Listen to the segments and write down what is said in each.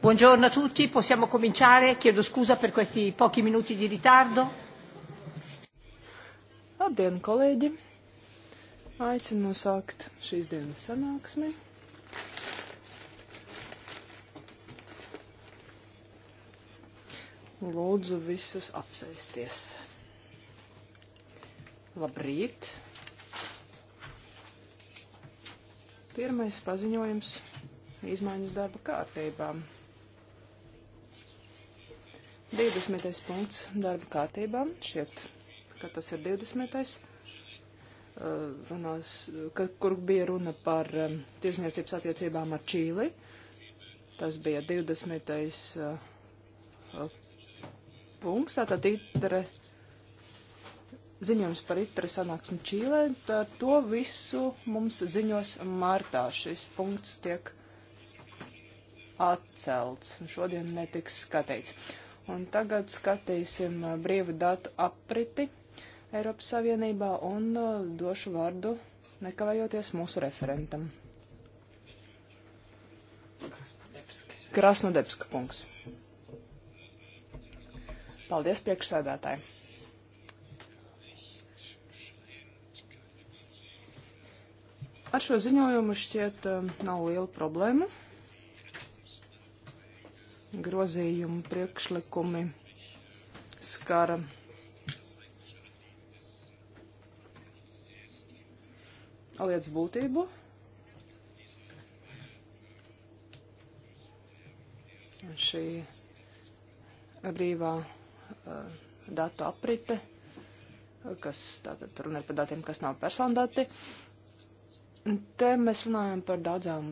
Buongiorno a tutti, possiamo cominciare? Chiedo scusa per questi pochi minuti di ritardo. Labdien, kolēģi! Aicinu sākt šīs dienas sanāksmi. Lūdzu visus apsēsties. Labrīt! Pirmais paziņojums izmaiņas darba kārtībām. 20. punkts darba kārtībā, šķiet, ka tas ir 20. Uh, runās, ka, kur bija runa par um, tirzniecības attiecībām ar Čīli. Tas bija 20. Uh, punkts, tātad itre, ziņojums par itre sanāksmi Čīlē, tad to visu mums ziņos martā. Šis punkts tiek atcelts un šodien netiks skatīts. Un tagad skatīsim brīvu datu apriti Eiropas Savienībā un došu vārdu nekavējoties mūsu referentam. Krasnodebska kungs. Paldies priekšsēdētāji. Ar šo ziņojumu šķiet nav liela problēma grozījumu priekšlikumi skara lietas būtību. Un šī brīvā uh, datu aprite, kas tātad runā par datiem, kas nav persondati. Te mēs runājam par daudzām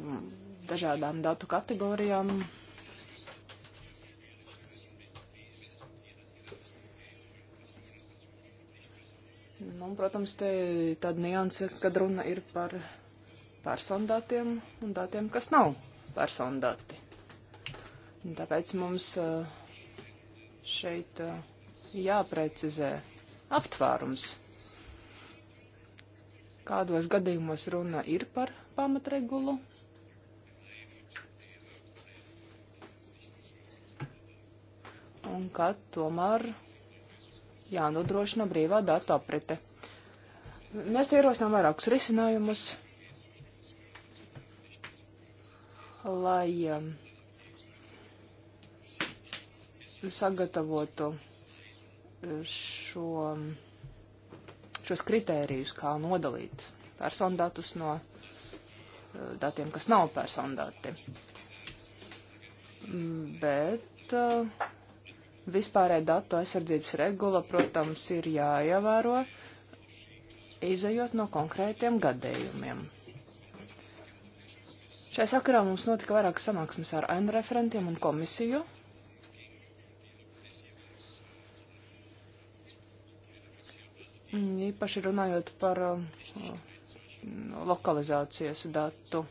dažādām datu kategorijām, Nu, protams, te tāda nianse, kad runa ir par persondatiem un datiem, kas nav persondati. Un tāpēc mums eh, šeit eh, jāprecizē aptvērums, kādos gadījumos runa ir par pamatregulu. Un kad tomēr jānodrošina brīvā datu aprite. Mēs ierosinām vairākus risinājumus, lai um, sagatavotu uh, šo, um, šos kritērijus, kā nodalīt persondatus no uh, datiem, kas nav persondati. Mm, bet uh, Vispārēja datu aizsardzības regula, protams, ir jāievēro, izējot no konkrētiem gadējumiem. Šai sakarā mums notika vairāk sanāksmes ar ANU referentiem un komisiju. Īpaši runājot par uh, lokalizācijas datu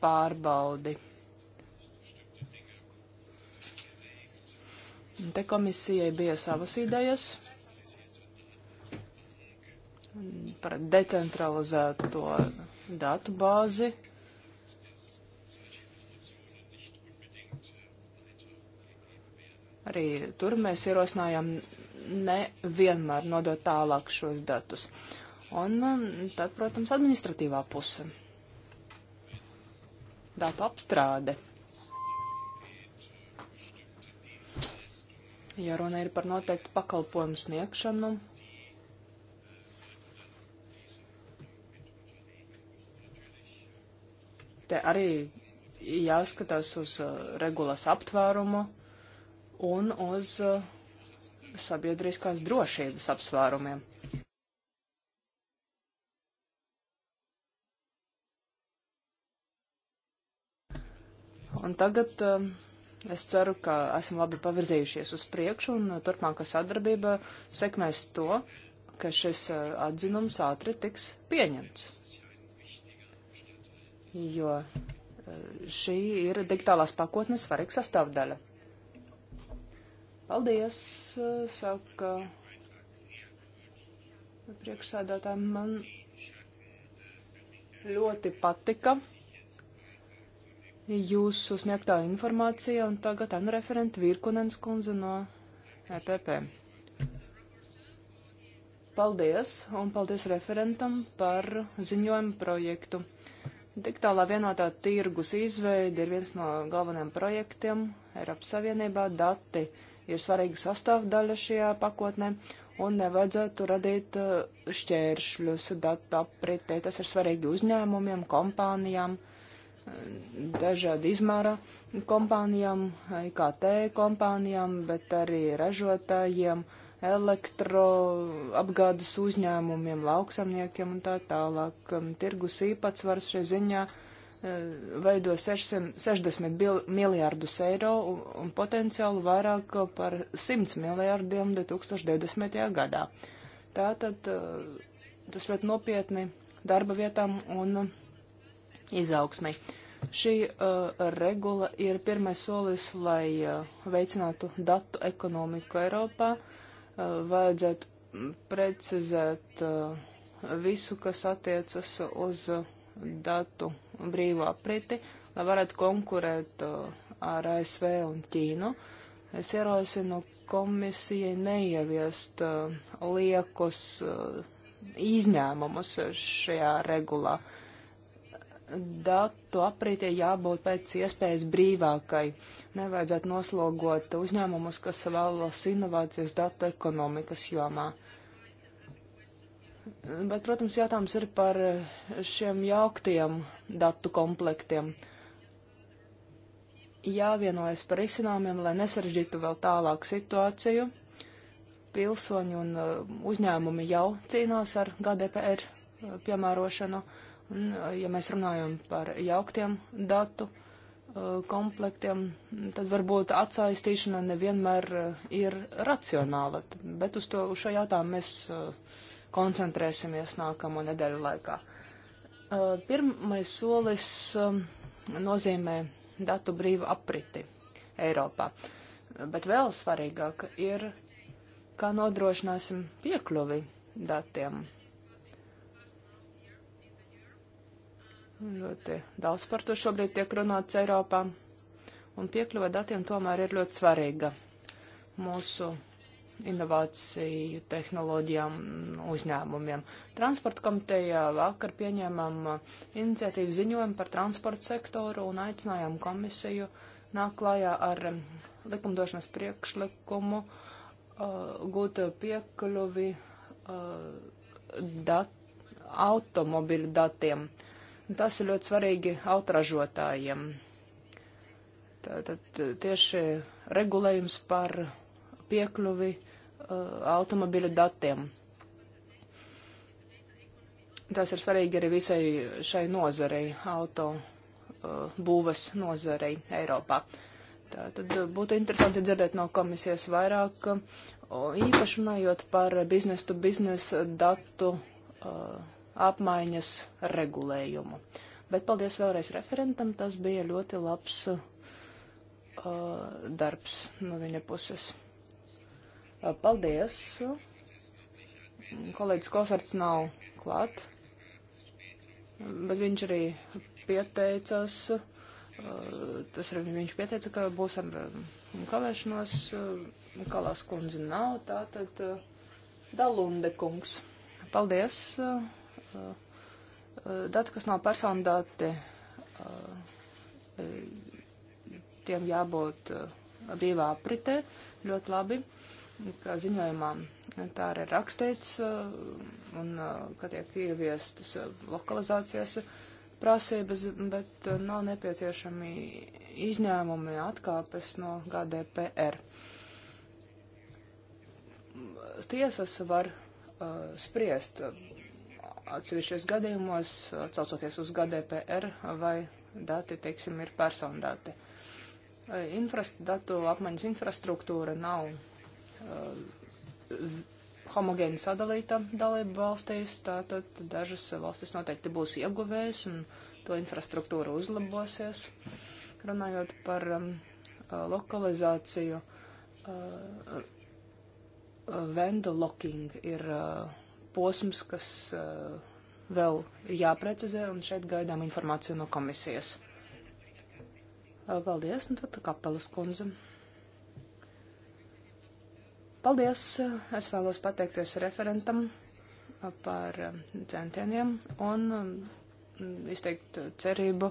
pārbaudi. Un te komisijai bija savas idejas par decentralizēto datu bāzi. Arī tur mēs ierosinājām nevienmēr nodot tālāk šos datus. Un tad, protams, administratīvā puse. Datu apstrāde. ja runa ir par noteiktu pakalpojumu sniegšanu. Te arī jāskatās uz uh, regulas aptvērumu un uz uh, sabiedriskās drošības apsvērumiem. Un tagad uh, Es ceru, ka esam labi pavirzījušies uz priekšu un turpmākā sadarbība sekmēs to, ka šis uh, atzinums ātri tiks pieņemts. Jo uh, šī ir digitālās pakotnes svarīga sastāvdaļa. Paldies, uh, saka priekšsēdētājiem. Man ļoti patika jūsu sniegtā informācija, un tagad Anna referenta Virkunens kundze no EPP. Paldies, un paldies referentam par ziņojumu projektu. Digitālā vienotā tirgus izveide ir viens no galvenajiem projektiem Eiropas Savienībā. Dati ir svarīga sastāvdaļa šajā pakotnē, un nevajadzētu radīt eh, šķēršļus datu apritē. Tas ir svarīgi uzņēmumiem, kompānijām. Uh, dažāda izmēra kompānijām, IKT kompānijām, bet arī ražotājiem, elektroapgādes uzņēmumiem, lauksamniekiem un tā tālāk. Um, tirgus īpatsvars šai ziņā uh, veido 660 miljārdus eiro un potenciālu vairāk par 100 miljārdiem 2020. gadā. Tātad uh, tas ļoti nopietni darba vietām un izaugsmai. Šī uh, regula ir pirmais solis, lai uh, veicinātu datu ekonomiku Eiropā. Uh, vajadzētu mm, precizēt uh, visu, kas attiecas uz uh, datu brīvu apriti, lai varētu konkurēt uh, ar ASV un Ķīnu. Es ierosinu komisijai neieviest uh, liekus uh, izņēmumus šajā regulā. Uh, datu aprītē jābūt pēc iespējas brīvākai. Nevajadzētu noslogot uzņēmumus, kas vēlas inovācijas datu ekonomikas jomā. Bet, protams, jautājums ir par šiem jauktiem datu komplektiem. Jāvienojas par izcinājumiem, lai nesaržģītu vēl tālāk situāciju. Pilsoņi un uh, uzņēmumi jau cīnās ar GDPR piemērošanu. Un, eh, ja mēs runājam par jauktiem datu eh, komplektiem, tad varbūt atsaistīšana nevienmēr eh, ir racionāla, bet uz to uz šo jautājumu mēs koncentrēsimies nākamo nedēļu laikā. Pirmais solis nozīmē datu brīvu apriti Eiropā, bet vēl svarīgāk ir, kā nodrošināsim piekļuvi datiem Ļoti daudz par to šobrīd tiek runāts Eiropā. Un piekļuva datiem tomēr ir ļoti svarīga mūsu inovāciju tehnoloģijām uzņēmumiem. Transporta komitejā vakar pieņēmām uh, iniciatīvu ziņojumu par transporta sektoru un aicinājām komisiju nāk klājā ar um, likumdošanas priekšlikumu uh, gūt piekļuvi uh, dat, automobiļu datiem. Uh, Tas ir ļoti svarīgi autoražotājiem. Tātad tieši regulējums par piekļuvi uh, automobiļu datiem. Tas ir svarīgi arī visai šai nozarei, auto uh, būves nozarei Eiropā. Tātad uh, būtu interesanti dzirdēt no komisijas vairāk, uh, īpaši runājot par biznesu biznesu datu uh, apmaiņas regulējumu. Bet paldies vēlreiz referentam, tas bija ļoti labs uh, darbs no viņa puses. Uh, paldies! Kolēģis Koferts nav klāt, bet viņš arī pieteicās, uh, tas arī viņš pieteica, ka būs ar um, kavēšanos, uh, kalās kundze nav, tātad uh, Dalunde kungs. Paldies! Uh, Uh, dati, kas nav personu dati, uh, tiem jābūt uh, brīvā apritē ļoti labi, kā ziņojumā tā arī rakstīts, un ka tiek ieviestas lokalizācijas prasības, bet nav nepieciešami izņēmumi atkāpes no GDPR. Tiesas var uh, spriest atsevišķos gadījumos, atsaucoties uz GDPR vai dati, teiksim, ir personu dati. Infrast, datu apmaiņas infrastruktūra nav uh, homogēni sadalīta dalību valstīs, tātad dažas valstis noteikti būs ieguvējis un to infrastruktūra uzlabosies. Runājot par um, uh, lokalizāciju, uh, uh, vendor locking ir. Uh, posms, kas eh, vēl ir jāprecizē, un šeit gaidām informāciju no komisijas. Eh, paldies, un nu tad kapelas kundze. Paldies, eh, es vēlos pateikties referentam par centieniem un mm, izteikt cerību,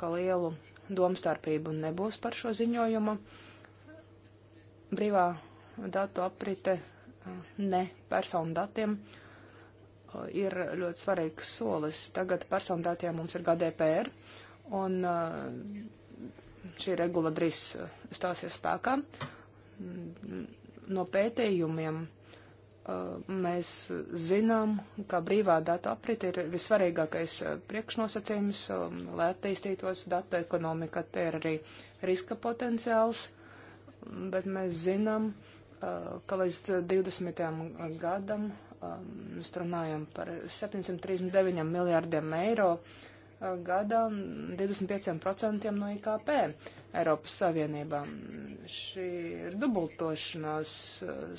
ka lielu domstarpību nebūs par šo ziņojumu. Brīvā datu aprite ne personu datiem uh, ir ļoti svarīgs solis. Tagad personu datiem mums ir GDPR, un uh, šī regula drīz uh, stāsies spēkā. Mm, no pētījumiem mēs zinām, ka brīvā data aprit ir visvarīgākais priekšnosacījums, um, lai attīstītos data ekonomika. Te ir arī riska potenciāls, bet mēs zinām, ka ka līdz 20. gadam mēs runājam par 739 miljārdiem eiro gadā 25% no IKP Eiropas Savienībā. Šī ir dubultošanās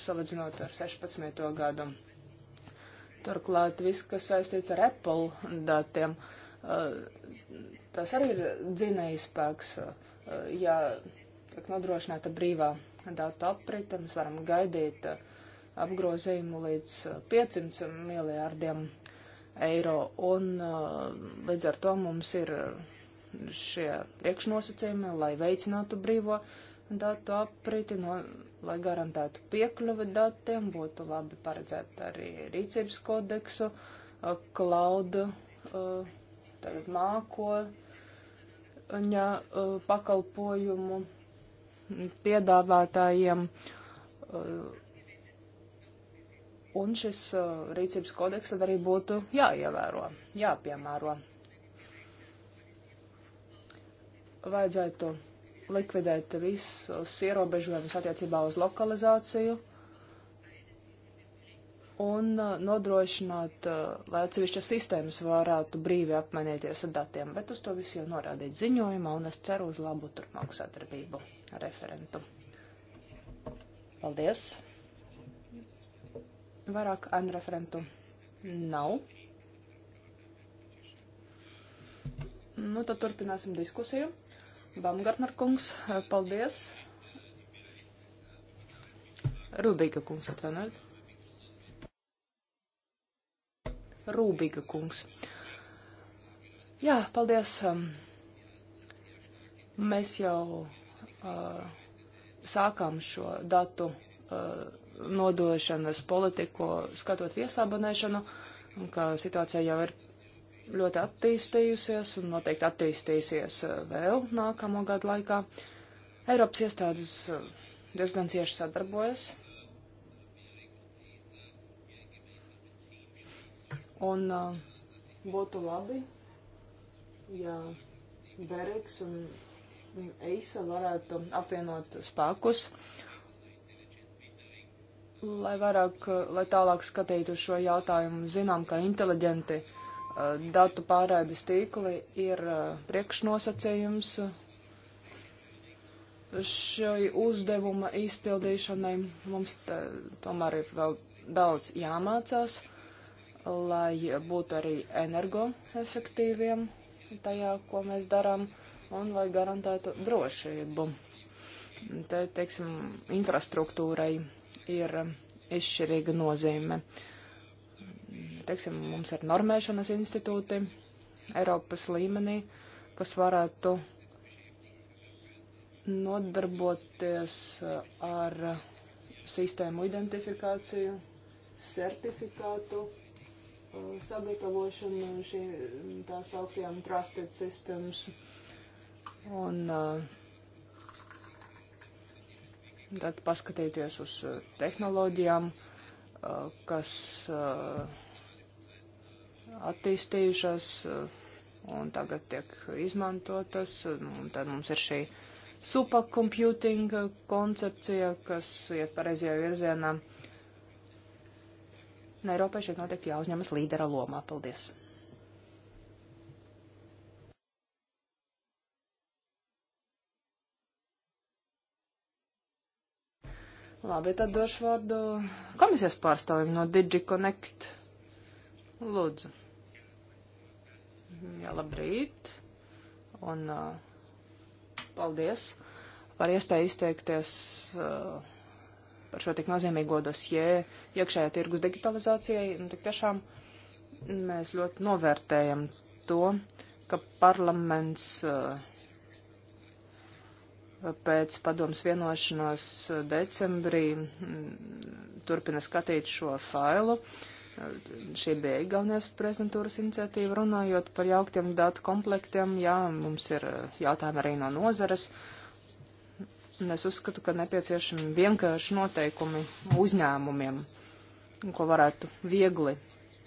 salīdzinot ar 16. gadu. Turklāt viss, kas saistīts ar Apple datiem, tas arī ir dzinējspēks, ja tiek nodrošināta brīvā datu aprite. Mēs varam gaidīt uh, apgrozījumu līdz 500 uh, miljārdiem eiro, un uh, līdz ar to mums ir šie priekšnosacījumi, lai veicinātu brīvo datu apriti, no, lai garantētu piekļuvi datiem, būtu labi paredzēt arī rīcības kodeksu, klaudu, tātad mākoņa pakalpojumu piedāvātājiem. Un šis uh, rīcības kodeks tad arī būtu jāievēro, jāpiemēro. Vajadzētu likvidēt visus ierobežojumus attiecībā uz lokalizāciju un uh, nodrošināt, uh, lai atsevišķas sistēmas varētu brīvi apmainīties ar datiem, bet uz to visu jau norādīt ziņojumā, un es ceru uz labu turpmāku sadarbību ar referentu. Paldies! Vairāk ēnu referentu nav. Nu, tad turpināsim diskusiju. Bamgartner kungs, paldies! Rubīka kungs atvainojiet. Rūbiga kungs. Jā, paldies. Um, mēs jau uh, sākām šo datu uh, nodošanas politiku, skatot viesabonēšanu, un ka situācija jau ir ļoti attīstījusies un noteikti attīstīsies uh, vēl nākamo gadu laikā. Eiropas iestādes uh, diezgan cieši sadarbojas Un uh, būtu labi, ja Bereks un Eisa varētu apvienot spēkus, lai vairāk, lai tālāk skatītu šo jautājumu. Zinām, ka inteliģenti uh, datu pārēdes tīkli ir uh, priekšnosacījums šai uzdevuma izpildīšanai mums tā, uh, tomēr ir vēl daudz jāmācās lai būtu arī energoefektīviem tajā, ko mēs darām, un lai garantētu drošību. Te, teiksim, infrastruktūrai ir izšķirīga nozīme. Teiksim, mums ir normēšanas institūti Eiropas līmenī, kas varētu nodarboties ar sistēmu identifikāciju, sertifikātu sagatavošanu šī tā sauktiem trusted systems. Un uh, tad paskatīties uz uh, tehnoloģijām, uh, kas uh, attīstījušas uh, un tagad tiek izmantotas. Un tad mums ir šī supercomputing uh, koncepcija, kas iet pareizajā virzienā. Un Eiropai šeit noteikti jāuzņemas līdera lomā. Paldies! Labi, tad došu vārdu komisijas pārstāvim no DigiConnect. Lūdzu. Jā, labrīt. Un uh, paldies par iespēju izteikties. Uh, par šo tik nozīmīgo dosjē iekšējā tirgus digitalizācijai. Un nu, tik tiešām mēs ļoti novērtējam to, ka parlaments uh, pēc padomas vienošanās uh, decembrī mm, turpina skatīt šo failu. Uh, šī bija Igaunijas prezidentūras iniciatīva runājot par jauktiem datu komplektiem. Jā, mums ir jautājumi arī no nozares. Uh, Un es uzskatu, ka nepieciešami vienkārši noteikumi uzņēmumiem, ko varētu viegli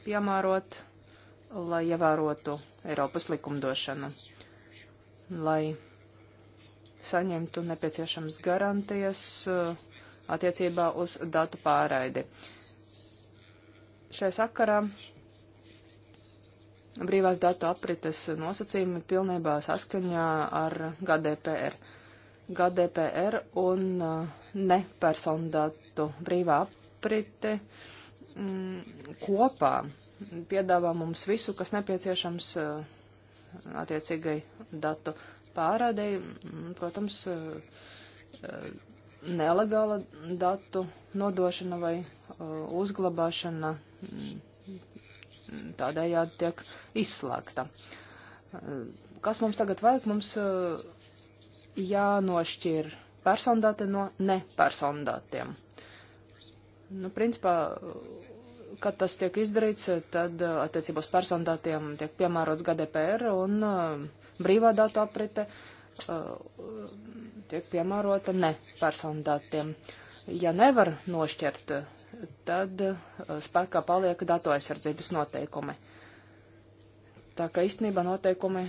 piemērot, lai ievērotu Eiropas likumdošanu, lai saņemtu nepieciešams garantijas uh, attiecībā uz datu pārraidi. Šai sakarā brīvās datu aprites nosacījumi pilnībā saskaņā ar GDPR. GDPR un uh, nepersonu datu brīvā aprite mm, kopā piedāvā mums visu, kas nepieciešams uh, attiecīgai datu pārādei. Mm, protams, uh, nelegāla datu nodošana vai uzglabāšana mm, tādējādi tiek izslēgta. Kas mums tagad vajag? Mums jānošķir persondāti no nepersondātiem. Nu, principā, kad tas tiek izdarīts, tad uh, attiecībos persondātiem tiek piemērots GDPR un uh, brīvā datu aprite uh, tiek piemērota nepersondātiem. Ja nevar nošķirt, tad uh, spēkā paliek datu aizsardzības noteikumi. Tā ka īstenībā noteikumi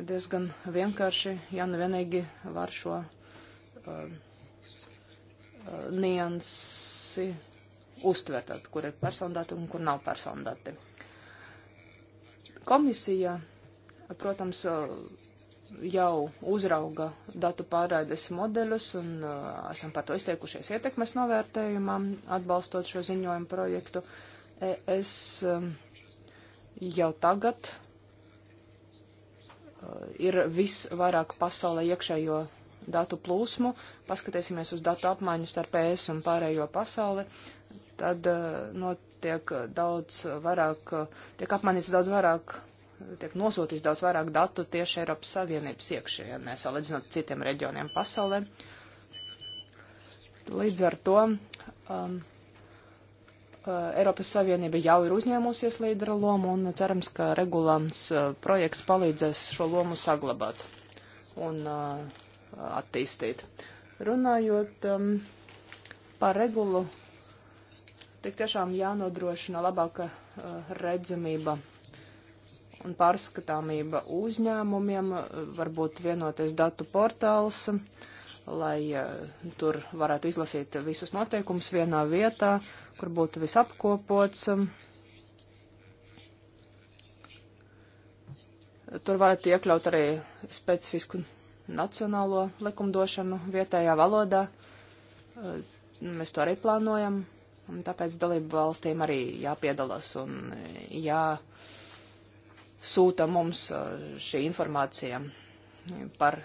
diezgan vienkārši, ja nu vienīgi var šo uh, niansi uztvert, kur ir personāti un kur nav personāti. Komisija, protams, jau uzrauga datu pārraides modeļus un uh, esam par to izteikušies ietekmes novērtējumā, atbalstot šo ziņojumu projektu. E es um, jau tagad Eh, ir visvairāk pasaulē iekšējo datu plūsmu, paskatīsimies uz datu apmaiņu starp ES un pārējo pasauli, tad eh, notiek daudz vairāk, eh, tiek apmainīts daudz vairāk, tiek nosūtīts daudz vairāk datu tieši Eiropas Savienības iekšienē, salīdzinot citiem reģioniem pasaulē. Līdz ar to um, Eiropas Savienība jau ir uzņēmusies līdera lomu un cerams, ka regulāns uh, projekts palīdzēs šo lomu saglabāt un uh, attīstīt. Runājot um, par regulu, tik tiešām jānodrošina labāka uh, redzamība un pārskatāmība uzņēmumiem, varbūt vienoties datu portāls lai uh, tur varētu izlasīt visus noteikumus vienā vietā kur būtu viss apkopots. Tur varat iekļaut arī specifisku nacionālo likumdošanu vietējā valodā. Mēs to arī plānojam. Un tāpēc dalību valstīm arī jāpiedalās un jāsūta mums uh, šī informācija par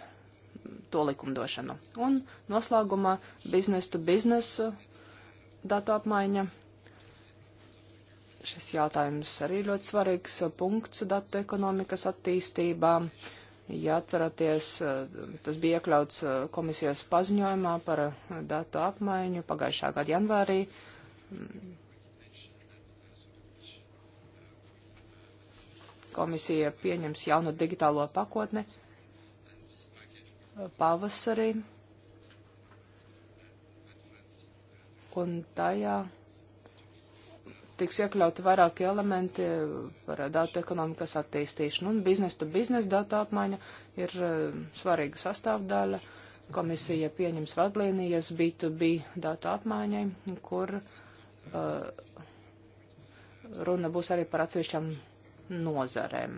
to likumdošanu. Un noslēgumā biznes to biznes uh, datu apmaiņa. Šis jautājums arī ļoti svarīgs uh, punkts datu ekonomikas attīstībā. Ja atceraties, uh, tas bija iekļauts uh, komisijas paziņojumā par datu apmaiņu pagājušā gada janvārī. Mm. Komisija pieņems jaunu digitālo pakotni pavasarī un tajā tiks iekļauti vairāki elementi par datu ekonomikas attīstīšanu. Un biznesa to biznesa datu apmaiņa ir eh, svarīga sastāvdaļa. Komisija pieņems vadlīnijas B2B datu apmaiņai, kur uh, runa būs arī par atsevišķām nozarēm.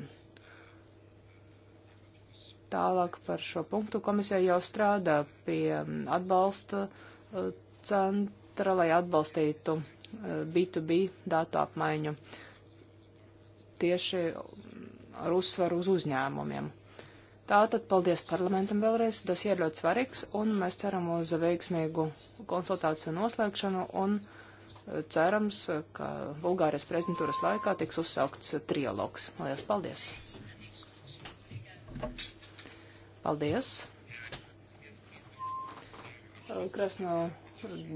Tālāk par šo punktu komisija jau strādā pie mm, atbalsta uh, eh, centra sektora, lai atbalstītu B2B e, datu apmaiņu tieši ar uzsvaru uz uzņēmumiem. Tātad paldies parlamentam vēlreiz, tas ir ļoti svarīgs, un mēs ceram uz veiksmīgu konsultāciju noslēgšanu, un e, cerams, ka Bulgārijas prezidentūras laikā tiks uzsaukts trialogs. Lielas paldies! Paldies! Krasno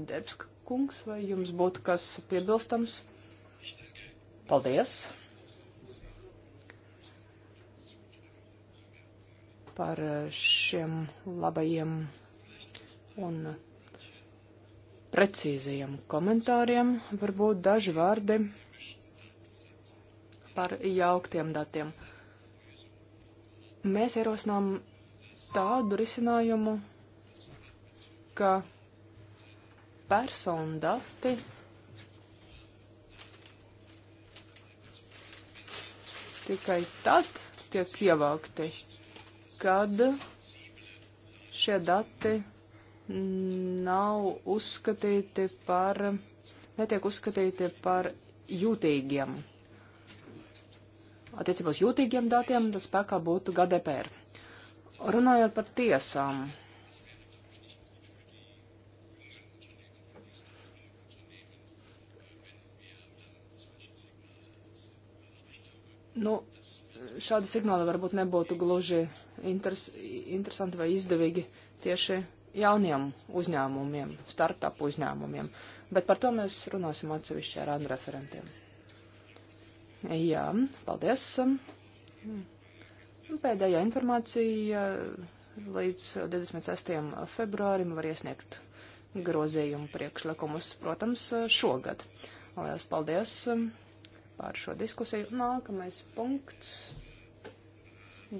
Debska kungs, vai jums būtu kas piebilstams? Paldies par šiem labajiem un precīzajiem komentāriem. Varbūt daži vārdi par jauktiem datiem. Mēs ierosinām tādu risinājumu, ka personu dati. Tikai tad tiek ievākti, kad šie dati nav uzskatīti par, netiek uzskatīti par jūtīgiem. Attiecībā uz jūtīgiem datiem tas spēkā būtu GDPR. Runājot par tiesām, Nu, šādi signāli varbūt nebūtu gluži interes, interesanti vai izdevīgi tieši jauniem uzņēmumiem, startup uzņēmumiem, bet par to mēs runāsim atsevišķi ar ANU referentiem. Jā, paldies. Nu, pēdējā informācija līdz 26. februārim var iesniegt grozījumu priekšlikumus, protams, šogad. Lielas paldies! par šo diskusiju. Nākamais punkts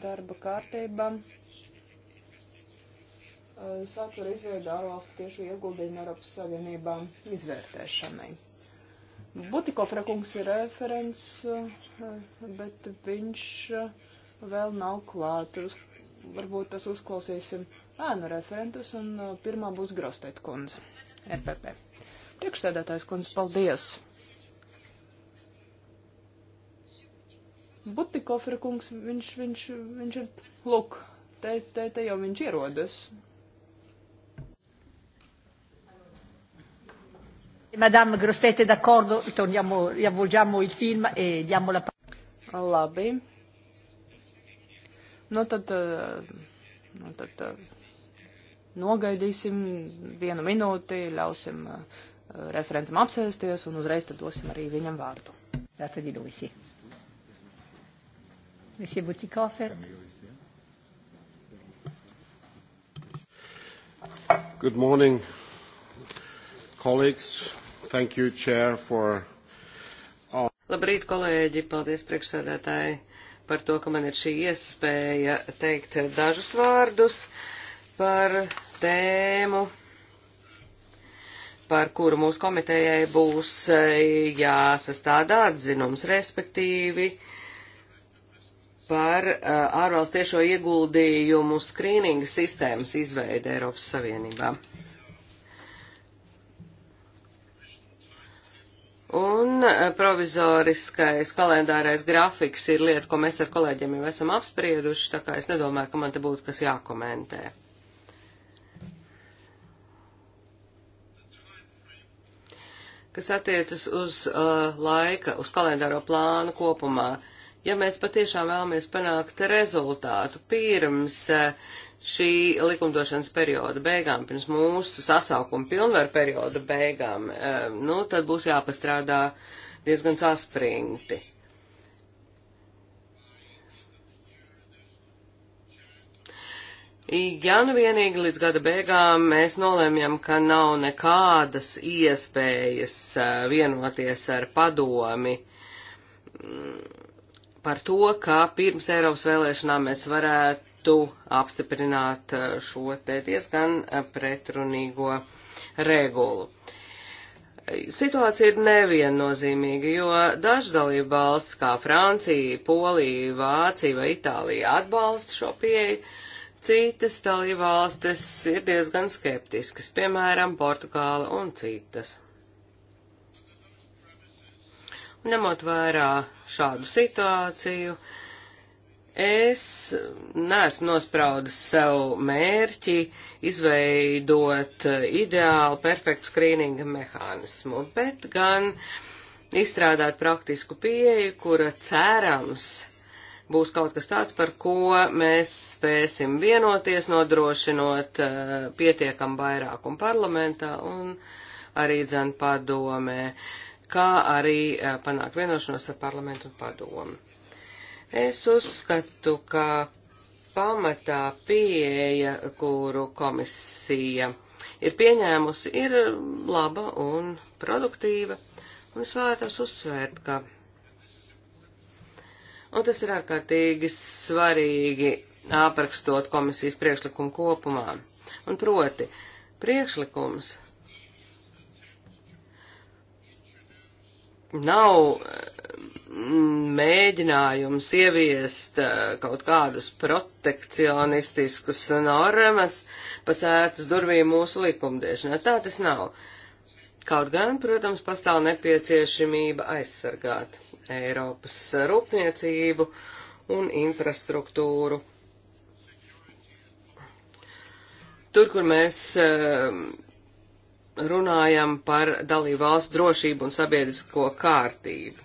darba kārtībā. Satura izveida ārvalstu tiešu ieguldījumu Eiropas Savienībā izvērtēšanai. Butikofra kungs ir referents, bet viņš vēl nav klāt. Varbūt tas uzklausīsim ēnu referentus, un pirmā būs Grosteit kundze, RPP. E Priekšsēdētājs kundze, paldies! Butikofra kungs, viņš, viņš, viņš ir, lūk, te, te, te jau viņš ierodas. Madame Grossette, d'accordo, torniamo, riavvolgiamo il film e diamo la parola. Labi. Nu tad, eh, nu tad eh, nogaidīsim vienu minūti, ļausim eh, referentam apsēsties un uzreiz tad dosim arī viņam vārdu. Tātad ir visi. Monsieur Butikofer. Good morning, colleagues. Thank you, Chair, for. All... Labrīt, kolēģi. Paldies, priekšsēdētāji, par to, ka man ir šī iespēja teikt dažus vārdus par tēmu par kuru mūsu komitejai būs eh, jāsastāda atzinums, respektīvi uh, par uh, ārvalstu tiešo ieguldījumu skrīninga sistēmas izveidi Eiropas Savienībā. Un uh, provizoriskais kalendārais grafiks ir lieta, ko mēs ar kolēģiem jau esam apsprieduši, tā kā es nedomāju, ka man te būtu kas jākomentē. Kas attiecas uz uh, laika, uz kalendāro plānu kopumā. Uh, ja mēs patiešām vēlamies panākt rezultātu pirms eh, šī likumdošanas perioda beigām, pirms mūsu sasaukuma pilnvaru perioda beigām, eh, nu, tad būs jāpastrādā diezgan saspringti. Ja nu vienīgi līdz gada beigām mēs nolēmjam, ka nav nekādas iespējas eh, vienoties ar padomi, mm, par to, kā pirms Eiropas vēlēšanām mēs varētu apstiprināt eh, šo te diezgan eh, pretrunīgo regulu. Situācija ir neviennozīmīga, jo dažas dalība valsts, kā Francija, Polija, Vācija vai Itālija, atbalsta šo pieeju, citas dalība valstis ir diezgan skeptiskas, piemēram, Portugāla un citas. Ņemot vērā šādu situāciju, es neesmu nospraudis sev mērķi izveidot ideālu, perfektu skrīninga mehānismu, bet gan izstrādāt praktisku pieeju, kura cerams būs kaut kas tāds, par ko mēs spēsim vienoties, nodrošinot uh, pietiekam vairākumu parlamentā un arī dzen padomē kā arī panākt vienošanos ar parlamentu un padomu. Es uzskatu, ka pamatā pieeja, kuru komisija ir pieņēmusi, ir laba un produktīva, un es vēlētos uzsvērt, ka. Un tas ir ārkārtīgi svarīgi aprakstot komisijas priekšlikumu kopumā. Un proti, priekšlikums nav mm, mēģinājums ieviest eh, kaut kādus protekcionistiskus normas pasētas durvīm mūsu likumdiešanā. Tā tas nav. Kaut gan, protams, pastāv nepieciešamība aizsargāt Eiropas rūpniecību un infrastruktūru. Tur, kur mēs eh, runājam par dalību valstu drošību un sabiedrisko kārtību.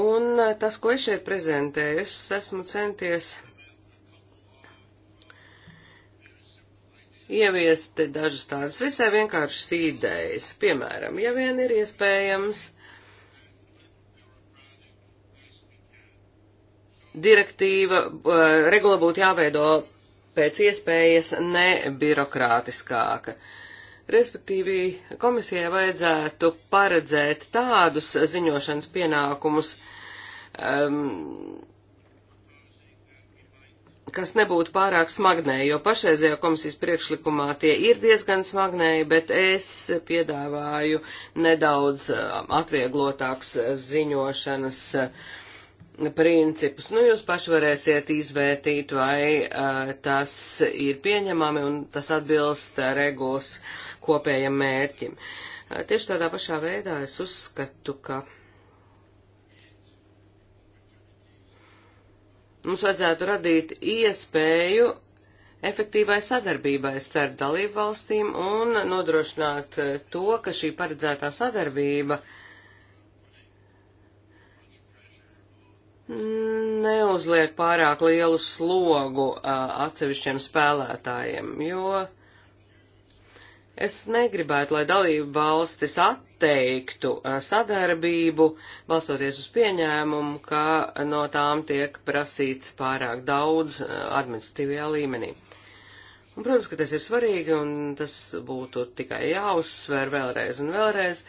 Un eh, tas, ko es šeit prezentēju, es esmu centies ieviest dažas tādas visai vienkāršas idejas. Piemēram, ja vien ir iespējams direktīva, eh, regula būtu jāveido pēc iespējas nebirokrātiskāka. Respektīvi, komisijai vajadzētu paredzēt tādus ziņošanas pienākumus, um, kas nebūtu pārāk smagnēji, jo pašreizajā komisijas priekšlikumā tie ir diezgan smagnēji, bet es piedāvāju nedaudz um, atvieglotākus ziņošanas uh, principus. Nu, jūs paši varēsiet izvērtīt, vai uh, tas ir pieņemami un tas atbilst uh, regulas kopējam mērķim. Uh, tieši tādā pašā veidā es uzskatu, ka mums vajadzētu radīt iespēju efektīvai sadarbībai starp dalību valstīm un nodrošināt to, ka šī paredzētā sadarbība uh, neuzliek pārāk lielu slogu uh, atsevišķiem spēlētājiem, jo es negribētu, lai dalību valstis atteiktu uh, sadarbību, balstoties uz pieņēmumu, ka no tām tiek prasīts pārāk daudz uh, administratīvajā līmenī. Un, protams, ka tas ir svarīgi, un tas būtu tikai jāuzsver vēlreiz un vēlreiz.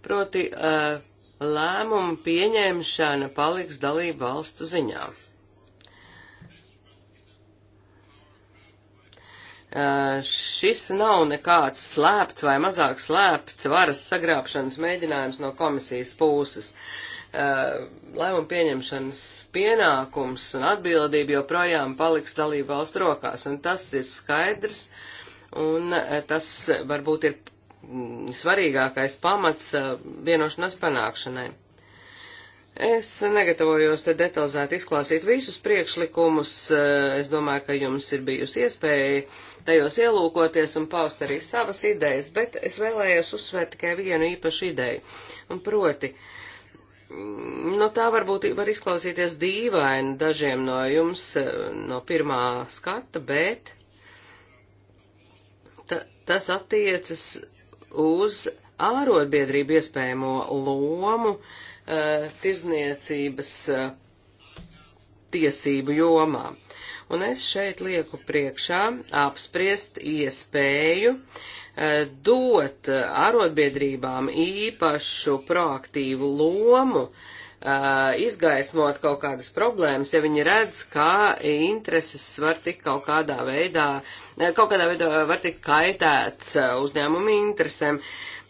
Proti, uh, lēmumu pieņemšana paliks dalību valstu ziņā. Šis nav nekāds slēpts vai mazāk slēpts varas sagrābšanas mēģinājums no komisijas puses. Lēmumu pieņemšanas pienākums un atbildība joprojām paliks dalību valstu rokās, un tas ir skaidrs, un tas varbūt ir Mm, svarīgākais pamats uh, vienošanās panākšanai. Es negatavojos te detalizēti izklāsīt visus priekšlikumus. Uh, es domāju, ka jums ir bijusi iespēja tajos ielūkoties un paust arī savas idejas, bet es vēlējos uzsvērt tikai vienu īpašu ideju. Un proti, mm, no tā varbūt var izklausīties dīvaini dažiem no jums uh, no pirmā skata, bet ta, tas attiecas uz ārotbiedrību iespējamo lomu uh, tirzniecības uh, tiesību jomā. Un es šeit lieku priekšā apspriest iespēju uh, dot ārotbiedrībām īpašu proaktīvu lomu uh, uh, izgaismot kaut kādas problēmas, ja viņi redz, kā intereses var tik kaut kādā veidā, uh, kaut kādā veidā var tik kaitēts uh, uzņēmumu interesēm.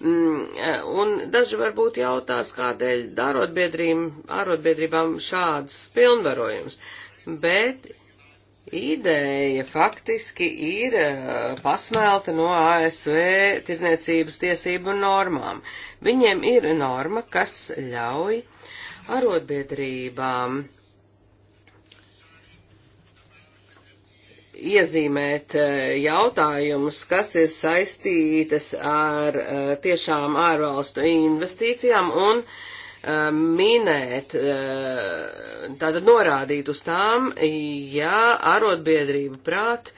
Mm, uh, un daži varbūt jautās, kādēļ arotbiedrībām šāds pilnvarojums. Bet Ideja faktiski ir pasmelta no ASV tirniecības tiesību normām. Viņiem ir norma, kas ļauj arotbiedrībām iezīmēt eh, jautājumus, kas ir saistītas ar eh, tiešām ārvalstu investīcijām un eh, minēt, tātad norādīt uz tām, ja arotbiedrība prāt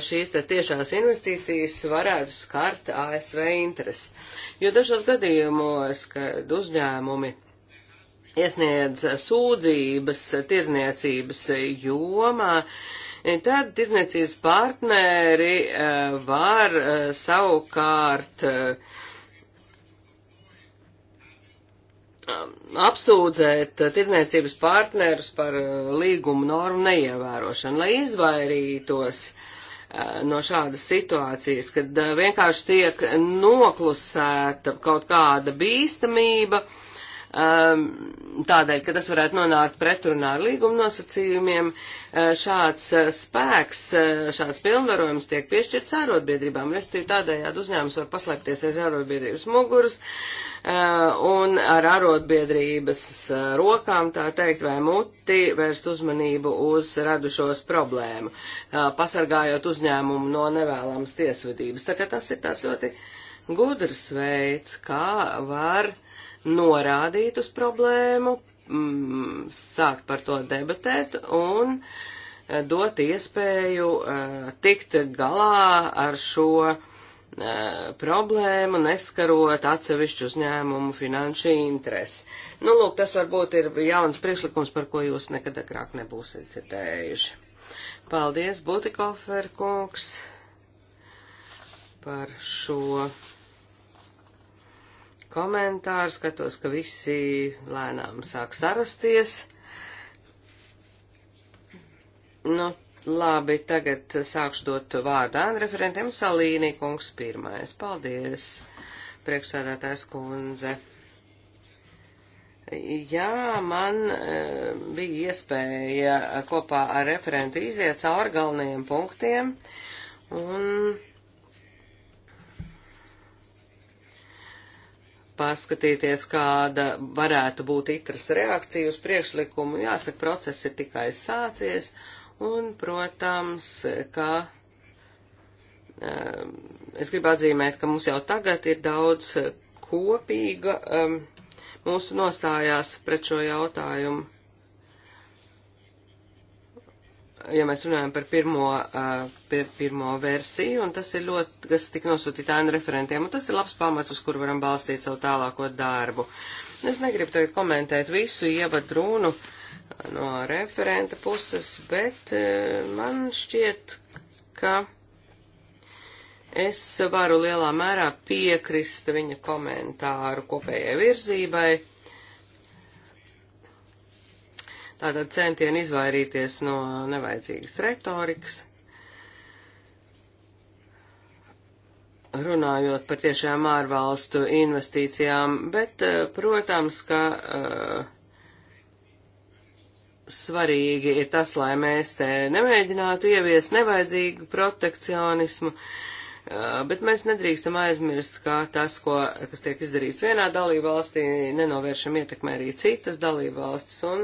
šīs te tiešās investīcijas varētu skart ASV intereses. Jo dažos gadījumos, kad uzņēmumi iesniedz sūdzības tirzniecības jomā, tad tirzniecības partneri eh, var eh, savukārt eh, apsūdzēt tirdzniecības partnerus par līgumu normu neievērošanu, lai izvairītos no šādas situācijas, kad vienkārši tiek noklusēta kaut kāda bīstamība, uh, um, tādēļ, ka tas varētu nonākt pretrunā ar līguma nosacījumiem. Uh, šāds uh, spēks, uh, šāds pilnvarojums tiek piešķirts ārotbiedrībām, respektīvi tādējādi uzņēmums var paslēgties aiz ārotbiedrības muguras un ar arotbiedrības rokām, tā teikt, vai muti vērst uzmanību uz radušos problēmu, pasargājot uzņēmumu no nevēlamas tiesvedības. Tā kā tas ir tās ļoti gudrs veids, kā var uh, norādīt uz problēmu, mm, sākt par to debatēt un eh, dot iespēju uh, tikt galā ar šo uh, problēmu, neskarot atsevišķu uzņēmumu finanšu interesi. Nu, lūk, tas varbūt ir jauns priekšlikums, par ko jūs nekad agrāk nebūsiet dzirdējuši. Paldies, Butikofer kungs, par šo komentāru, skatos, ka visi lēnām sāk sarasties. Nu, labi, tagad sākšu dot vārdu referentiem Salīnī kungs pirmais. Paldies, priekšsādātājs kundze. Jā, man e, bija iespēja kopā ar referentu iziet cauri galvenajiem punktiem, un paskatīties, kāda varētu būt itras reakcija uz priekšlikumu. Jāsaka, process ir tikai sācies, un, protams, kā um, es gribu atzīmēt, ka mums jau tagad ir daudz kopīga um, mūsu nostājās pret šo jautājumu ja mēs runājam par pirmo, eh, pir, pirmo versiju, un tas ir ļoti, kas tika nosūtīta ēnu referentiem, un tas ir labs pamats, uz kur varam balstīt savu tālāko darbu. Es negribu tagad komentēt visu ievadu runu no referenta puses, bet eh, man šķiet, ka es varu lielā mērā piekrist viņa komentāru kopējai virzībai Tātad centieni izvairīties no nevajadzīgas retorikas. Runājot par tiešām ārvalstu investīcijām, bet, eh, protams, ka uh, svarīgi ir tas, lai mēs te nemēģinātu ieviest nevajadzīgu protekcionismu, eh, bet mēs nedrīkstam aizmirst, ka tas, ko, kas tiek izdarīts vienā dalībvalstī, nenovēršam ietekmē arī citas dalībvalstis, un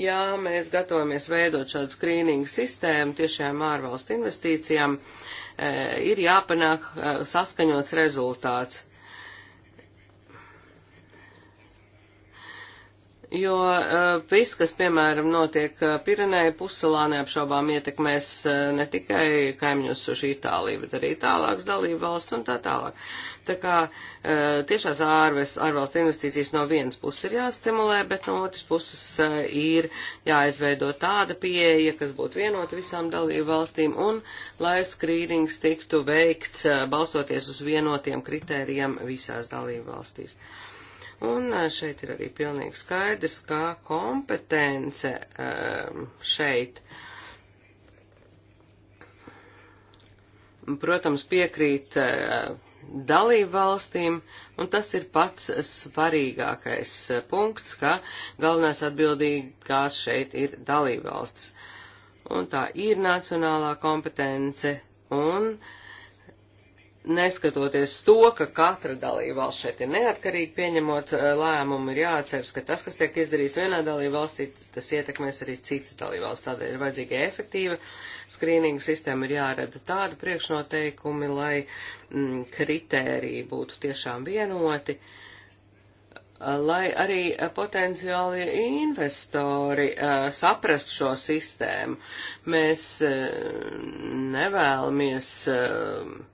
ja mēs gatavojamies veidot šādu skrīningu sistēmu tiešām ārvalstu investīcijām, e, ir jāpanāk e, saskaņots rezultāts. Jo eh, viss, kas, piemēram, notiek eh, Pirenēja pussalā, neapšaubām ietekmēs eh, ne tikai kaimiņus uz Itāliju, bet arī tālākas dalību valsts un tā tālāk. Tā kā tiešās ārves, ārvalstu investīcijas no vienas puses ir jāstimulē, bet no otras puses ir jāizveido tāda pieeja, kas būtu vienota visām dalību valstīm un lai skrīnings tiktu veikts balstoties uz vienotiem kritērijiem visās dalību valstīs. Un šeit ir arī pilnīgi skaidrs, kā kompetence šeit. Protams, piekrīt dalību valstīm, un tas ir pats svarīgākais punkts, ka galvenās atbildīgās šeit ir dalību valsts. Un tā ir nacionālā kompetence, un uh, neskatoties to, ka katra dalībvalsts šeit ir neatkarīgi pieņemot eh, lēmumu, ir jāatceras, ka tas, kas tiek izdarīts vienā dalībvalstī, tas ietekmēs arī citas dalībvalsts. Tādēļ ir vajadzīga efektīva skrīninga sistēma, ir jārada tādi priekšnoteikumi, lai mm, kritēriji būtu tiešām vienoti eh, lai arī eh, potenciāli investori uh, saprastu šo sistēmu. Mēs uh, nevēlamies uh,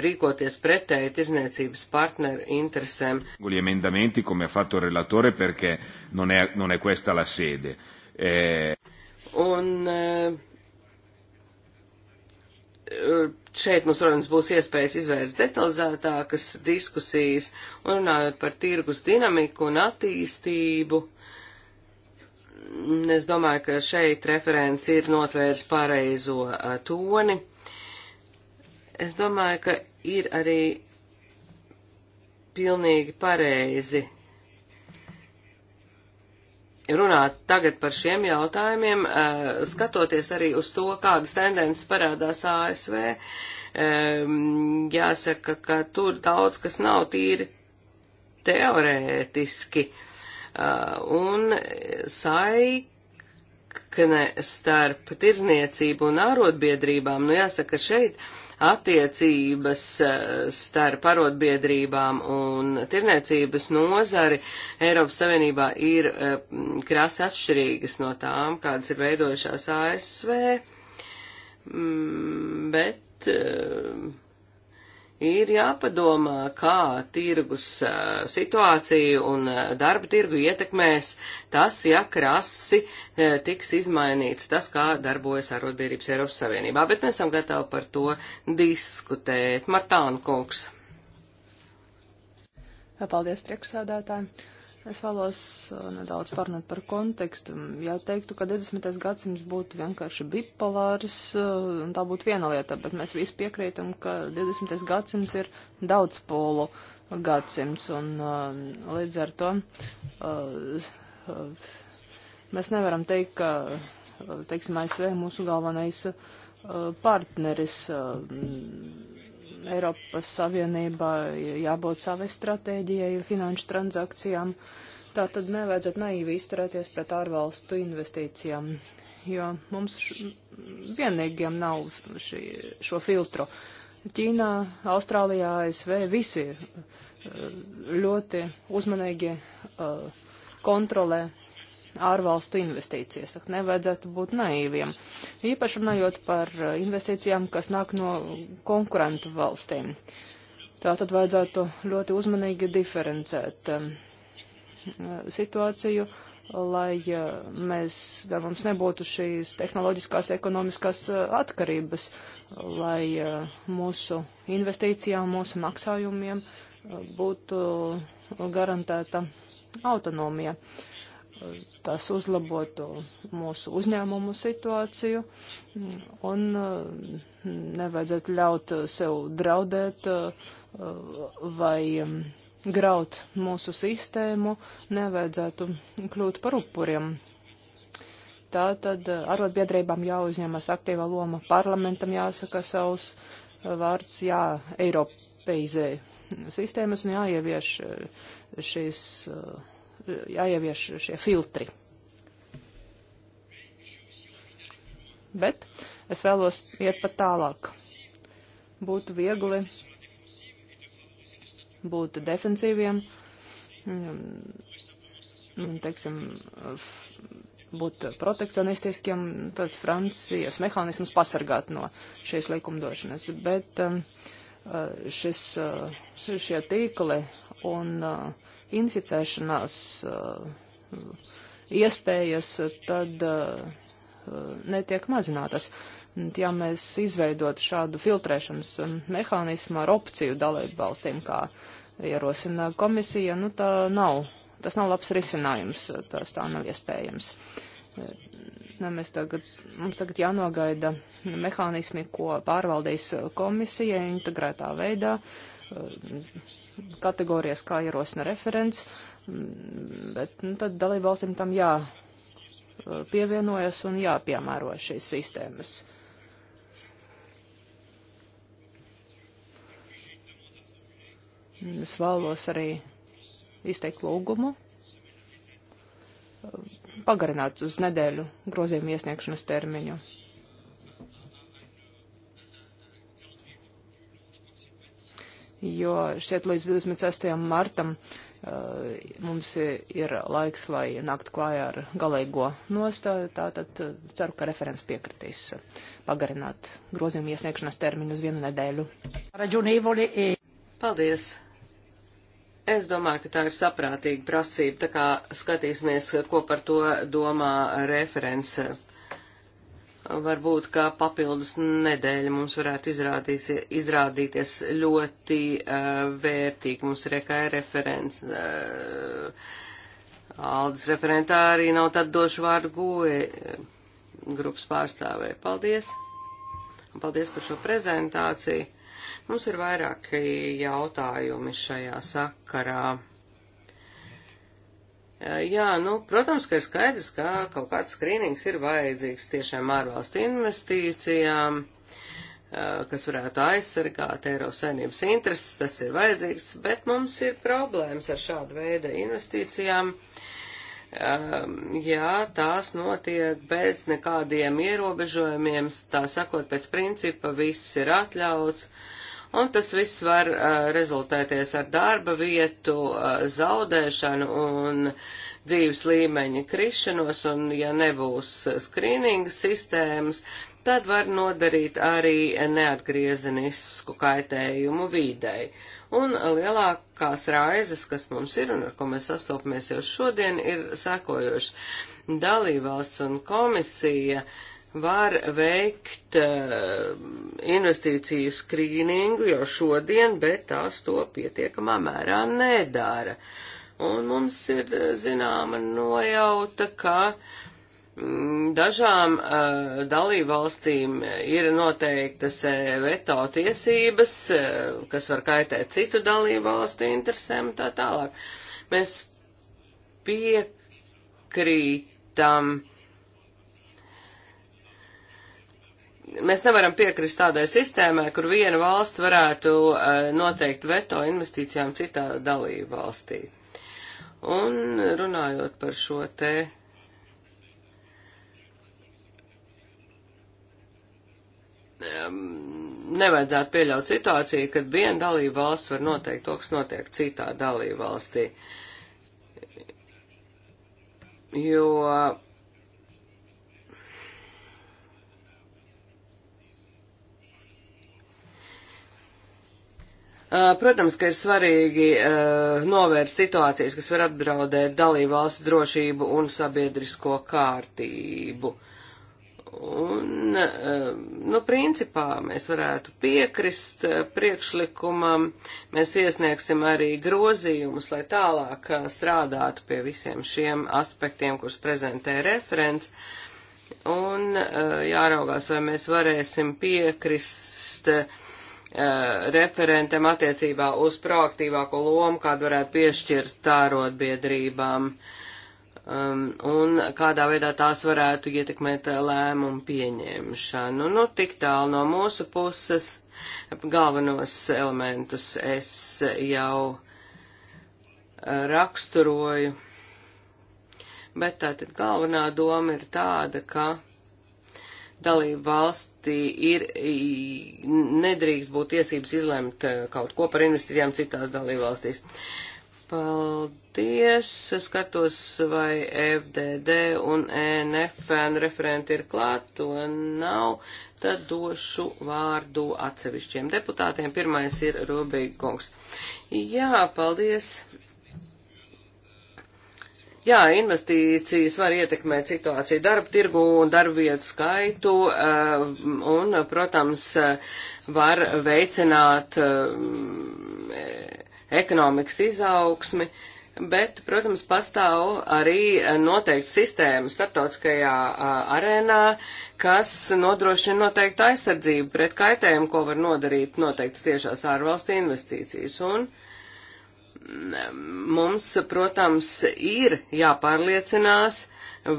rīkoties pretēji tirzniecības partneru interesēm. Gli emendamenti, come ha fatto il relatore, perché non è, non è questa la sede. E... Un, eh, eh, šeit mums, protams, būs iespējas izvērst detalizētākas diskusijas un runājot par tirgus dinamiku un attīstību. Es domāju, ka šeit referents ir notvērs pareizo toni Es domāju, ka ir arī pilnīgi pareizi runāt tagad par šiem jautājumiem, eh, skatoties arī uz to, kādas tendences parādās ASV. Ehm, jāsaka, ka tur daudz kas nav tīri teorētiski. Eh, un saik saikne starp tirzniecību un ārotbiedrībām, nu jāsaka, šeit attiecības eh, starp parotbiedrībām un tirniecības nozari Eiropas Savienībā ir eh, krasi atšķirīgas no tām, kādas ir veidojušās ASV, mm, bet eh, ir jāpadomā, kā tirgus situāciju un darba tirgu ietekmēs tas, ja krasi tiks izmainīts tas, kā darbojas arotbiedrības Eiropas Savienībā. Bet mēs esam gatavi par to diskutēt. Martāna kungs. Paldies, priekšsādātāji. Es vēlos uh, nedaudz parunāt par kontekstu. Ja teiktu, ka 20. gadsimts būtu vienkārši bipolārs, uh, tā būtu viena lieta, bet mēs visi piekrītam, ka 20. gadsimts ir daudzpolu gadsimts, un uh, līdz ar to mēs nevaram teikt, ka, teiksim, ASV mūsu galvenais partneris Eiropas Savienībā jābūt savai stratēģijai finanšu transakcijām. Tā tad nevajadzētu naīvi izturēties pret ārvalstu investīcijām, jo mums vienīgiem nav šī, šo filtru. Ķīnā, Austrālijā, ASV visi eh, ļoti uzmanīgi eh, kontrolē ārvalstu investīcijas. Tak nevajadzētu būt naīviem. Īpaši runājot par eh, investīcijām, kas nāk no konkurentu valstīm. Tātad vajadzētu ļoti uzmanīgi diferencēt eh, situāciju, lai eh, mēs, lai mums nebūtu šīs tehnoloģiskās ekonomiskās atkarības, lai mūsu investīcijām, mūsu maksājumiem būtu garantēta autonomija. Uh, tas uzlabotu mūsu uzņēmumu situāciju un mm, nevajadzētu ļaut sev draudēt mm, vai mm, graut mūsu sistēmu, nevajadzētu kļūt par upuriem. Tātad arotbiedrībām jāuzņemas aktīva loma, parlamentam jāsaka savs vārds, jā, Eiropeizē sistēmas un jāievieš šīs uh, jāievieš šie filtri. Bet es vēlos iet pat tālāk. Būtu viegli būt defensīviem, mm, un, teiksim, būt protekcionistiskiem, tad Francijas mehānismus pasargāt no šīs likumdošanas. Bet mm, šis, mm, šie tīkli un uh, inficēšanās uh, iespējas tad uh, netiek mazinātas. Ja mēs izveidotu šādu filtrēšanas um, mehānismu ar opciju dalību valstīm, kā ierosina komisija, nu tā nav, tas nav labs risinājums, tas tā nav iespējams. Ne, nu, mēs tagad, mums tagad jānogaida mehānismi, ko pārvaldīs komisija integrētā veidā uh, kategorijas, kā ierosina referents, mm, bet nu, tad dalībvalstīm tam jā eh, pievienojas un jāpiemēro šīs sistēmas. Es vēlos arī izteikt lūgumu eh, pagarināt uz nedēļu grozījumu iesniegšanas termiņu. jo šķiet līdz 26. martam uh, mums ir laiks, lai nākt klājā ar galīgo nostāju, tātad eh, ceru, ka referents piekritīs eh, pagarināt grozījumu iesniegšanas termiņu uz vienu nedēļu. E- Paldies! Es domāju, ka tā ir saprātīga prasība, tā kā skatīsimies, ko par to domā referents Varbūt, ka papildus nedēļa mums varētu izrādīties ļoti uh, vērtīgi. Mums ir kā referents. Uh, Aldis referentā arī nav tad došu vārdu guve eh, grupas pārstāvē. Paldies! Un paldies par šo prezentāciju. Mums ir vairāki jautājumi šajā sakarā. Eh, jā, nu, protams, ka ir skaidrs, ka kaut kāds skrīnings ir vajadzīgs tiešām ārvalstu investīcijām, eh, kas varētu aizsargāt Eiropas saimnības intereses, tas ir vajadzīgs, bet mums ir problēmas ar šādu veidu investīcijām. Ehm, jā, tās notiek bez nekādiem ierobežojumiem, tā sakot, pēc principa viss ir atļauts un tas viss var uh, rezultēties ar darba vietu uh, zaudēšanu un dzīves līmeņa krišanos, un ja nebūs uh, skrīninga sistēmas, tad var nodarīt arī neatgriezenisku kaitējumu vīdei. Un lielākās raizes, kas mums ir un ar ko mēs sastopamies jau šodien, ir sekojošas. Dalībvalsts un komisija uh, var veikt uh, investīciju skrīningu jau šodien, bet tās to pietiekamā mērā nedara. Un mums ir eh, zināma nojauta, ka mm, dažām uh, dalībvalstīm ir noteiktas uh, veto tiesības, uh, kas var kaitēt citu dalībvalstu interesēm un tā tālāk. Mēs piekrītam mēs nevaram piekrist tādai sistēmai, kur viena valsts varētu eh, noteikt veto investīcijām citā dalību valstī. Un runājot par šo te. Nevajadzētu pieļaut situāciju, kad viena dalība valsts var noteikt to, kas notiek citā dalība valstī. Jo Eh, protams, ka ir svarīgi eh, novērst situācijas, kas var apdraudēt dalībvalstu drošību un sabiedrisko kārtību. Un, eh, nu, principā mēs varētu piekrist priekšlikumam, mēs iesniegsim arī grozījumus, lai tālāk strādātu pie visiem šiem aspektiem, kurus prezentē referents, un jāraugās, vai mēs varēsim piekrist uh, Uh, referentam attiecībā uz proaktīvāko lomu, kādu varētu piešķirt tārotbiedrībām um, un kādā veidā tās varētu ietekmēt lēmumu pieņemšanu. Nu, tik tālu no mūsu puses galvenos elementus es jau uh, raksturoju. Bet tātad galvenā doma ir tāda, ka dalību valsts valstī ir, nedrīkst būt tiesības izlemt e, kaut ko par investīcijām citās dalībvalstīs. Paldies! Skatos, vai FDD un ENFN referenti ir klāt, to nav. Tad došu vārdu atsevišķiem deputātiem. Pirmais ir Rubīgungs. Jā, paldies! Jā, investīcijas var ietekmēt situāciju darba tirgu un darba vietu skaitu eh, un, protams, eh, var veicināt eh, ekonomikas izaugsmi, bet, protams, pastāv arī noteikti sistēma starptautiskajā arēnā, kas nodrošina noteiktu aizsardzību pret kaitējumu, ko var nodarīt noteikts tiešās ārvalstu investīcijas. Un, uh, mums, protams, ir jāpārliecinās,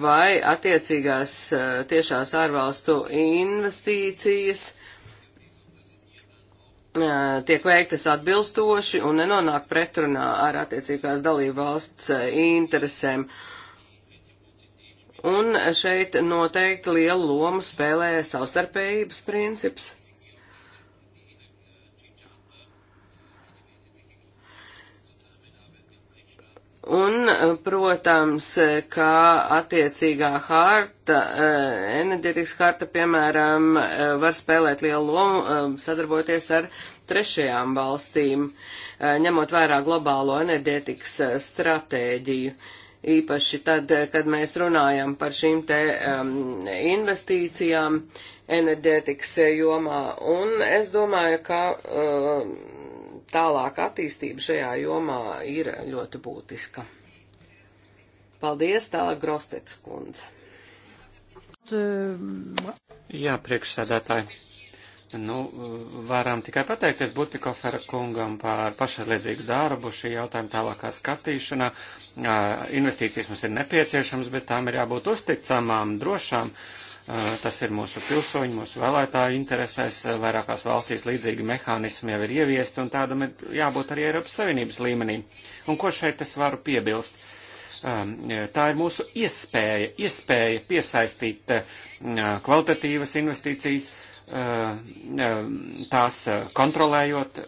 vai attiecīgās eh, tiešās ārvalstu investīcijas eh, tiek veiktas atbilstoši un nenonāk pretrunā ar attiecīgās dalību valsts eh, interesēm. Un šeit noteikti lielu lomu spēlē savstarpējības princips. Un, eh, protams, kā attiecīgā harta, eh, enerģetikas harta, piemēram, eh, var spēlēt lielu lomu sadarboties ar trešajām valstīm, ņemot vērā globālo enerģetikas stratēģiju. Īpaši tad, kad mēs runājam par šīm te um, investīcijām enerģētikas jomā. Un es domāju, ka uh, um, tālāk attīstība šajā jomā ir ļoti būtiska. Paldies, tālāk Grostets kundze. Jā, priekšsēdētāji. Nu, varam tikai pateikties Butikofera kungam par pašaizliedzīgu darbu šī jautājuma tālākā skatīšanā. Investīcijas mums ir nepieciešams, bet tām ir jābūt uzticamām, drošām. Uh, Tas ir mūsu pilsoņu, mūsu vēlētāju interesēs. Vairākās valstīs līdzīgi mehānismi jau ir ieviesti, un tādam ir jābūt arī Eiropas Savienības līmenī. Un ko šeit es varu piebilst? Tā ir mūsu iespēja, iespēja piesaistīt kvalitatīvas investīcijas, tās kontrolējot,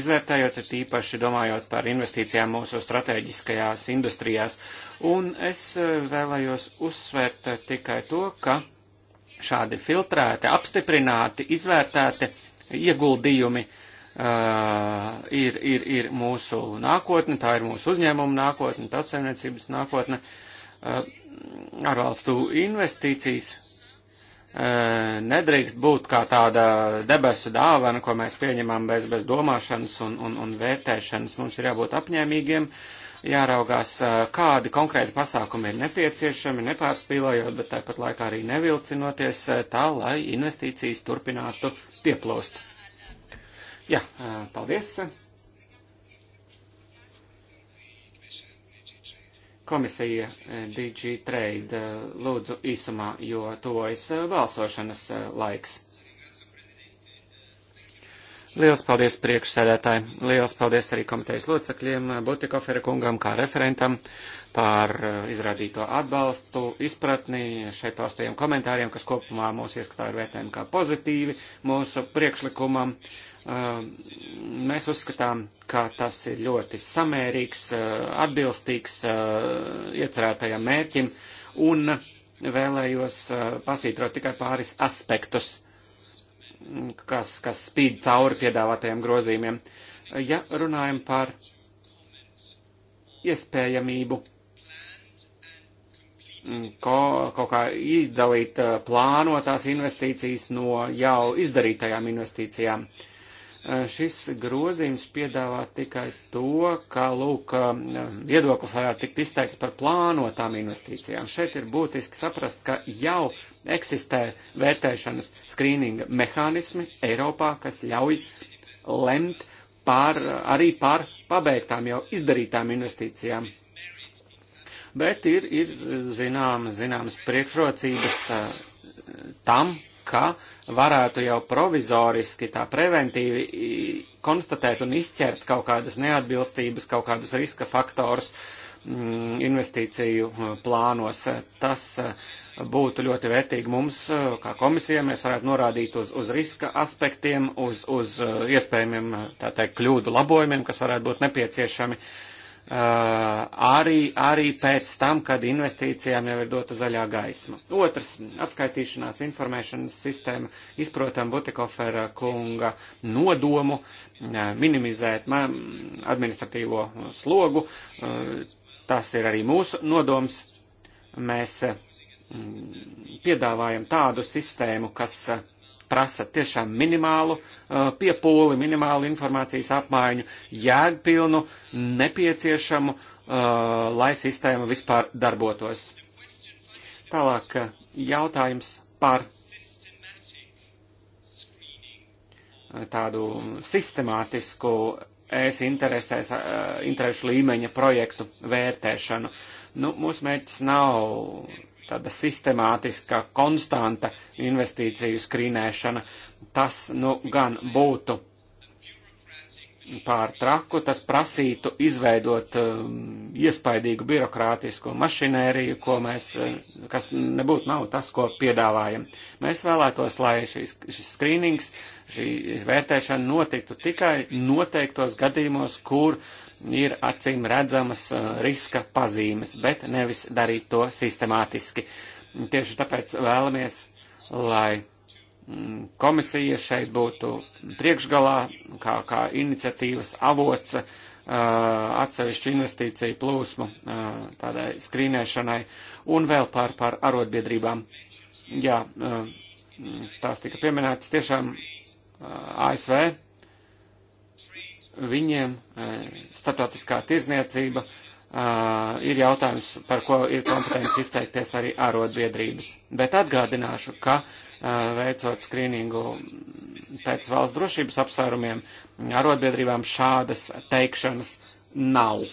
izvērtējot, tīpaši domājot par investīcijām mūsu strateģiskajās industrijās. Un es vēlējos uzsvērt tikai to, ka šādi filtrēti, apstiprināti, izvērtēti ieguldījumi uh, ir, ir, ir mūsu nākotne, tā ir mūsu uzņēmuma nākotne, tautsaimniecības nākotne, uh, ārvalstu investīcijas. Uh, nedrīkst būt kā tāda debesu dāvana, ko mēs pieņemam bez, bez domāšanas un, un, un vērtēšanas. Mums ir jābūt apņēmīgiem. Uh, jāraugās, kādi konkrēti pasākumi ir nepieciešami, nepārspīlējot, bet tāpat laikā arī nevilcinoties tā, lai investīcijas turpinātu pieplūst. Jā, paldies. Komisija DG Trade lūdzu īsumā, jo tuvojas balsošanas laiks. Liels paldies priekšsēdētāji, liels paldies arī komitejas locekļiem, Butikofera kungam kā referentam par eh, izrādīto atbalstu, izpratni, šeit paustajiem komentāriem, kas kopumā mūsu ieskatā ir vērtējumi kā pozitīvi mūsu priekšlikumam. Eh, mēs uzskatām, ka tas ir ļoti samērīgs, eh, atbilstīgs iecerētajam mērķim un vēlējos pasītrot tikai pāris aspektus kas, kas spīd cauri piedāvātajiem grozījumiem. Ja runājam par iespējamību mm, ko, kaut kā izdalīt plānotās investīcijas no jau izdarītajām investīcijām. Uh, šis grozījums piedāvā tikai to, ka, lūk, viedoklis varētu tikt izteikts par plānotām investīcijām. Šeit ir būtiski saprast, ka jau eksistē vērtēšanas skrīninga mehānismi Eiropā, kas ļauj lemt pār, arī par pabeigtām jau izdarītām investīcijām. Bet ir, ir zināmas, zināmas priekšrocības tam, ka varētu jau provizoriski tā preventīvi konstatēt un izķert kaut kādas neatbilstības, kaut kādus riska faktors mm, investīciju uh, plānos. Tas uh, būtu ļoti vērtīgi mums, uh, kā komisija, mēs varētu norādīt uz, uz riska aspektiem, uz, uz iespējamiem, tā teikt, kļūdu labojumiem, kas varētu būt nepieciešami uh, Uh, arī, arī pēc tam, kad investīcijām jau ir dota zaļā gaisma. Otrs - atskaitīšanās informēšanas sistēma, izprotam Butikofera kunga nodomu uh, minimizēt administratīvo slogu. Uh, tas ir arī mūsu nodoms. Mēs mm, piedāvājam tādu sistēmu, kas prasa tiešām minimālu uh, piepūli, minimālu informācijas apmaiņu, jēgpilnu, nepieciešamu, uh, lai sistēma vispār darbotos. Tālāk uh, jautājums par tādu sistemātisku es interesēs, interešu līmeņa projektu vērtēšanu. Nu, mūsu mērķis nav tāda sistemātiska, konstanta investīciju skrīnēšana. Tas nu gan būtu pār traku, tas prasītu izveidot um, iespaidīgu birokrātisku mašinēriju, ko mēs, uh, kas nebūtu nav tas, ko piedāvājam. Mēs vēlētos, lai šis, šis skrīnings, šī vērtēšana notiktu tikai noteiktos gadījumos, kur uh, ir acīm redzamas uh, riska pazīmes, bet nevis darīt to sistemātiski. Tieši tāpēc vēlamies, lai mm, komisija šeit būtu priekšgalā, kā, kā iniciatīvas avots uh, atsevišķu investīciju plūsmu uh, tādai skrīnēšanai un vēl par, par arotbiedrībām. Jā, mm, tās tika pieminētas tiešām ASV viņiem e, starptautiskā tirzniecība e, ir jautājums, par ko ir kompetents izteikties arī ārotbiedrības. Bet atgādināšu, ka e, veicot skrīningu pēc valsts drošības apsvērumiem, arotbiedrībām šādas teikšanas nav.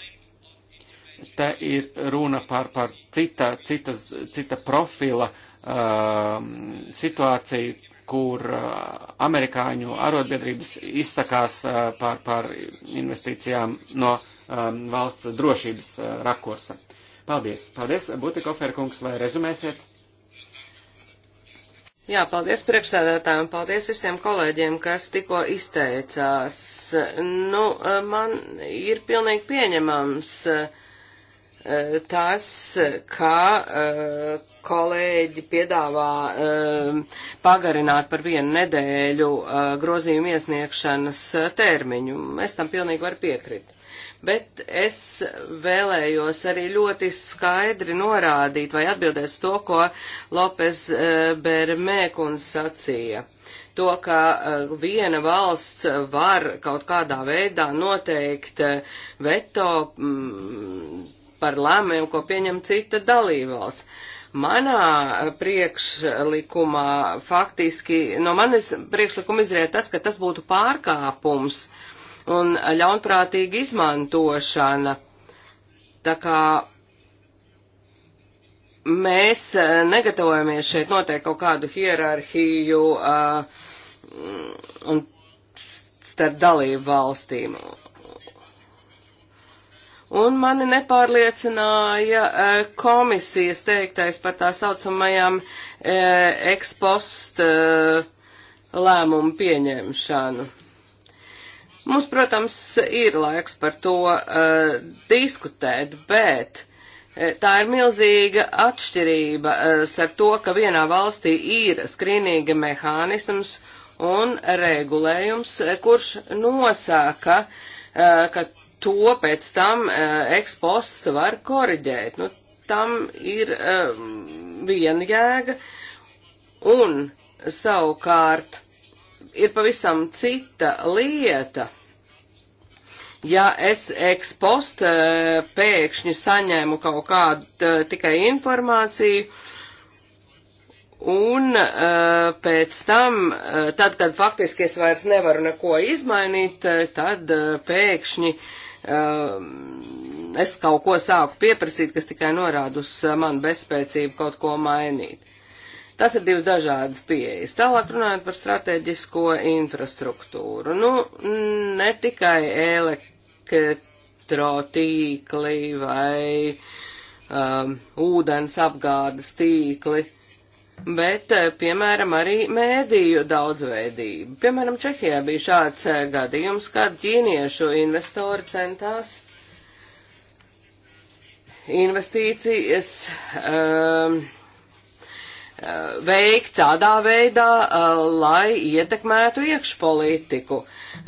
Te ir runa par, par cita, citas, cita profila uh, situāciju, kur uh, amerikāņu arotbiedrības izsakās uh, par, par investīcijām no um, valsts drošības uh, rakursa. Paldies. Paldies, Butikofer kungs, vai rezumēsiet? Jā, paldies priekšsēdētājiem, paldies visiem kolēģiem, kas tikko izteicās. Nu, man ir pilnīgi pieņemams uh, Eh, tas, ka eh, kolēģi piedāvā eh, pagarināt par vienu nedēļu grozījumu iesniegšanas termiņu. Es tam pilnīgi varu piekrist. Bet es vēlējos arī ļoti skaidri norādīt vai atbildēt to, ko Lopes Bermēkuns sacīja to, ka viena valsts var kaut kādā veidā noteikt veto mm, par lēmumiem, ko pieņem cita dalībvalsts. Manā priekšlikumā faktiski, no manis priekšlikuma izriet tas, ka tas būtu pārkāpums un ļaunprātīga izmantošana. Tā kā mēs eh, negatavojamies šeit noteikt kaut kādu hierarhiju uh, un starp dalību valstīm. Un mani nepārliecināja e, komisijas teiktais par tā saucamajām ekspost e, lēmumu pieņemšanu. Mums, protams, ir laiks par to uh, diskutēt, bet tā ir milzīga atšķirība uh, starp to, ka vienā valstī ir skrīninga mehānisms un regulējums, kurš nosaka, uh, ka to pēc tam eh, eksposts var koriģēt. Nu, tam ir eh, viena jēga, un savukārt ir pavisam cita lieta. Ja es ekspost eh, pēkšņi saņēmu kaut kādu tikai informāciju, un pēc tam, tad, kad faktiski es vairs nevaru neko izmainīt, tad pēkšņi uh, Ehm, es kaut ko sāku pieprasīt, kas tikai norāda uz eh, manu bezspēcību kaut ko mainīt. Tas ir divas dažādas pieejas. Tālāk runājot par strateģisko infrastruktūru. Nu, ne tikai elektrotīkli vai um, ūdens apgādes tīkli, uh, bet, eh, piemēram, arī mēdīju daudzveidību. Piemēram, Čehijā bija šāds eh, gadījums, kad ķīniešu investori centās investīcijas um, veikt tādā veidā, lai ietekmētu iekšpolitiku.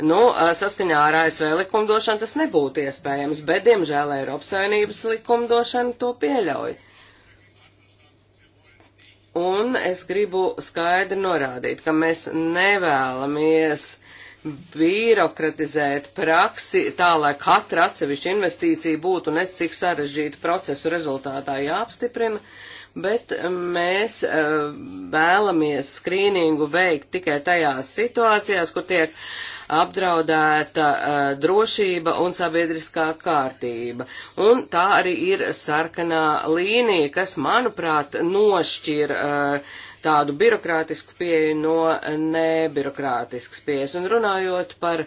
Nu, saskaņā ar ASV likumdošanu tas nebūtu iespējams, bet, diemžēl, Eiropas Savienības likumdošana to pieļauj. Un es gribu skaidri norādīt, ka mēs nevēlamies bīrokratizēt praksi tā, lai katra atsevišķa investīcija būtu nes cik sarežģītu procesu rezultātā jāapstiprina, bet mēs uh, vēlamies skrīningu veikt tikai tajās situācijās, kur tiek uh, apdraudēta uh, drošība un sabiedriskā kārtība. Un tā arī ir sarkanā līnija, kas, manuprāt, nošķir uh, tādu birokrātisku pieeju no nebirokrātiskas pieejas. Un runājot par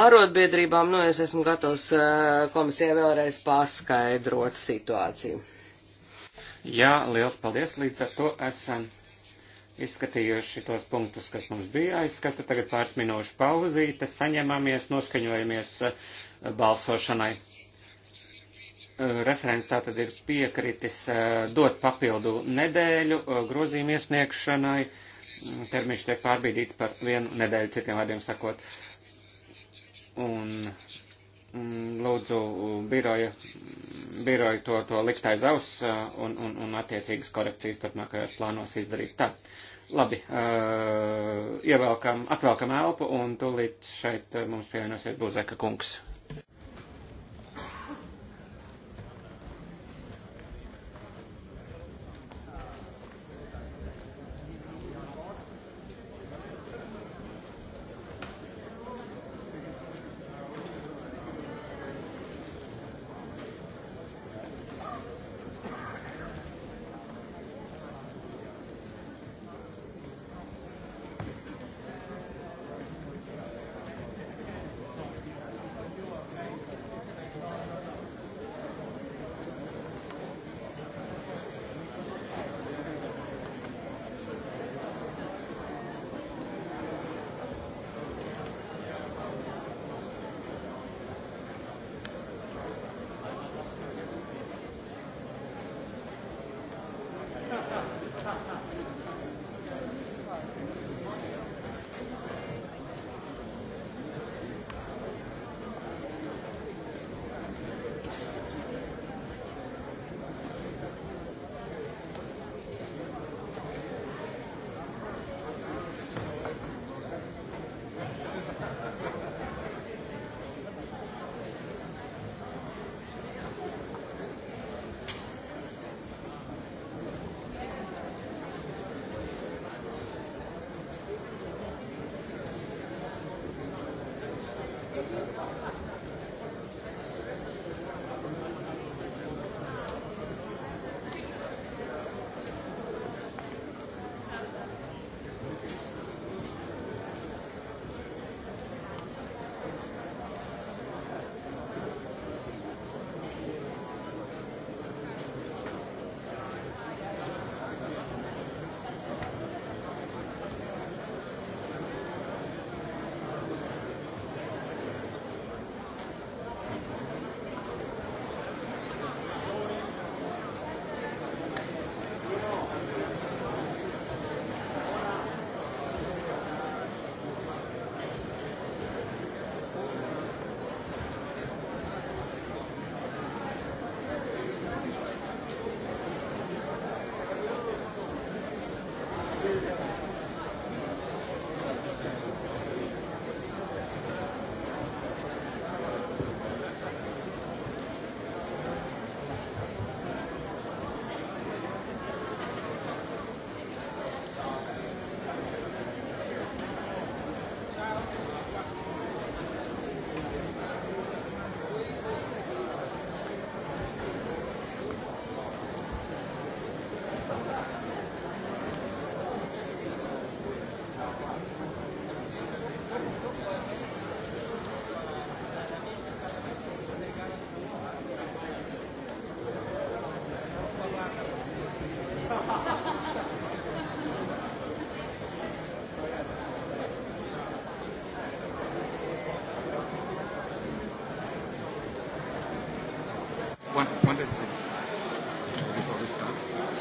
ārotbiedrībām, nu es esmu gatavs uh, komisijai vēlreiz paskaidrot situāciju. Jā, liels paldies, līdz ar to esam. Um izskatījuši tos punktus, kas mums bija aizskata. Tagad pāris minūšu pauzīte, saņemamies, noskaņojamies eh, balsošanai. Eh, referents tātad ir piekritis eh, dot papildu nedēļu grozījumu iesniegšanai. Termiņš tiek pārbīdīts par vienu nedēļu, citiem vārdiem sakot. Un mm, lūdzu biroja biroju to, to likt aiz aus eh, un, un, un attiecīgas korekcijas turpmākajos plānos izdarīt. Tā. Labi, eh, ievelkam, atvelkam elpu un tūlīt šeit eh, mums pievienosies Buzeka kungs.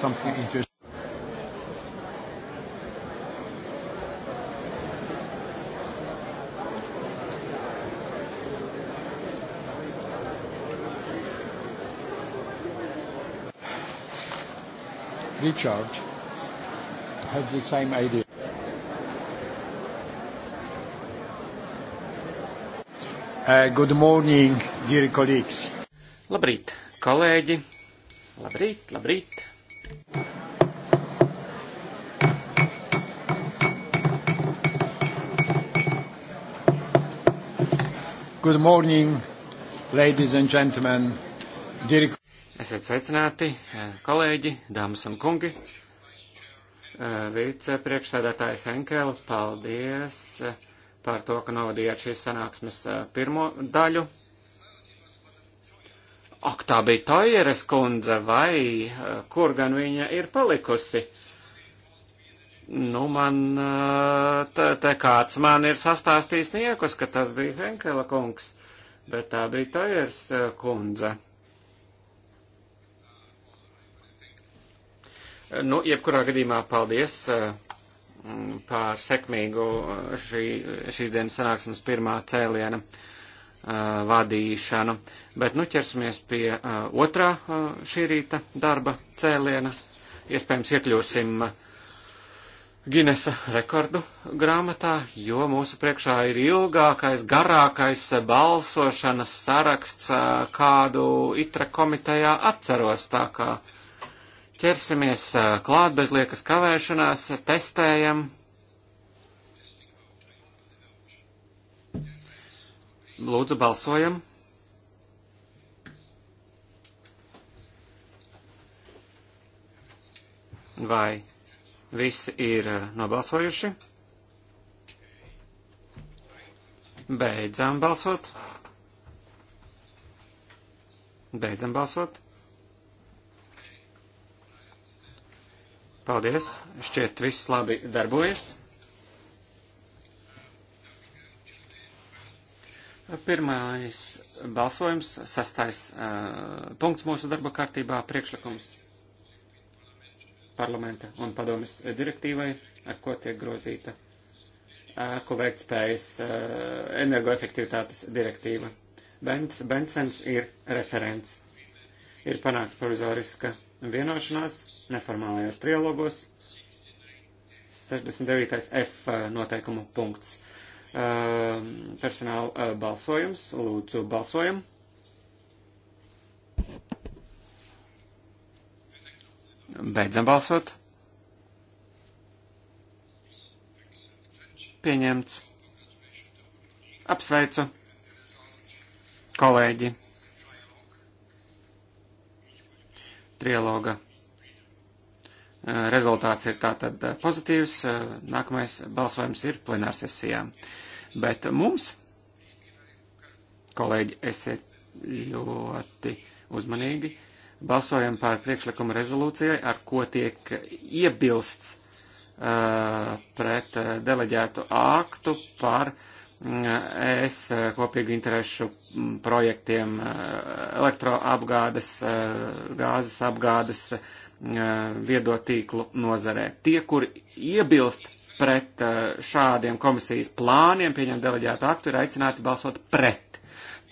something interesting. Richard had the same idea. Uh, good morning, dear colleagues. Labrīt, kolēģi. Labrīt, labrīt. Good morning, ladies and gentlemen. Dear... Esiet sveicināti, eh, kolēģi, dāmas un kungi. Eh, vicepriekšsēdētāji Henkel, paldies eh, par to, ka novadījāt šīs sanāksmes pirmo daļu. Ak, tā bija Tojeres kundze, vai kur gan viņa ir palikusi? Uh, Nu, man eh, te, te kāds man ir sastāstījis niekus, ka tas bija Henkela kungs, bet tā bija Tajers eh, kundze. Eh, nu, jebkurā gadījumā paldies pār sekmīgu šī, šīs dienas sanāksmes pirmā cēliena uh, vadīšanu. Bet nu ķersimies pie uh, otrā uh, šī rīta darba cēliena. Iespējams, iekļūsim uh, Ginesa rekordu grāmatā, jo mūsu priekšā ir ilgākais, garākais balsošanas saraksts, kādu itra komitejā atceros. Tā kā ķersimies klāt bez liekas kavēšanās, testējam. Lūdzu, balsojam! Vai Visi ir eh, nobalsojuši. Beidzām balsot. Beidzam balsot. Paldies. Šķiet, viss labi darbojas. Pirmais balsojums, sastais uh, punkts mūsu darba kārtībā, priekšlikums parlamenta un padomis direktīvai, ar ko tiek grozīta ēku veiktspējas energoefektivitātes direktīva. Bens, Bensens ir referents. Ir panākta provizoriska vienošanās neformālajos trialogos 69. F noteikumu punkts. Personāla balsojums, lūdzu balsojam. Beidzam balsot. Pieņemts. Apsveicu. Kolēģi. Trialoga eh, rezultāts ir tātad eh, pozitīvs, eh, nākamais balsojums ir plenārsesijā. Bet mums, kolēģi, esiet ļoti uzmanīgi, Balsojam par priekšlikumu rezolūcijai, ar ko tiek iebilsts uh, pret uh, deleģētu aktu par mm, es uh, kopīgu interesu mm, projektiem uh, elektroapgādes, gāzes apgādes, viedotīklu nozarē. Tie, kur iebilst pret šādiem komisijas plāniem pieņemt deleģētu aktu, ir aicināti balsot pret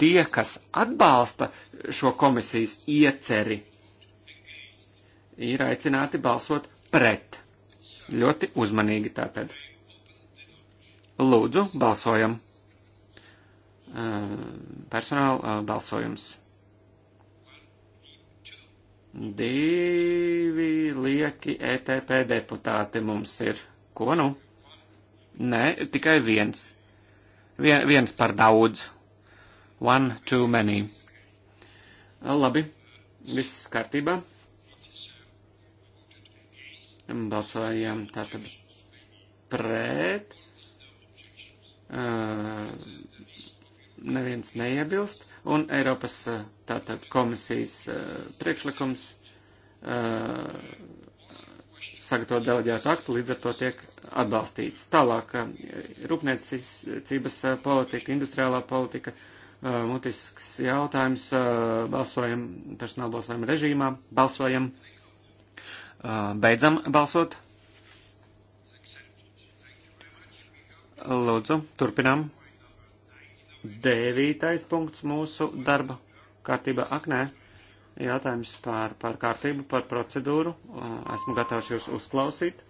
tie, kas atbalsta šo komisijas ieceri, ir aicināti balsot pret. Ļoti uzmanīgi tātad. Lūdzu, balsojam. Personāla balsojums. Divi lieki ETP deputāti mums ir. Ko nu? Nē, tikai viens. Vien, viens par daudz. One too many. Labi, viss kārtībā. Balsojam tātad pret. Uh, neviens neiebilst. Un Eiropas tātad komisijas uh, priekšlikums uh, sagatavot deleģētu aktu, līdz ar to tiek atbalstīts. Tālāk rūpniecības politika, industriālā politika. Uh, Eh, mutisks jautājums. Eh, balsojam personāla balsojuma režīmā. Balsojam. Eh, beidzam balsot. Lūdzu, turpinām. Devītais punkts mūsu darba kārtībā. Ak, nē, jautājums par, par kārtību, par procedūru. Esmu gatavs jūs uzklausīt.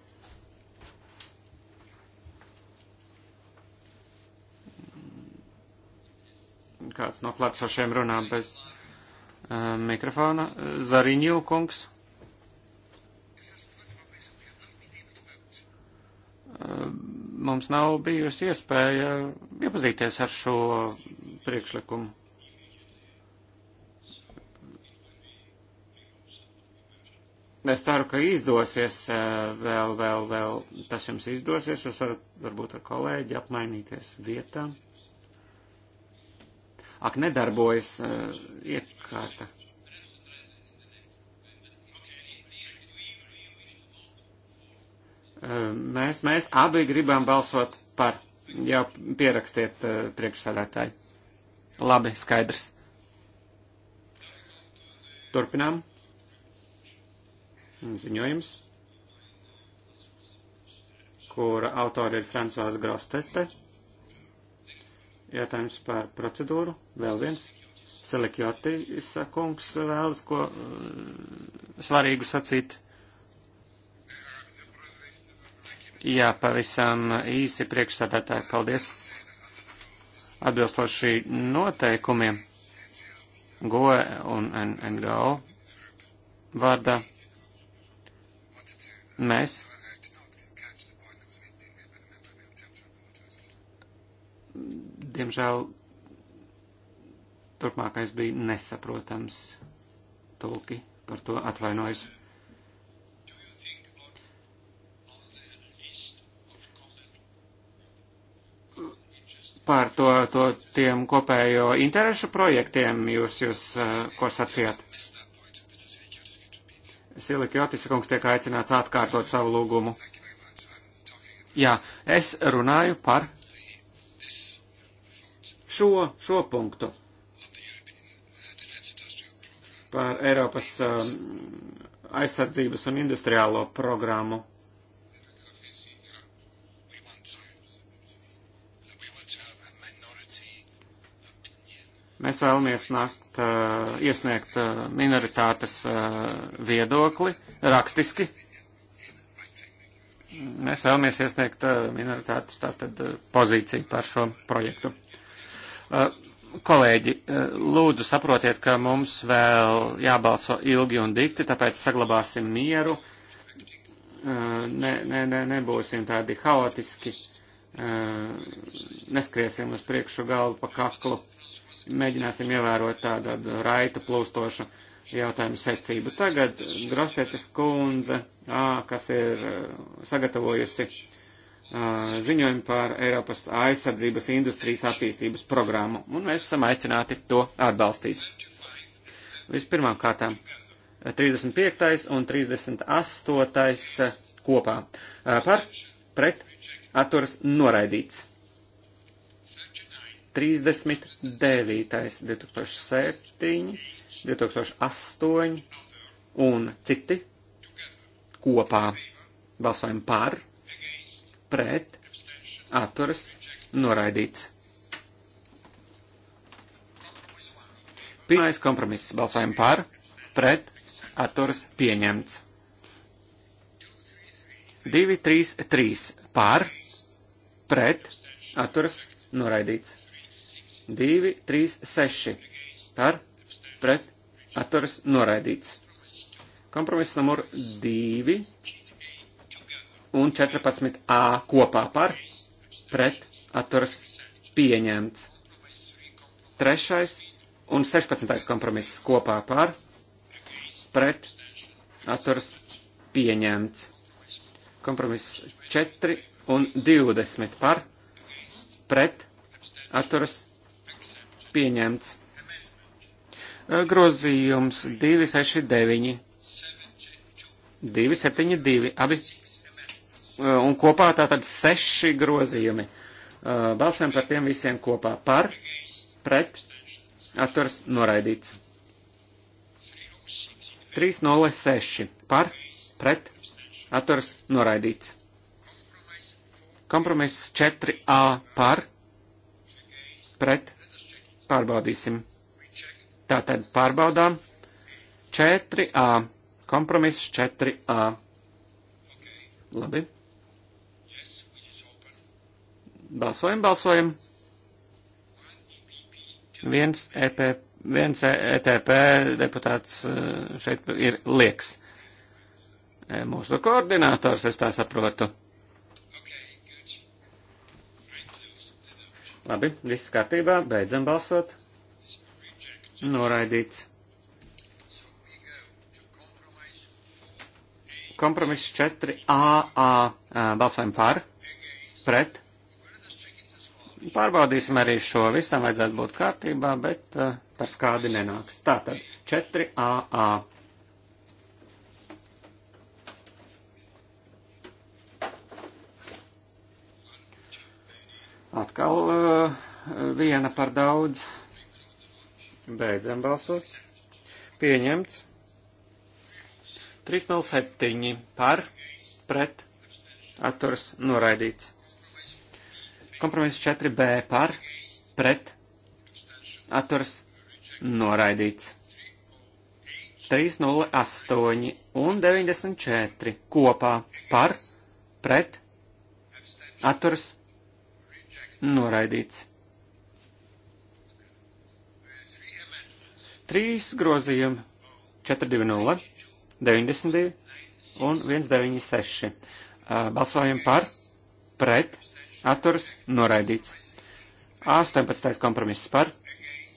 kāds no klātsošiem runā bez uh, mikrofona. Zariņu kungs. Uh, mums nav bijusi iespēja iepazīties ar šo priekšlikumu. Es ceru, ka izdosies uh, vēl, vēl, vēl tas jums izdosies. Jūs varat varbūt ar kolēģi apmainīties vietām. Ak nedarbojas eh, iekārta. Eh, mēs, mēs abi gribam balsot par. Jau pierakstiet eh, priekšsēdētāji. Labi, skaidrs. Turpinām. Ziņojums, kura autori ir Francois Grostete. Jautājums par procedūru. Vēl viens. Selekjotis kungs vēlas ko eh, svarīgu sacīt. Jā, pavisam īsi priekšstādātāji, paldies. Atbilstoši noteikumiem, GOE un NGO vārdā, mēs Diemžēl turpmākais bija nesaprotams. Tulki par to atvainojas. Par to, to tiem kopējo interešu projektiem jūs, jūs uh, ko sacījāt? Silikjotis kungs tiek aicināts atkārtot savu lūgumu. Jā, es runāju par šo, šo punktu par Eiropas um, aizsardzības un industriālo programmu. Mēs vēlamies nākt, uh, iesniegt uh, minoritātes uh, viedokli rakstiski. Mēs vēlamies iesniegt minoritātes tātad pozīciju par šo projektu. Eh, kolēģi, eh, lūdzu saprotiet, ka mums vēl jābalso ilgi un dikti, tāpēc saglabāsim mieru. Eh, ne, ne, ne, nebūsim tādi haotiski, neskriesim uz priekšu galvu pa kaklu, mēģināsim ievērot tādu raitu plūstošu jautājumu secību. Tagad Grostetes kundze, ā, kas ir sagatavojusi ziņojumu par Eiropas aizsardzības industrijas attīstības programmu, un mēs esam aicināti to atbalstīt. Vispirmām kārtām 35. un 38. kopā par pret atturas noraidīts. 39. 2007, 2008 un citi kopā balsojam par pret, atturas, noraidīts. Pirmais kompromiss balsojam par, pret, atturas, pieņemts. 2, 3, 3 par, pret, atturas, noraidīts. 2, 3, 6 par, pret, atturas, noraidīts. Kompromiss numur 2 un 14a kopā par pret atturas pieņemts. Trešais un 16. kompromiss kopā par pret atturas pieņemts. Kompromiss 4 un 20 par pret atturas pieņemts. E, grozījums 269, 272, abi Eh, un kopā tātad seši grozījumi. Eh, balsojam par tiem visiem kopā. Par, pret, atturs noraidīts. 306. Par, pret, atturs noraidīts. Kompromiss 4A par, pret, pārbaudīsim. Tātad pārbaudām 4A. Kompromiss 4A. Labi. Balsojam, balsojam. Viens, EP, viens ETP e deputāts e, šeit ir lieks. E, mūsu koordinators, es tā saprotu. Labi, viss kārtībā, beidzam balsot. Noraidīts. Kompromiss 4AA. Balsojam par, pret, Pārbaudīsim arī šo. Visam vajadzētu būt kārtībā, bet uh, par skādi nenāks. Tātad 4AA. Atkal uh, viena par daudz. Beidzam balsot. Pieņemts. 307 par pret atturs noraidīts. Kompromiss 4B par, pret, atturs, noraidīts. 308 un 94 kopā par, pret, atturs, noraidīts. Trīs grozījumi 420, 92 un 196. Balsojam par, pret, atturs atturs noraidīts. 18. kompromiss par,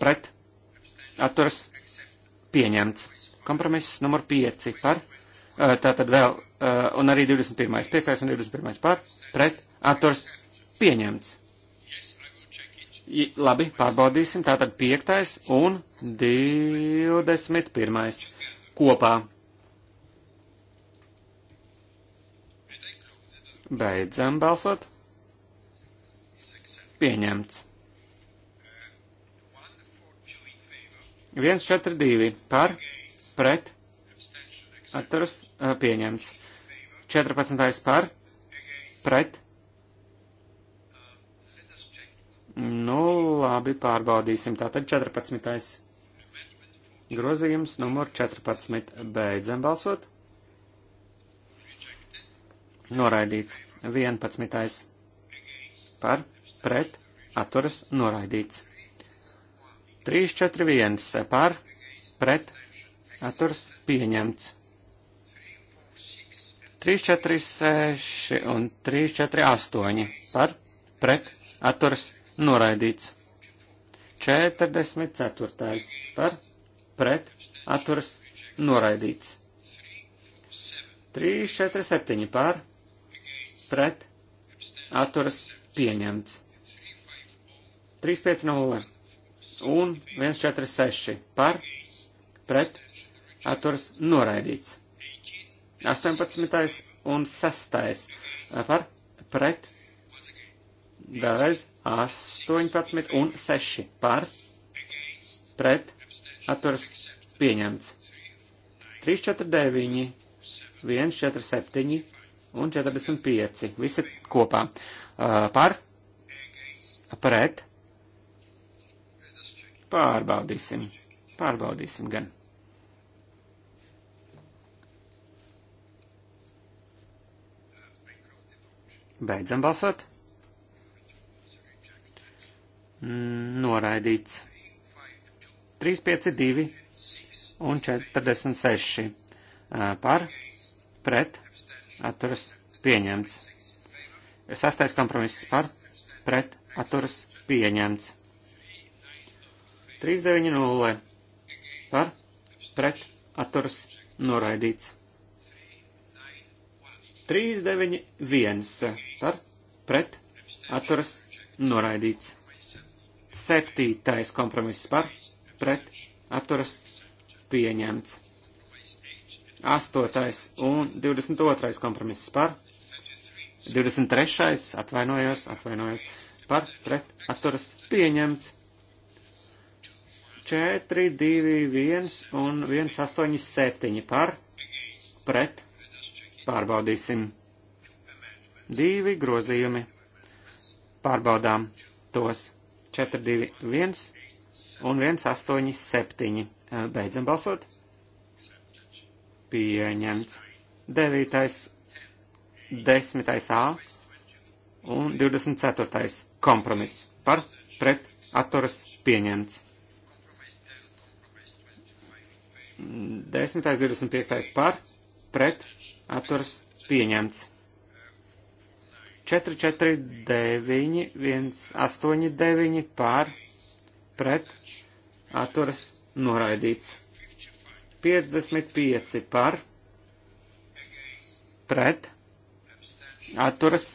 pret, atturs pieņemts. Kompromiss numur 5 par, tātad vēl, un arī 21. 5. un 21. par, pret, atturs pieņemts. Labi, pārbaudīsim, tātad 5. un 21. kopā. Beidzam balsot. Pieņemts. 142 par, pret, atturas, pieņemts. 14. par, pret. Nu, labi, pārbaudīsim. Tātad 14. grozījums, numur 14. Beidzam balsot. Noraidīts. 11. par, pret, atturas noraidīts. 3, 4, 1 par, pret, atturas pieņemts. 3, 4, 6 un 3, 4, 8 par, pret, atturas noraidīts. 44. par, pret, atturas noraidīts. 3, 4, 7 par, pret, atturas pieņemts. 350 un 146 par pret atturas noraidīts. 18. un 6. par pret vēlreiz 18 un 6 par pret atturas pieņemts. 3, 4, 9, 1, 4, 7 un 45. Visi kopā. Par pret Pārbaudīsim. Pārbaudīsim gan. Beidzam balsot. Mm, noraidīts. 3, 5, 2 un 46. Par, pret, atturas, pieņemts. Sastais kompromiss par, pret, atturas, pieņemts. 390 par pret atturs noraidīts. 391 par pret atturs noraidīts. Septītais kompromiss par pret atturas pieņemts. Astotais un 22. kompromiss par 23. atvainojos, atvainojos par pret atturas pieņemts. 4, 2, 1 un 1, 8, 7 par pret. Pārbaudīsim. Divi grozījumi. Pārbaudām tos 4, 2, 1 un 1, 8, 7. Beidzam balsot. Pieņemts. 9, 10, A un 24. kompromiss par pret atturas pieņemts. 10. 25. par pret atturas pieņemts. 4, 4, 9, 1, 8, 9 pār pret atturas noraidīts. 55 par pret atturas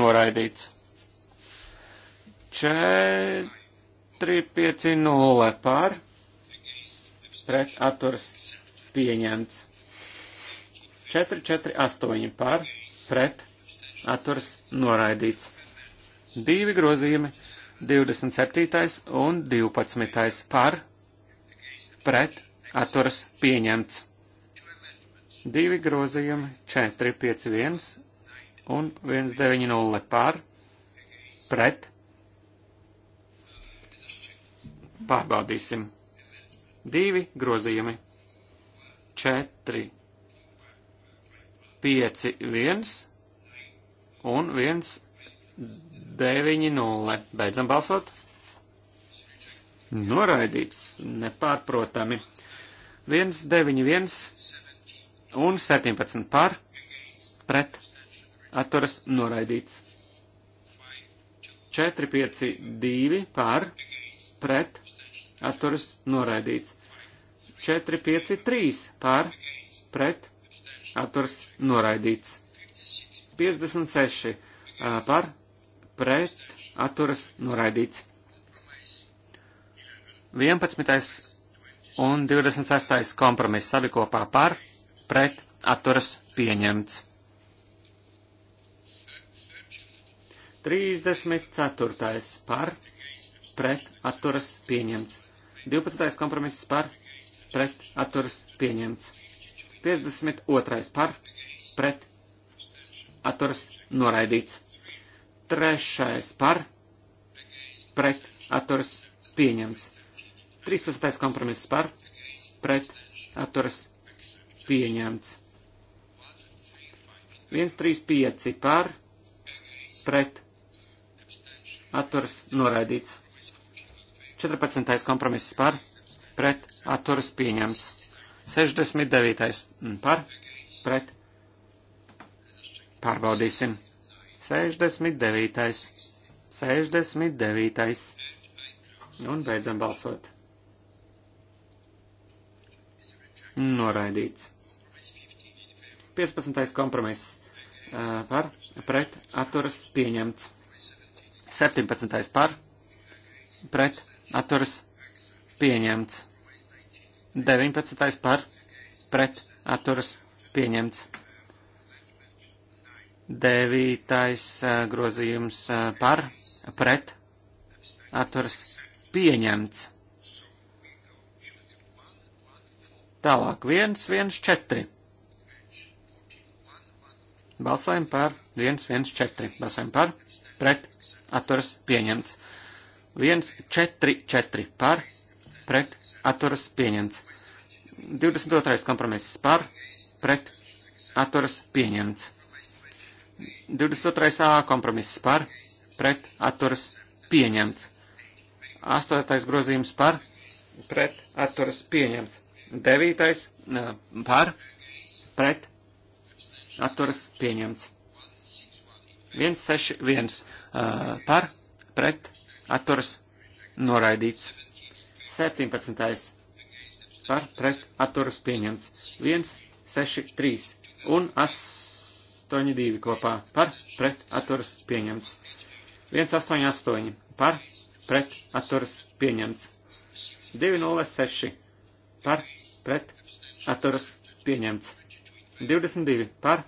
noraidīts. 4, 5, 0 par pret atturas pieņemts. 4, 4, 8 par, pret, atturas noraidīts. Divi grozījumi, 27. un 12. par, pret, atturas pieņemts. Divi grozījumi, 4, 5, 1 un 1, 9, 0 par, pret. Pārbaudīsim. Divi grozījumi. Četri. Pieci viens un viens deviņi nulle. Beidzam balsot. Noraidīts nepārprotami. 1, 9, 1 un 17 par pret atturas noraidīts. 4, 5, 2 par pret atturas noraidīts. 4, 5, 3 par, pret, atturas noraidīts. 56 par, pret, atturas noraidīts. 11. un 26. kompromiss abi kopā par, pret, atturas pieņemts. 34. par, pret, atturas pieņemts. 12. kompromiss par pret atturas pieņemts. 52. par pret atturas noraidīts. 3. par pret atturas pieņemts. 13. kompromiss par pret atturas pieņemts. 135 par pret atturas noraidīts. 14. kompromiss par, pret, atturas pieņemts. 69. Mm, par, pret, pārbaudīsim. 69. 69. Nu, un beidzam balsot. Noraidīts. 15. kompromiss par, pret, atturas pieņemts. 17. par, pret, atturas pieņemts. 19. par pret atturas pieņemts. 9. Eh, grozījums eh, par pret atturas pieņemts. Tālāk 1, 1, 4. Balsojam par 1, 1, 4. Balsojam par pret atturas pieņemts. 144 par, pret, atturas pieņemts. 22. kompromiss par, pret, atturas pieņemts. 22. A kompromiss par, pret, atturas pieņemts. 8. grozījums par, pret, atturas pieņemts. 9. par, pret, atturas pieņemts. 161 uh, par, pret, atturas noraidīts. 17. par pret atturas pieņemts. 1, 6, 3 un 8, 2 kopā par pret atturas pieņemts. 1, 8, 8 par pret atturas pieņemts. 2, 0, 6 par pret atturas pieņemts. 22 par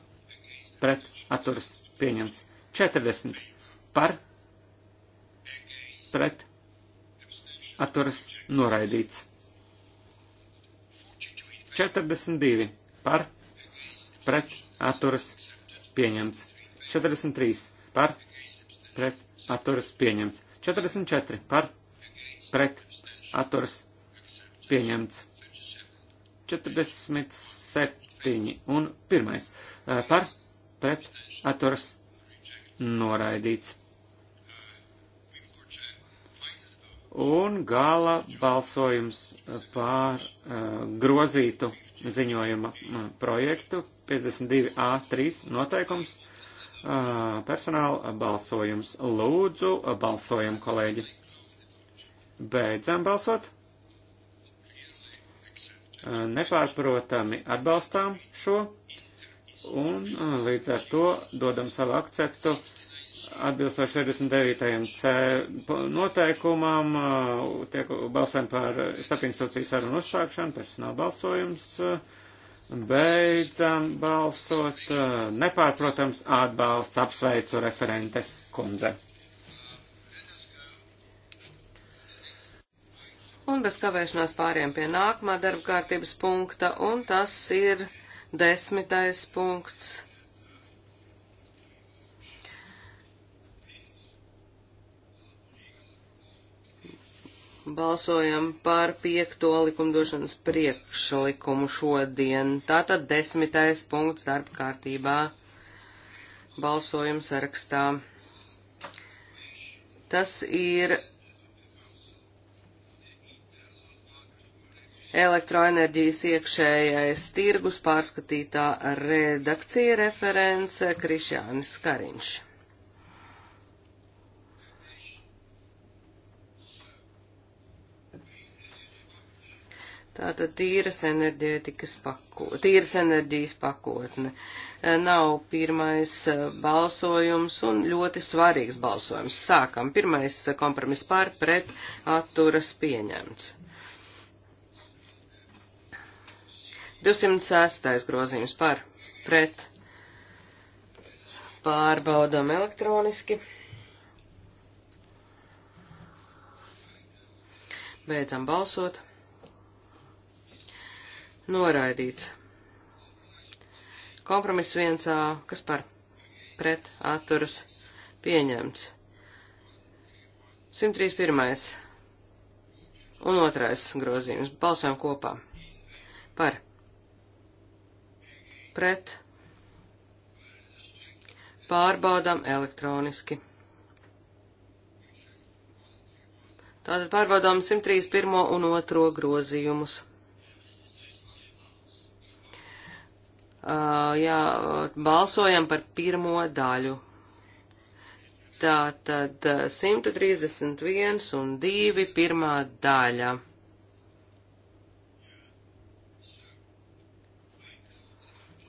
pret atturas pieņemts. 40 par pret pret atturas noraidīts. 42 par pret atturas pieņemts. 43 par pret atturas pieņemts. 44 par pret atturas pieņemts. 47 un 1 eh, par pret atturas noraidīts. un gala balsojums pār uh, grozītu ziņojuma uh, projektu 52A3 noteikums uh, personāla balsojums. Lūdzu, balsojam, kolēģi. Beidzam balsot. Uh, nepārprotami atbalstām šo un uh, līdz ar to dodam savu akceptu uh, atbilstoši 69. C noteikumam uh, tiek balsēm par starpinstitūciju sarunu uzsākšanu, personāla balsojums. Uh, beidzam balsot. Uh, nepārprotams atbalsts apsveicu referentes kundze. Un bez kavēšanās pāriem pie nākamā darba kārtības punkta, un tas ir desmitais punkts Balsojam par piekto likumdošanas priekšlikumu šodien. Tātad desmitais punkts darba kārtībā balsojuma sarakstā. Tas ir elektroenerģijas iekšējais tirgus pārskatītā redakcija reference Krišjānis Kariņš. Tātad tīras enerģētikas pakotne, tīras enerģijas pakotne eh, nav pirmais eh, balsojums un ļoti svarīgs balsojums. Sākam, pirmais eh, kompromiss pār pret atturas pieņemts. 206. grozījums par pret pārbaudām elektroniski. Beidzam balsot noraidīts. Kompromiss 1A, kas par pret atturas pieņemts. 131. un 2. grozījums. Balsojam kopā. Par pret pārbaudām elektroniski. Tātad pārbaudām 131. un 2. grozījumus. Uh, jā, balsojam par pirmo daļu. Tā tad 131 uh, un 2 pirmā daļa.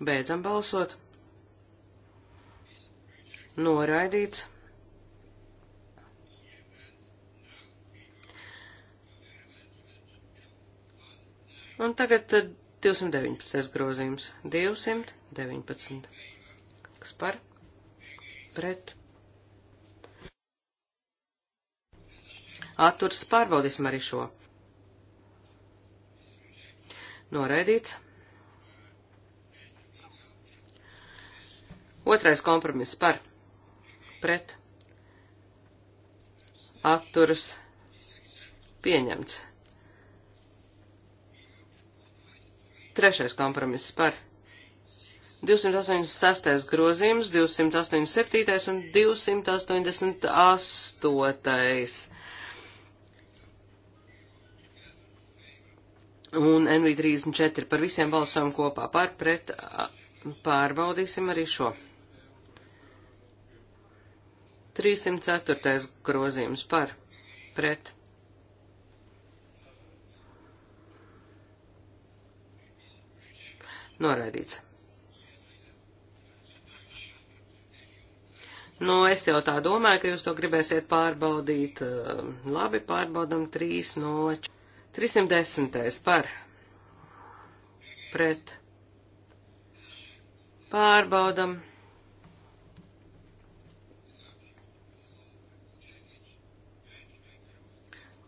Beidzam balsot. Noraidīts. Un tagad tad 219. grozījums. 219. Kas par? Pret. Atturs pārbaudīsim arī šo. Noraidīts. Otrais kompromiss par. Pret. Atturs pieņemts. Trešais kompromiss par 286. grozījums, 287. un 288. Un NV34 par visiem balsām kopā par pret pārbaudīsim arī šo. 304. grozījums par pret Noraidīts. Nu, es jau tā domāju, ka jūs to gribēsiet pārbaudīt. Eh, labi, pārbaudam 3 no 310. par pret. Pārbaudam.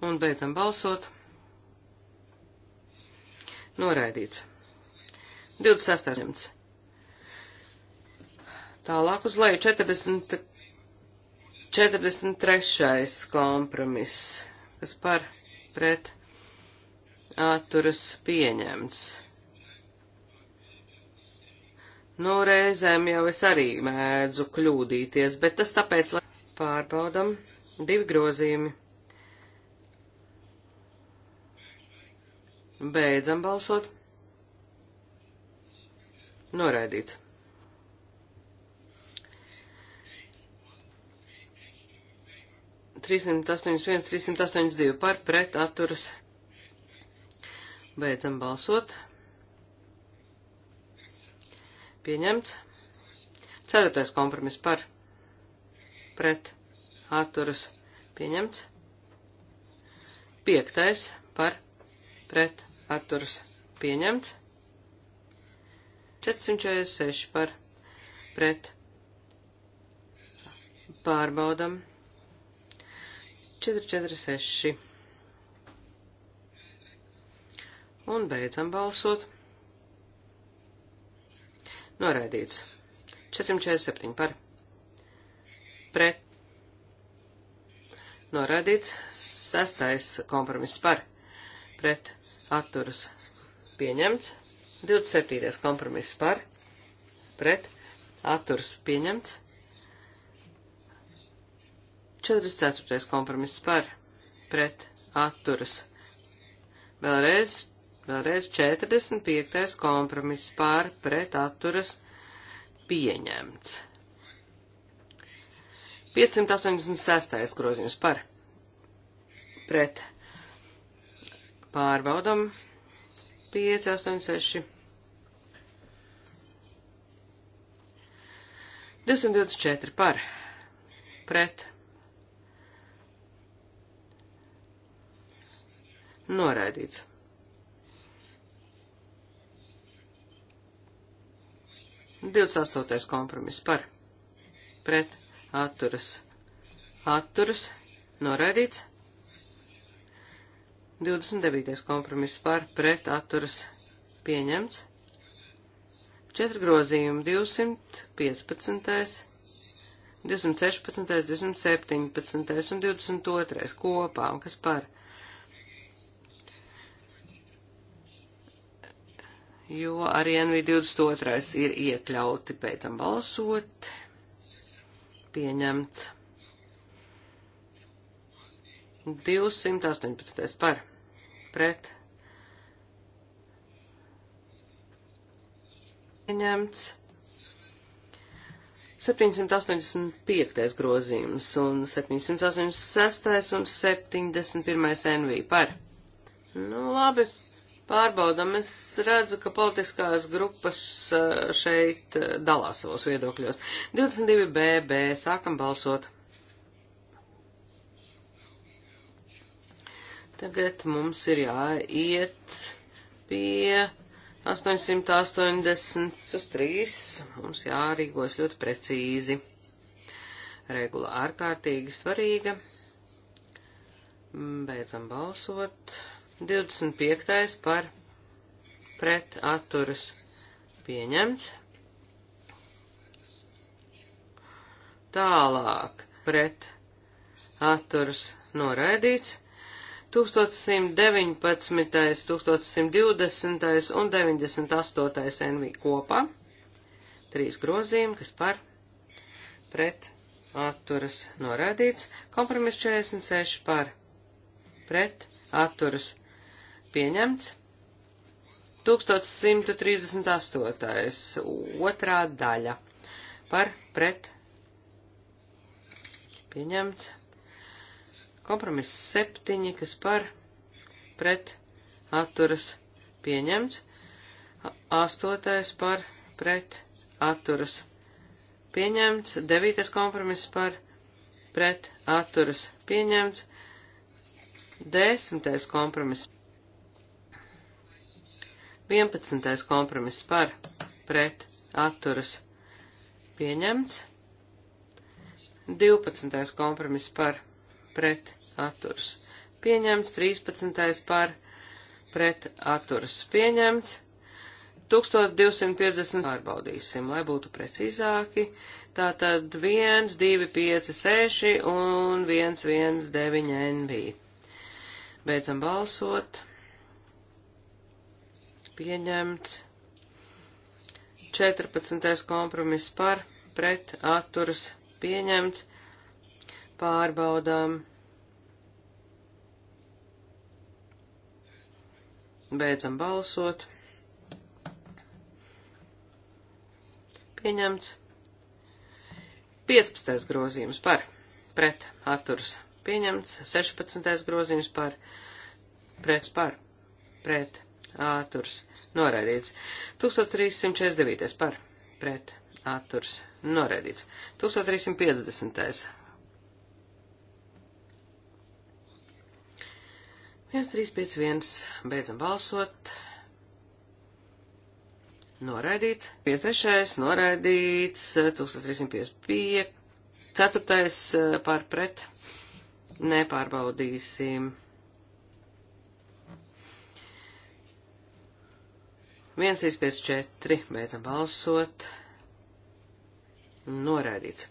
Un beidzam balsot. Noraidīts. 26. Tālāk uz leju 40, 43. kompromiss, kas par pret atturas pieņemts. Nu, reizēm jau es arī mēdzu kļūdīties, bet tas tāpēc, lai pārbaudam divi grozījumi. Beidzam balsot. Noraidīts. Trīsimt astoņdesmit viens, trīsimt astoņdesmit divi par pret atturas. Beidzam balsot. Pieņemts. Ceturtais kompromiss par pret atturas. Pieņemts. Piektais par pret atturas. Pieņemts. 446 par pret. Pārbaudam. 446. Un beidzam balsot. Noraidīts. 447 par. Pret. Noraidīts. Sestais kompromiss par. Pret. Atturas. Pieņemts. 27. kompromiss par, pret, atturs pieņemts. 44. kompromiss par, pret, atturs. Vēlreiz, vēlreiz 45. kompromiss par, pret, atturs pieņemts. 586. grozījums par, pret, pārbaudam, 586. 224 par pret noraidīts. Divas astotais kompromiss par pret atturas atturas noraidīts. 29. kompromiss par pret atturas pieņemts. Četri grozījumi - 215, 216, 217 un 22 kopā, un kas par? Jo arī NV22 ir iekļauti, pēc tam balsot, pieņemts. 218 par, pret, Pieņemts. 785. grozījums un 786. un 71. NV par. Nu, labi, pārbaudam. Es redzu, ka politiskās grupas eh, šeit eh, dalās savos viedokļos. 22 BB, sākam balsot. Tagad mums ir jāiet pie 880 uz 3 mums jārīkojas ļoti precīzi. Regula ārkārtīgi svarīga. Beidzam balsot. 25. par pret atturas pieņemts. Tālāk pret atturas noraidīts. 1119, 1120 un 98 NV kopā. Trīs grozījumi, kas par pret atturas norādīts. Kompromiss 46 par pret atturas pieņemts. 1138. otrā daļa par pret pieņemts. Kompromiss 7, kas par pret atturas pieņemts. 8. par pret atturas pieņemts. 9. kompromiss par pret atturas pieņemts. 10. kompromiss. 11. kompromiss par pret atturas pieņemts. 12. kompromiss par pret pret atturs. Pieņemts 13. par pret atturs. Pieņemts 1250 pārbaudīsim, lai būtu precīzāki. Tātad 1, 2, 5, 6 un 1, 1, 9 NB. Beidzam balsot. Pieņemts. 14. kompromiss par, pret, atturas, pieņemts pārbaudām. Beidzam balsot. Pieņemts. 15. grozījums par pret atturs. Pieņemts. 16. grozījums par pret par pret atturs. Noraidīts. 1349. par pret atturs. Noraidīts. 1350. 1, 3, 5, 1. Beidzam balsot. Noraidīts. 53. Noraidīts. 1355. 4. Eh, par pret. Nepārbaudīsim. 1, 3, 5, 4. Beidzam balsot. Noraidīts.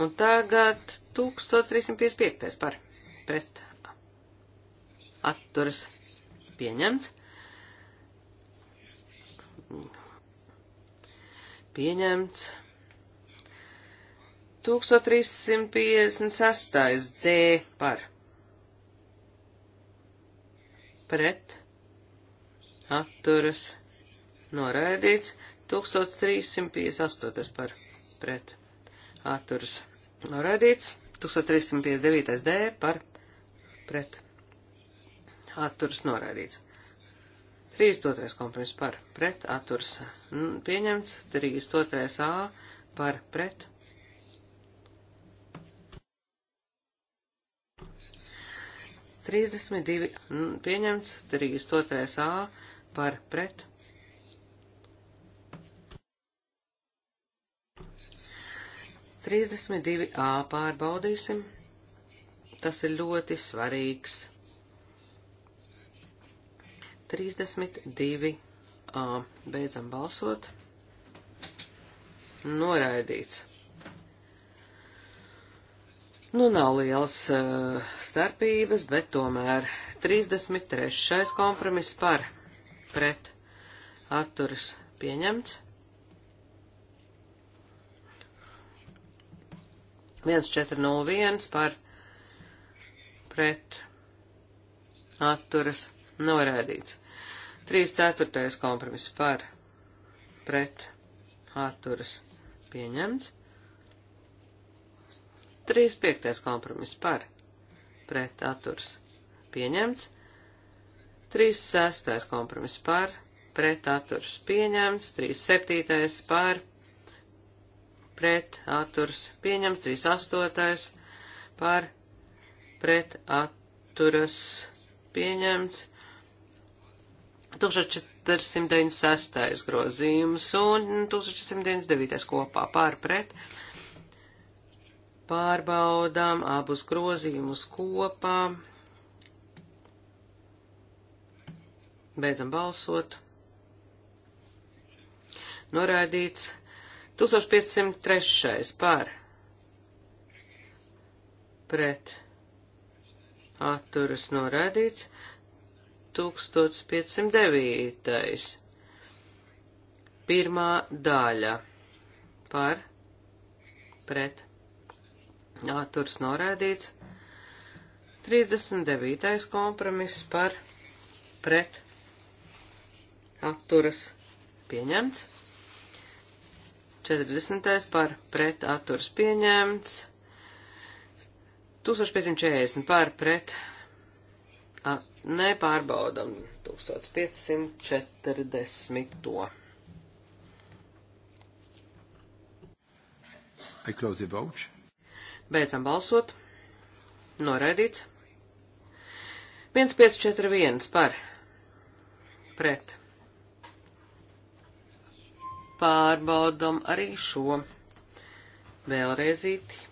Un tagad 1355. par pret atturas pieņemts. Pieņemts. 1356. D par. Pret. Atturas. Noraidīts. 1358. par. Pret. Atturas. Noraidīts. 1359. D par. Pret atturas noraidīts. 32. kompromiss par pret atturas pieņemts, 32. A par pret. Trīsdesmit divi pieņemts, trīs otrais A par pret. Trīsdesmit divi A pārbaudīsim. Tas ir ļoti svarīgs 32. A. Beidzam balsot. Noraidīts. Nu, nav liels uh, starpības, bet tomēr 33. kompromiss par pret atturas pieņemts. 1401 par pret atturas pieņemts Noraidīts. 3 ceturtais kompromiss par pret atturas pieņemts. 3 piektais kompromiss par pret atturas pieņemts. 3 sestais kompromiss par pret atturas pieņemts. 3 septītais par pret atturas pieņemts. 3 astotais par pret atturas pieņemts. 1496. grozījums un 1499. kopā pārpret. Pārbaudām abus grozījumus kopā. Beidzam balsot. Noraidīts 1503. par pret atturas noraidīts 1509. Pirmā daļa par pret atturs norādīts. 39. kompromiss par pret atturas pieņemts. 40. par pret atturas pieņemts. 1540 par pret A, nē, pārbaudam 1540. I close the vote. Beidzam balsot. Noraidīts. 1541 par. Pret. Pārbaudam arī šo. Vēlreizīti.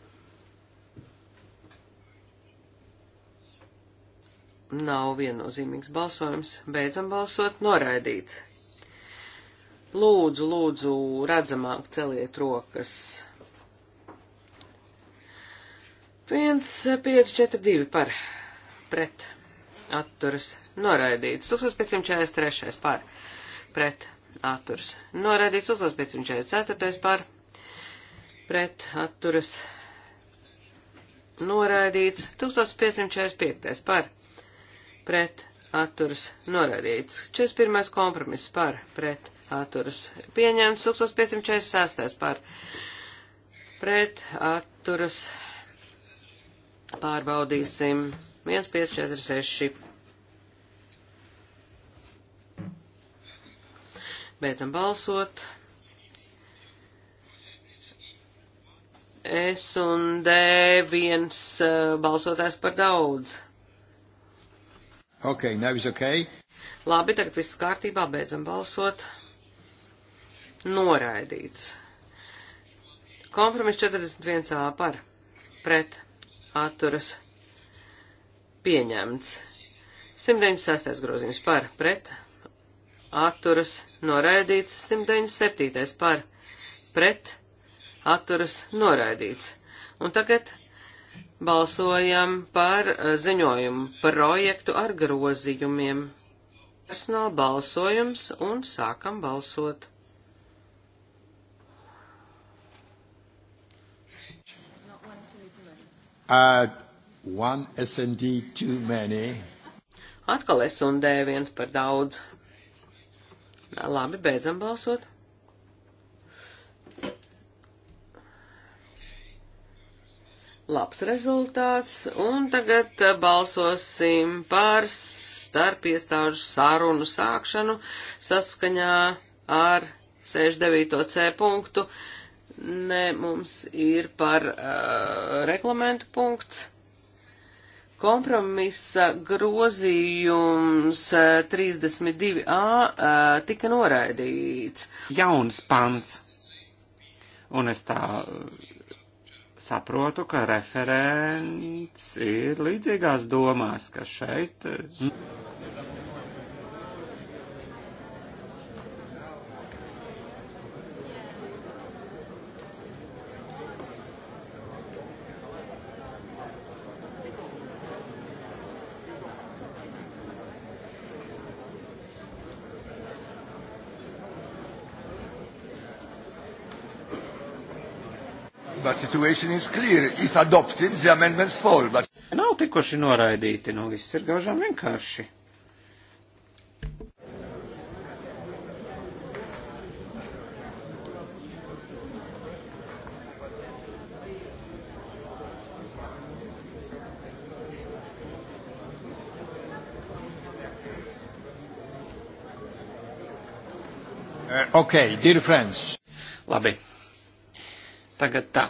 Nav viennozīmīgs balsojums. Beidzam balsot. Noraidīts. Lūdzu, lūdzu, redzamāk celiet rokas. 1, 5, 4, 2 par pret atturas noraidīts. 1543 par pret atturas noraidīts. 1544 par pret atturas noraidīts. 1545 par pret atturas norādīts. 41. kompromiss par pret atturas pieņemts. 1546. par pret atturas pārbaudīsim. 1546. Beidzam balsot. S un D viens eh, balsotājs par daudz. Ok, now is ok. Labi, tagad viss kārtībā, beidzam balsot. Noraidīts. Kompromis 41a par pret atturas pieņemts. 196. grozījums par pret atturas noraidīts. 197. par pret atturas noraidīts. Un tagad Balsojam par eh, ziņojumu projektu ar grozījumiem. Personāla balsojums un sākam balsot. Uh, one SND too many. Atkal SND viens par daudz. Labi, beidzam balsot. labs rezultāts, un tagad uh, balsosim par starp iestāžu sārunu sākšanu saskaņā ar 69C punktu. Nē, mums ir par uh, reglamentu punkts. Kompromisa grozījums 32a uh, uh, tika noraidīts. Jauns pants. Un es tā uh, saprotu, ka referents ir līdzīgās domās, ka šeit. Mm. situation is clear. If adopted, the amendments fall. But... Nav tikuši noraidīti, nu viss ir gaužām vienkārši. Uh, okay, dear friends. Labi. Tagad tā.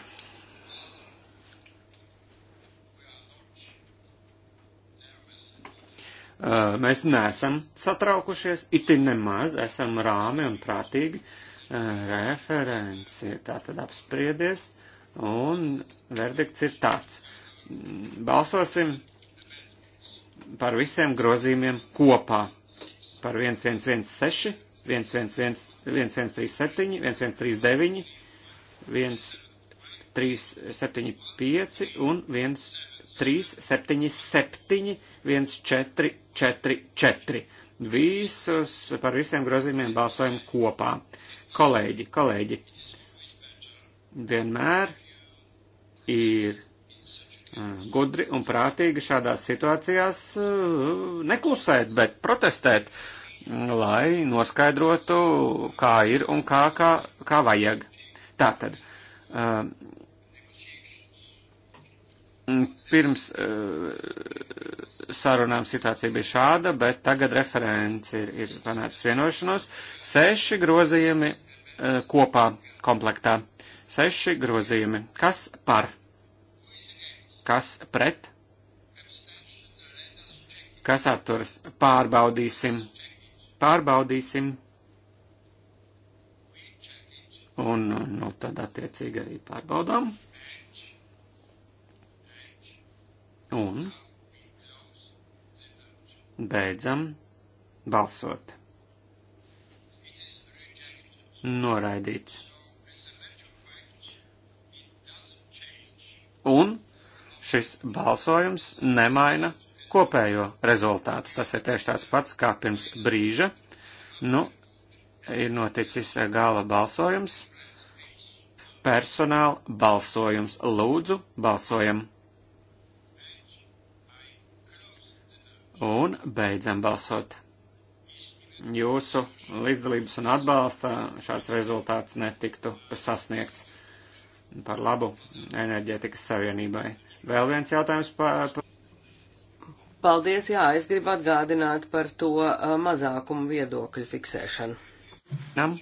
Uh, mēs neesam satraukušies, itin nemaz, esam rāmi un prātīgi uh, referenci tātad apspriedies, un verdikts ir tāds. Balsosim par visiem grozījumiem kopā. Par 1116, 1137, 1139, 1375 un 1. 3, 7, 7, 1, 4, 4, 4. Visus par visiem grozījumiem balsojam kopā. Kolēģi, kolēģi, vienmēr ir gudri un prātīgi šādās situācijās neklusēt, bet protestēt, lai noskaidrotu, kā ir un kā, kā, kā vajag. Tātad, Mm, pirms eh, sarunām situācija bija šāda, bet tagad referents ir, ir panācis vienošanos. Seši grozījumi eh, kopā komplektā. Seši grozījumi. Kas par? Kas pret? Kas atturas? Pārbaudīsim. Pārbaudīsim. Un, nu, tad attiecīgi arī pārbaudām. Un beidzam balsot. Noraidīts. Un šis balsojums nemaina kopējo rezultātu. Tas ir tieši tāds pats kā pirms brīža. Nu, ir noticis gala balsojums, personāla balsojums. Lūdzu, balsojam! Un beidzam balsot. Jūsu līdzdalības un atbalsta šāds rezultāts netiktu sasniegts par labu enerģētikas savienībai. Vēl viens jautājums par. Pa... Paldies, jā, es gribu atgādināt par to uh, mazākumu viedokļu fiksēšanu. Nam?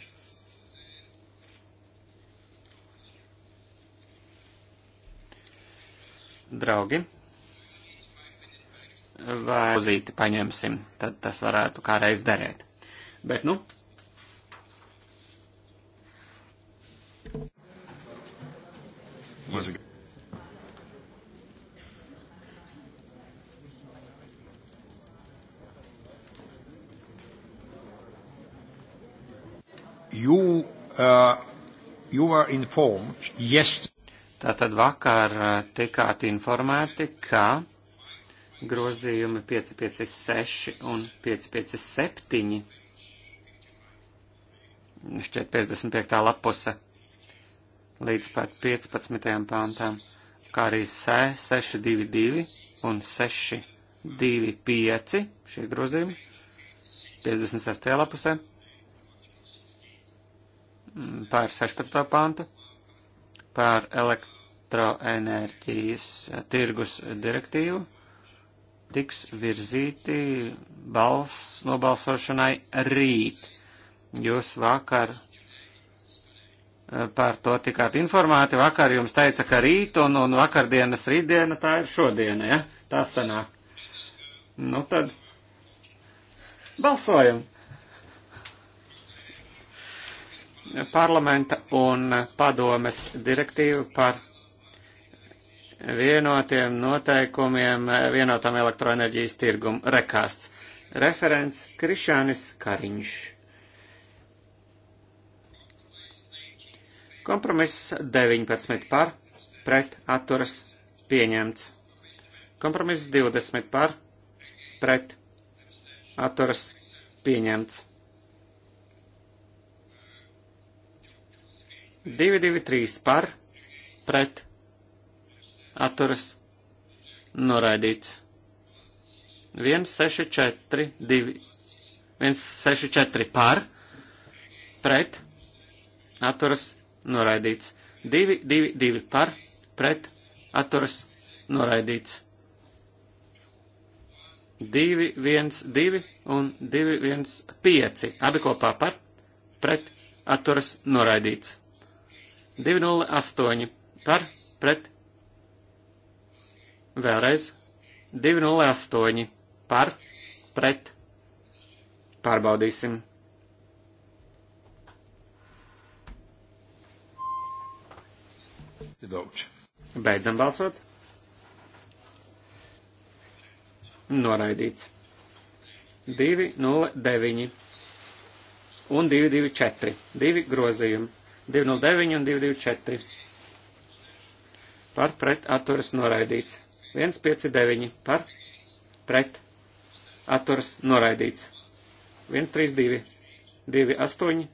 Draugi, vai pozīti paņemsim, tad tas varētu kādreiz derēt. Bet, nu. Yes. You, uh, you were informed yesterday. Tātad vakar uh, tikāt informēti, ka grozījumi 556 un 557. Šķiet 55. lapuse līdz pat 15. pāntām, kā arī 622 un 625 šie grozījumi 56. lapusē par 16. pāntu par elektroenerģijas eh, tirgus direktīvu tiks virzīti balss nobalsošanai rīt. Jūs vakar eh, par to tikāt informēti, vakar jums teica, ka rīt un, un vakardienas rītdiena tā ir šodiena, ja? Tā sanāk. Nu tad balsojam. Parlamenta un padomes direktīva par vienotiem noteikumiem vienotam elektroenerģijas tirgum rekāsts. Referents Krišānis Kariņš. Kompromiss 19 par, pret atturas pieņemts. Kompromiss 20 par, pret atturas pieņemts. 223 par, pret atturas noraidīts. 164, 2, 164 par, pret, atturas noraidīts. 2, 2, 2 par, pret, atturas noraidīts. 2, 1, 2 un 2, 1, 5. Abi kopā par, pret, atturas noraidīts. 208 par, pret, Vēlreiz 208 par pret. Pārbaudīsim. Beidzam balsot. Noraidīts. 209 un 224. Divi grozījumi. 209 un 224. Par pret atturas noraidīts. 159 par pret atturs noraidīts. 132, 28,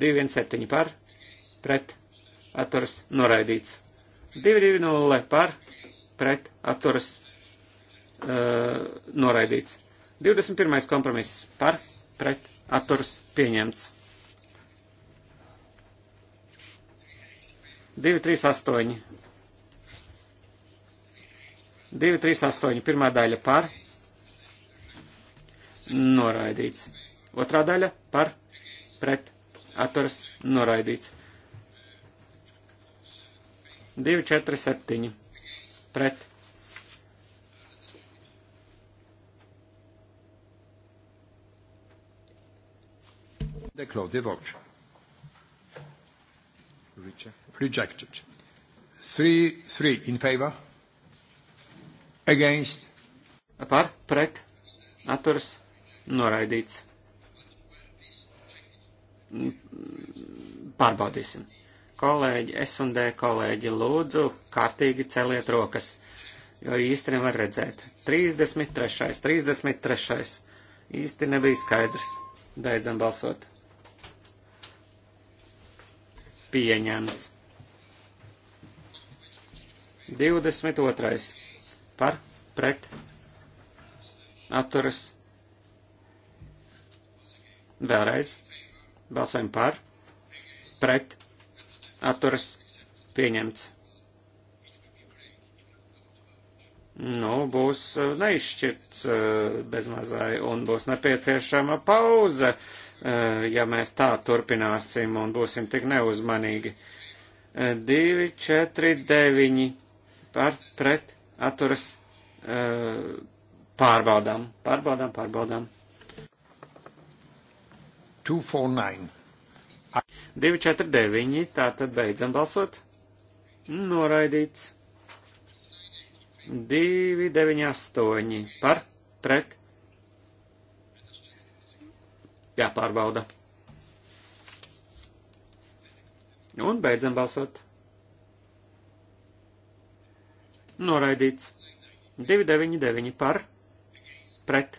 217 par pret atturs noraidīts. 220 par pret atturs uh, noraidīts. 21. kompromiss par pret atturs pieņemts. 238 2, 3, 8, pirmā daļa par, noraidīts. Otrā daļa par, pret, atturas, noraidīts. 2, 4, 7, pret. Declare the vote. Rejected. Rejected. Three, three in favor. Against. Par, pret, atturas, noraidīts. Pārbaudīsim. Kolēģi, S un D kolēģi, lūdzu, kārtīgi celiet rokas, jo īsti nevar redzēt. 33. 33. Īsti nebija skaidrs. Beidzam balsot. Pieņemts. 22 par pret atturas vēlreiz balsojam par pret atturas pieņemts. Nu, būs uh, neizšķirts uh, bezmazai un būs nepieciešama pauze, uh, ja mēs tā turpināsim un būsim tik neuzmanīgi. 2, 4, 9 par pret atturas e, pārbaudām, pārbaudām, pārbaudām. 249. 249, tā tad beidzam balsot. Noraidīts. 298 par pret. Jāpārbauda. Un beidzam balsot noraidīts. 299 par, pret,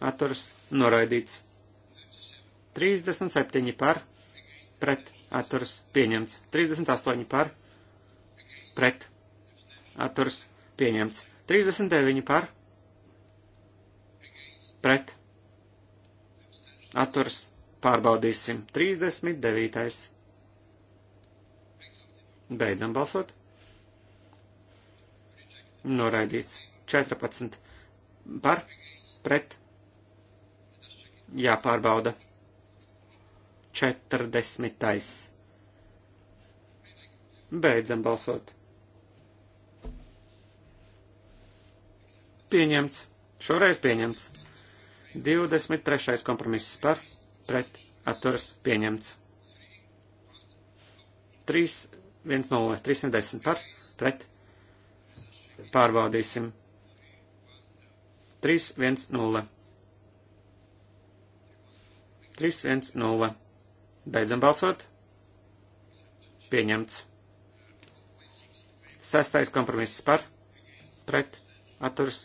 atturas, noraidīts. 37 par, pret, atturas, pieņemts. 38 par, pret, atturas, pieņemts. 39 par, pret, atturas, pārbaudīsim. 39. Beidzam balsot noraidīts. 14 par, pret, jāpārbauda. 40. Beidzam balsot. Pieņemts. Šoreiz pieņemts. 23. kompromiss par, pret, atturas pieņemts. 3, 1, 0, 310 par, pret, Pārbaudīsim. 3, 1, 0. 3, 1, 0. Beidzam balsot. Pieņemts. Sestais kompromiss par, pret, atturs,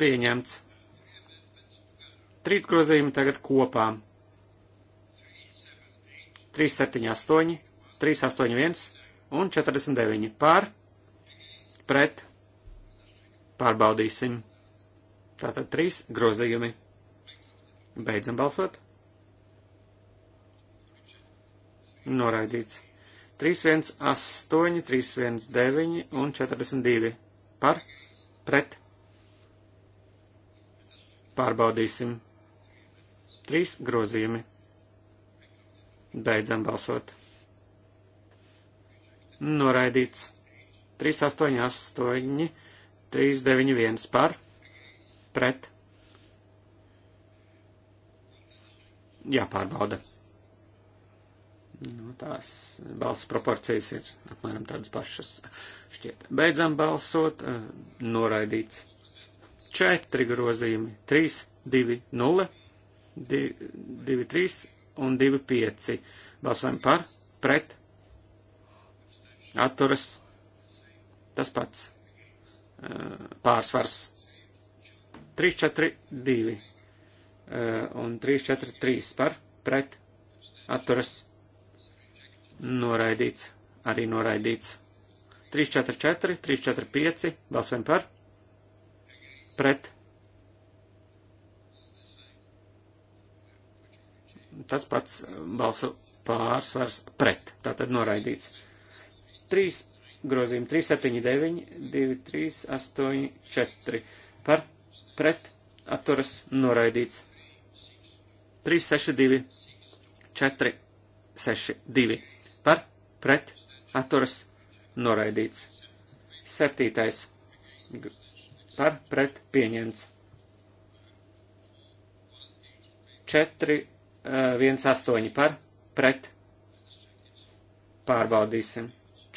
pieņemts. Trīs grozījumi tagad kopā. 378, 381 un 49 par, pret, Pārbaudīsim. Tātad trīs grozījumi. Beidzam balsot. Noraidīts. 318, 319 un 42. Par, pret. Pārbaudīsim. Trīs grozījumi. Beidzam balsot. Noraidīts. 388 391 par pret. Jāpārbauda. Nu, tās balsu proporcijas ir apmēram tādas pašas šķiet. Beidzam balsot, eh, noraidīts. Četri grozījumi - 3, 2, 0, 2, 2 3 un 2, 5. Balsojam par, pret, atturas, tas pats pārsvars. 3, 4, 2 un 3, 4, 3 par pret atturas noraidīts, arī noraidīts. 3, 4, 4, 3, 4, 5 balsojam par pret. Tas pats balsu pārsvars pret, tātad noraidīts. 3, grozījumi 379, 2384 par pret atturas noraidīts. 362, 462 par pret atturas noraidīts. 7. par pret pieņemts. 4, 1, 8 par pret pārbaudīsim.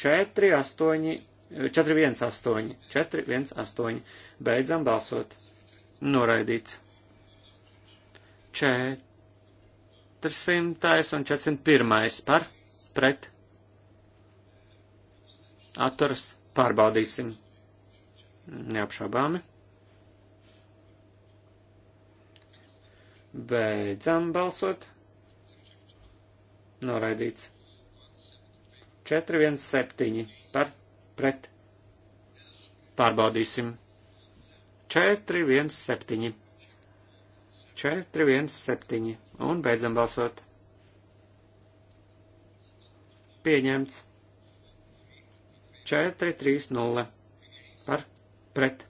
4, 8, 4, 1, 8, 4, 1, 8. Beidzam balsot. Noraidīts. 400 un 401 par pret. Atturs pārbaudīsim. Neapšaubāmi. Beidzam balsot. Noraidīts. 417 par pret. Pārbaudīsim. 417. 417. Un beidzam balsot. Pieņemts. 430 par pret.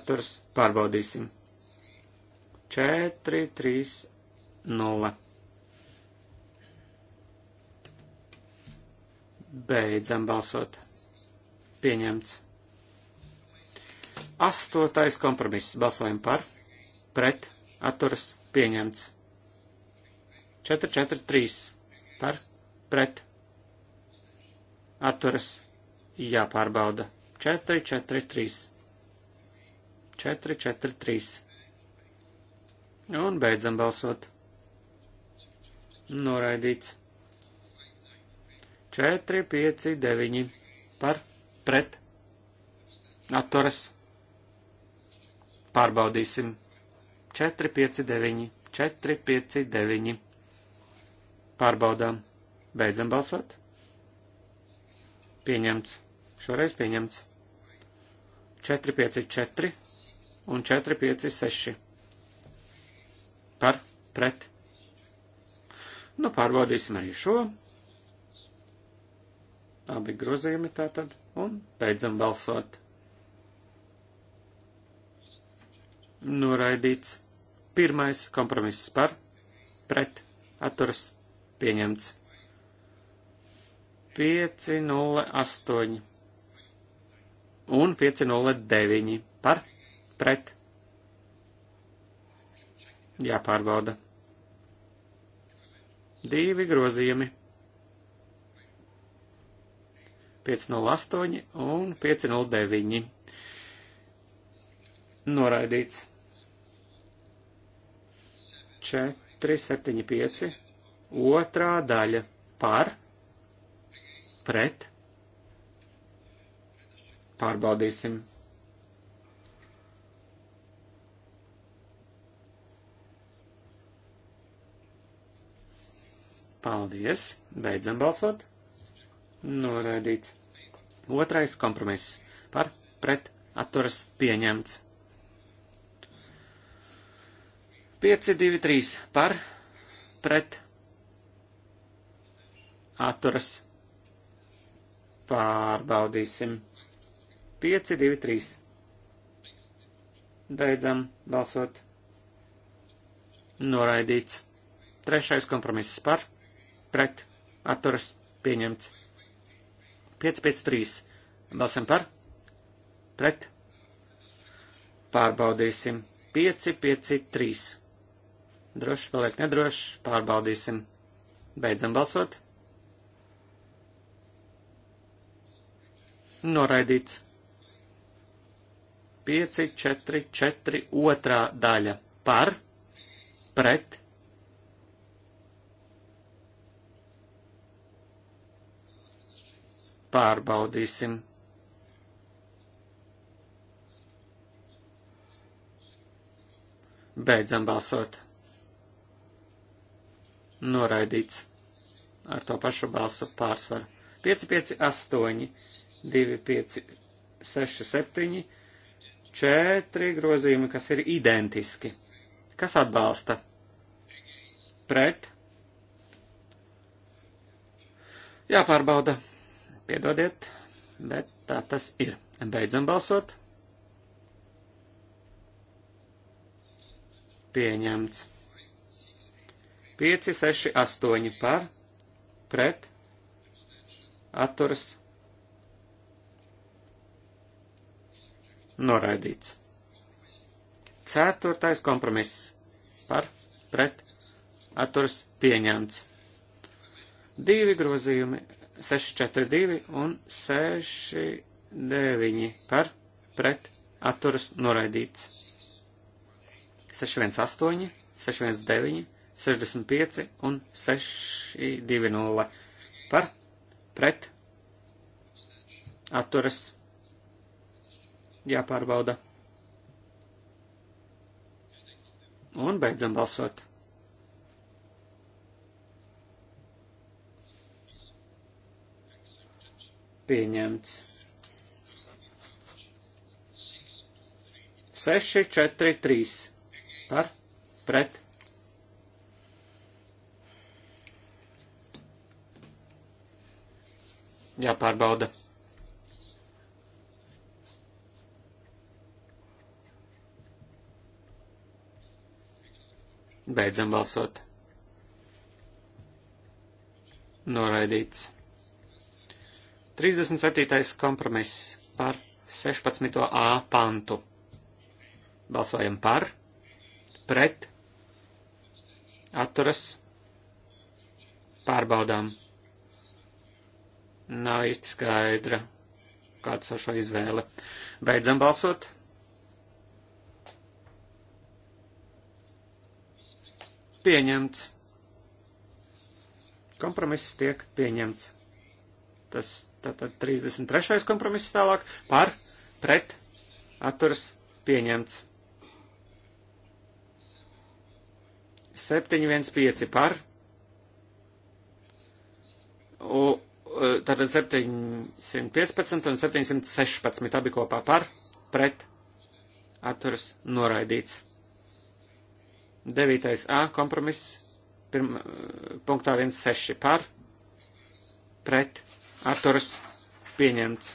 Atturs pārbaudīsim. 430. Beidzam balsot. Pieņemts. Astotais kompromiss. Balsojam par, pret, atturas, pieņemts. 4, 4, 3. Par, pret, atturas, jāpārbauda. 4, 4, 3. 4, 4, 3. Un beidzam balsot. Noraidīts. 4, 5, 9 par pret atturas. Pārbaudīsim. 4, 5, 9, 4, 5, 9. Pārbaudām. Beidzam balsot. Pieņemts. Šoreiz pieņemts. 4, 5, 4 un 4, 5, 6. Par pret. Nu, pārbaudīsim arī šo. Abi grozījumi tātad. Un beidzam balsot. Noraidīts. Pirmais kompromiss par, pret, atturs, pieņemts. 508 un 509 par, pret. Jāpārbauda. Divi grozījumi. 508 un 509. Noraidīts. 475. Otrā daļa par, pret. Pārbaudīsim. Paldies! Beidzam balsot! Noraidīts. Otrais kompromiss. Par pret atturas pieņemts. 5, 2, 3 par pret atturas pārbaudīsim. 5, 2, 3. Beidzam balsot. Noraidīts. Trešais kompromiss par pret atturas pieņemts. 553. Balsam par? Pret? Pārbaudīsim. 553. Drošs paliek nedrošs. Pārbaudīsim. Beidzam balsot. Noraidīts. 5, 4, 4, otrā daļa. Par, pret, pārbaudīsim. Beidzam balsot. Noraidīts ar to pašu balsu pārsvaru. 5, 5, 8, 2, 5, 6, 7, 4 grozījumi, kas ir identiski. Kas atbalsta? Pret? Jāpārbauda. Piedodiet, bet tā tas ir. Beidzam balsot. Pieņemts. 5, 6, 8 par, pret, atturs, noraidīts. Ceturtais kompromiss par, pret, atturs, pieņemts. Divi grozījumi 642 un 69 par pret atturas noraidīts. 618, 619, 65 un 620 par pret atturas jāpārbauda. Un beidzam balsot. Pieņemts. 6, 4, 3. Par? Pret? Jāpārbauda. Beidzam balsot. Noraidīts. 37. kompromiss par 16a pantu. Balsojam par, pret, atturas, pārbaudām. Nav īsti skaidra, kāda ir šo izvēle. Beidzam balsot. Pieņemts. Kompromiss tiek pieņemts. Tas Tātad 33. kompromiss tālāk par pret atturas pieņemts. 715 par. U, e, tātad 715 un 716 abi kopā par pret atturas noraidīts. 9. A kompromiss pirma, e, punktā 1.6 par pret atturas pieņemts.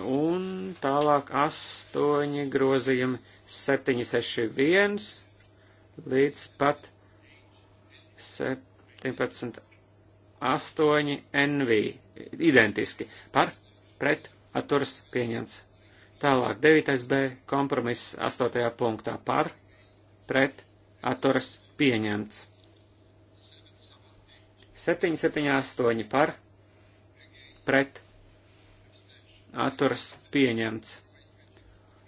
Un tālāk astoņi grozījumi 761 līdz pat 17.8 NV. Identiski par pret atturas pieņemts. Tālāk 9B kompromiss 8. punktā par pret atturas pieņemts. 778 par, pret, atturs pieņemts.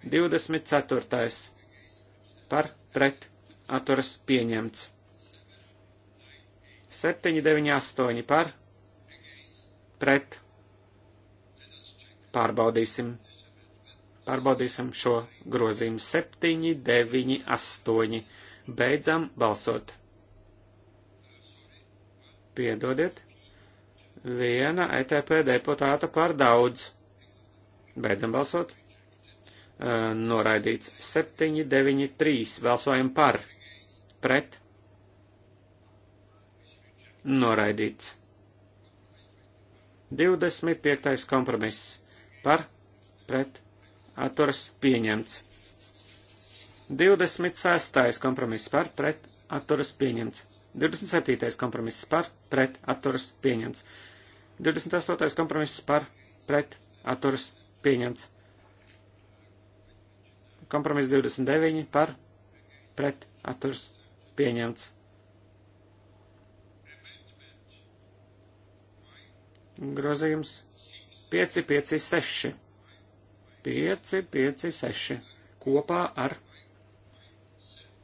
24. par, pret, atturs pieņemts. 798 par, pret, pārbaudīsim. Pārbaudīsim šo grozījumu 7, 9, 8. Beidzam balsot. Piedodiet, viena ETP deputāta par daudz. Beidzam balsot. Noraidīts 7, 9, 3. Balsojam par. Pret. Noraidīts. 25. kompromiss. Par. Pret. Atturs pieņemts. 26. kompromiss par. Pret. Atturs pieņemts. 27. kompromiss par, pret, atturas, pieņemts. 28. kompromiss par, pret, atturas, pieņemts. Kompromiss 29 par, pret, atturas, pieņemts. Grozījums 5, 5, 6. 5, 5, 6. Kopā ar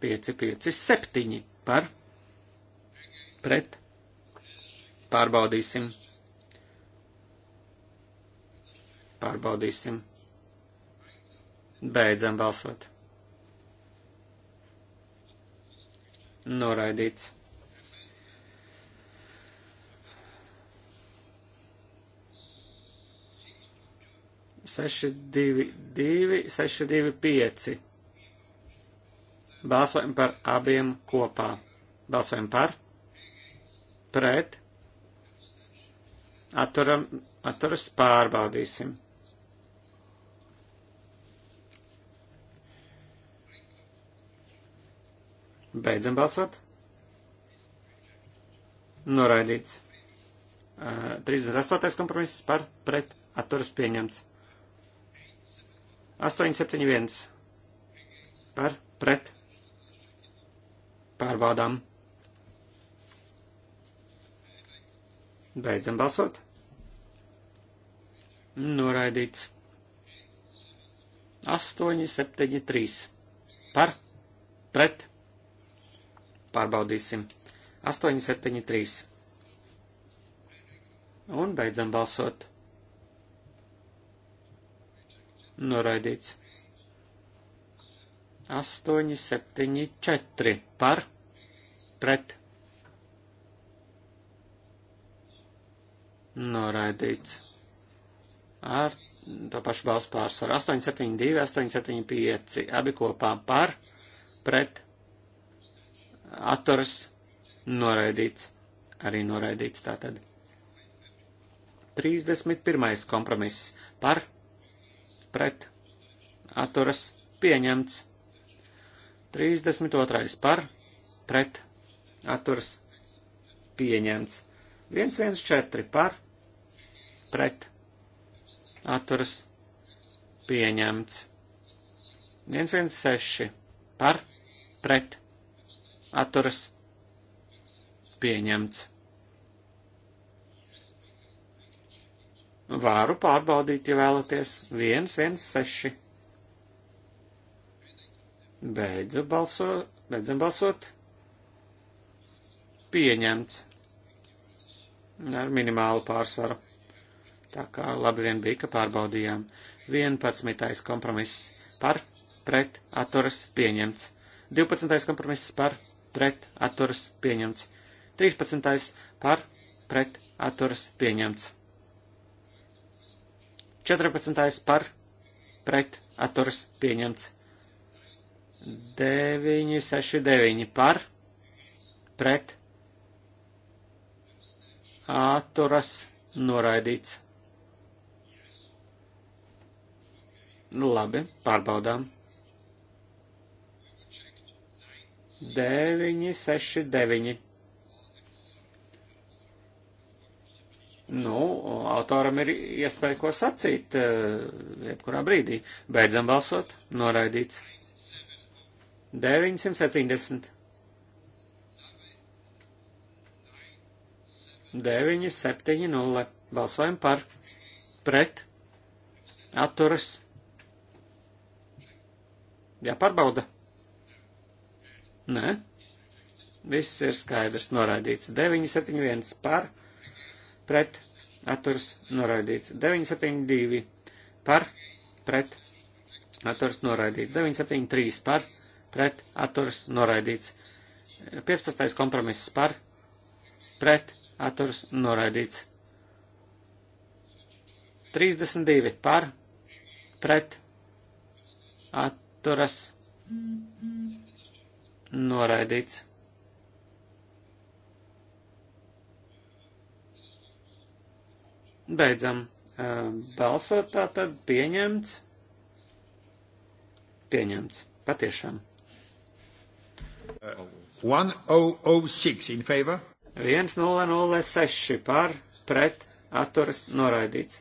5, 5, 7 par, pret, pārbaudīsim, pārbaudīsim, beidzam balsot. Noraidīts. Seši, divi, divi, seši, divi, pieci. Balsojam par abiem kopā. Balsojam par pret, atturam, atturas pārbaudīsim. Beidzam balsot. Noraidīts. 38. kompromiss par pret atturas pieņemts. 871 par pret pārbaudām. Beidzam balsot. Noraidīts. 8, 7, 3. Par, pret. Pārbaudīsim. 8, 7, 3. Un beidzam balsot. Noraidīts. 8, 7, 4. Par, pret. noraidīts ar to pašu balsu pārsvaru 872, 875, abi kopā par, pret, atturas, noraidīts, arī noraidīts tātad. 31. kompromiss par, pret, atturas, pieņemts. 32. par, pret, atturas, pieņemts. 114 par, pret, atturas, pieņemts. 116 par, pret, atturas, pieņemts. Vāru pārbaudīt, ja vēlaties. 116. Beidzu balso, beidzam balsot. Pieņemts. Ar minimālu pārsvaru. Tā kā labi vien bija, ka pārbaudījām. 11. kompromiss par, pret, atturas, pieņemts. 12. kompromiss par, pret, atturas, pieņemts. 13. par, pret, atturas, pieņemts. 14. par, pret, atturas, pieņemts. 9, 6, 9 par, pret, atturas, noraidīts. Nu, labi, pārbaudām. 9, 6, 9. Nu, autoram ir iespēja ko sacīt, eh, jebkurā brīdī. Beidzam balsot, noraidīts. 970. 9, 7, 0. Balsojam par, pret, atturas Jāpārbauda? Nē. Viss ir skaidrs, noraidīts. 971 par, pret, atturs, noraidīts. 972 par, pret, atturs, noraidīts. 973 par, pret, atturs, noraidīts. 15. kompromiss par, pret, atturs, noraidīts. 32 par, pret, atturs atturas noraidīts. Beidzam eh, balsot, tā tad pieņemts. Pieņemts, patiešām. 1006 in favor. 1006 par, pret, atturas noraidīts.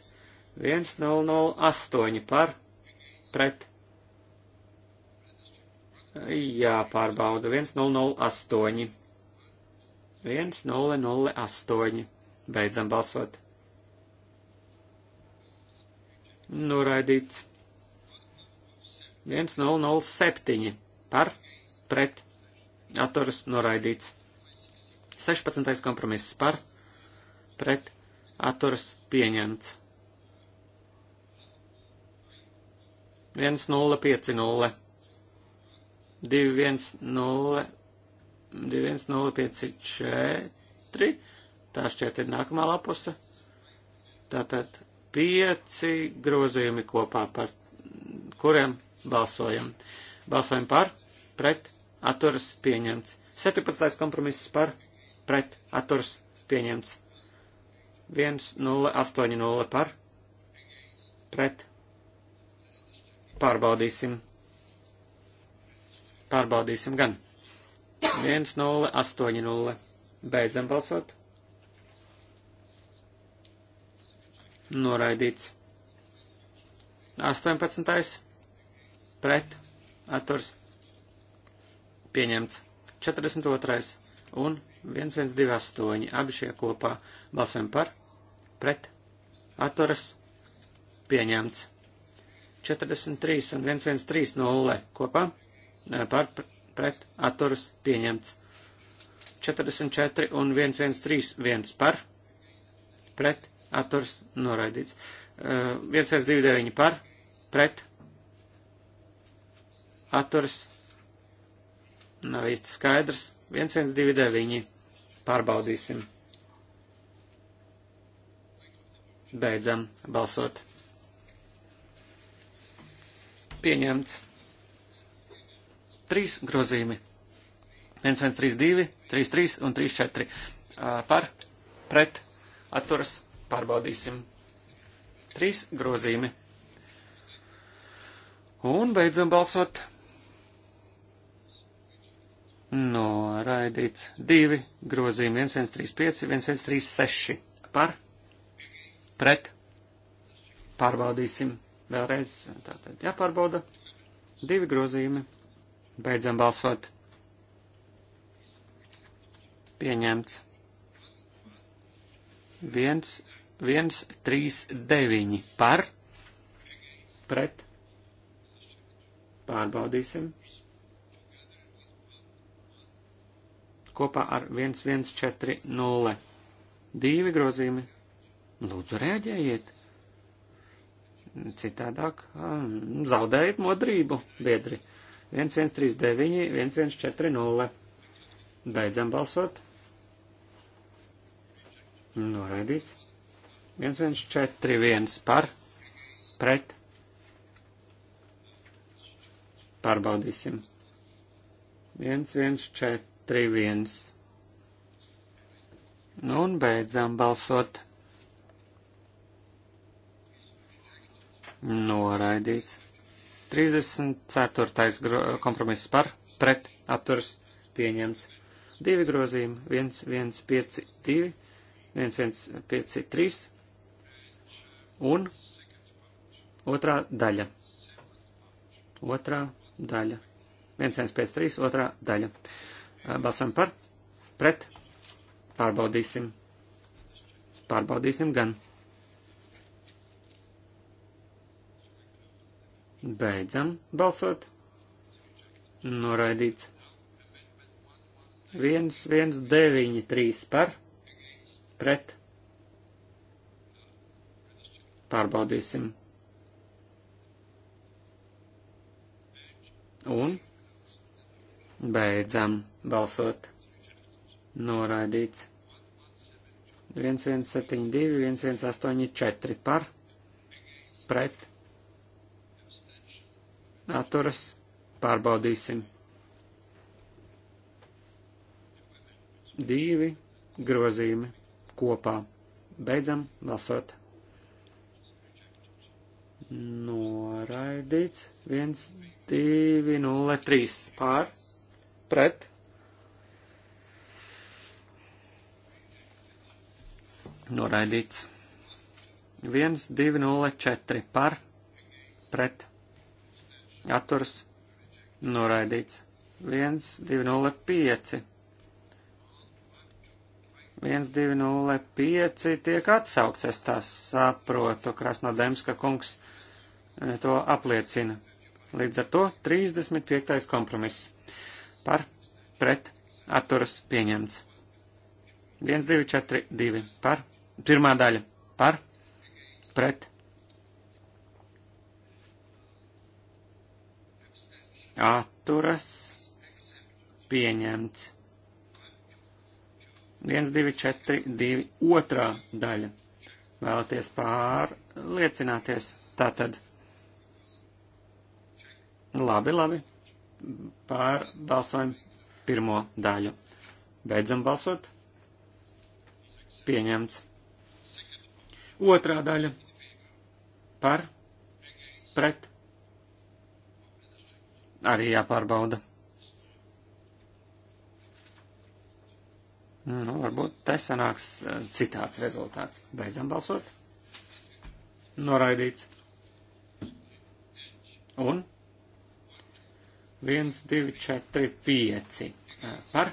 1008 par, pret, jāpārbauda 1008. 1008. Beidzam balsot. Noraidīts. 1007. Par, pret, atturas noraidīts. 16. kompromiss par, pret, atturas pieņemts. 1050. 21054, tā šķiet ir nākamā lapuse. Tātad pieci grozījumi kopā, par kuriem balsojam. Balsojam par, pret, atturas pieņemts. 17. kompromiss par, pret, atturas pieņemts. 1080 par, pret, pārbaudīsim. Pārbaudīsim gan. 1-0-8-0. Beidzam balsot. Noraidīts. 18. Pret. Atturs. Pieņemts. 42. Un 1128. Abi šie kopā balsojam par. Pret. Atturs. Pieņemts. 43 un 1130 kopā par pret atturas pieņemts. 44 un 1131 par pret atturas noraidīts. 1129 par pret atturas nav īsti skaidrs. 1129 pārbaudīsim. Beidzam balsot. Pieņemts. Trīs grozījumi. 1132, 33 un 34. Par, pret, atturas, pārbaudīsim. Trīs grozīmi. Un beidzam balsot. Noraidīts divi grozījumi 1135, 1136 par, pret, pārbaudīsim vēlreiz, tātad jāpārbauda, divi grozījumi Beidzam balsot. Pieņemts. 1, 1, 3, 9 par, pret, pārbaudīsim. Kopā ar 1, 1, 4, 0. Divi grozījumi. Lūdzu, reaģējiet. Citādāk um, zaudējiet modrību, biedri. 1, 1139, 1140. Beidzam balsot. Noraidīts. 1141 par, pret. Pārbaudīsim. 1141. Nu un beidzam balsot. Noraidīts. 34. kompromiss par, pret, atturas, pieņemts. Divi grozījumi, 1, 1, 5, 2, 1, 1, 5, 3 un otrā daļa. Otrā daļa. 1, 1, 5, 3, otrā daļa. Balsam par, pret, pārbaudīsim. Pārbaudīsim gan. Beidzam balsot. Noraidīts. 1, 1, 9, 3 par, pret. Pārbaudīsim. Un beidzam balsot. Noraidīts. 1, 1, 7, 2, 1, 1, 8, 4 par, pret atturas pārbaudīsim. Divi grozījumi kopā. Beidzam lasot. Noraidīts 1, 2, 0, 3 pār, pret. Noraidīts 1, 2, 0, 4 pār, pret atturs noraidīts. 1205. 1205 tiek atsaukts, es tā saprotu, Krasnodemska kungs eh, to apliecina. Līdz ar to 35. kompromiss par pret atturas pieņemts. 1242 par pirmā daļa par pret atturas, pieņemts. 1, 2, 4, 2, otrā daļa. Vēlaties pārliecināties. Tātad. Labi, labi. Pārbalsojam pirmo daļu. Beidzam balsot. Pieņemts. Otrā daļa. Par. Pret arī jāpārbauda. Nu, nu, varbūt te sanāks eh, citāds rezultāts. Beidzam balsot. Noraidīts. Un 1, 2, 4, 5 par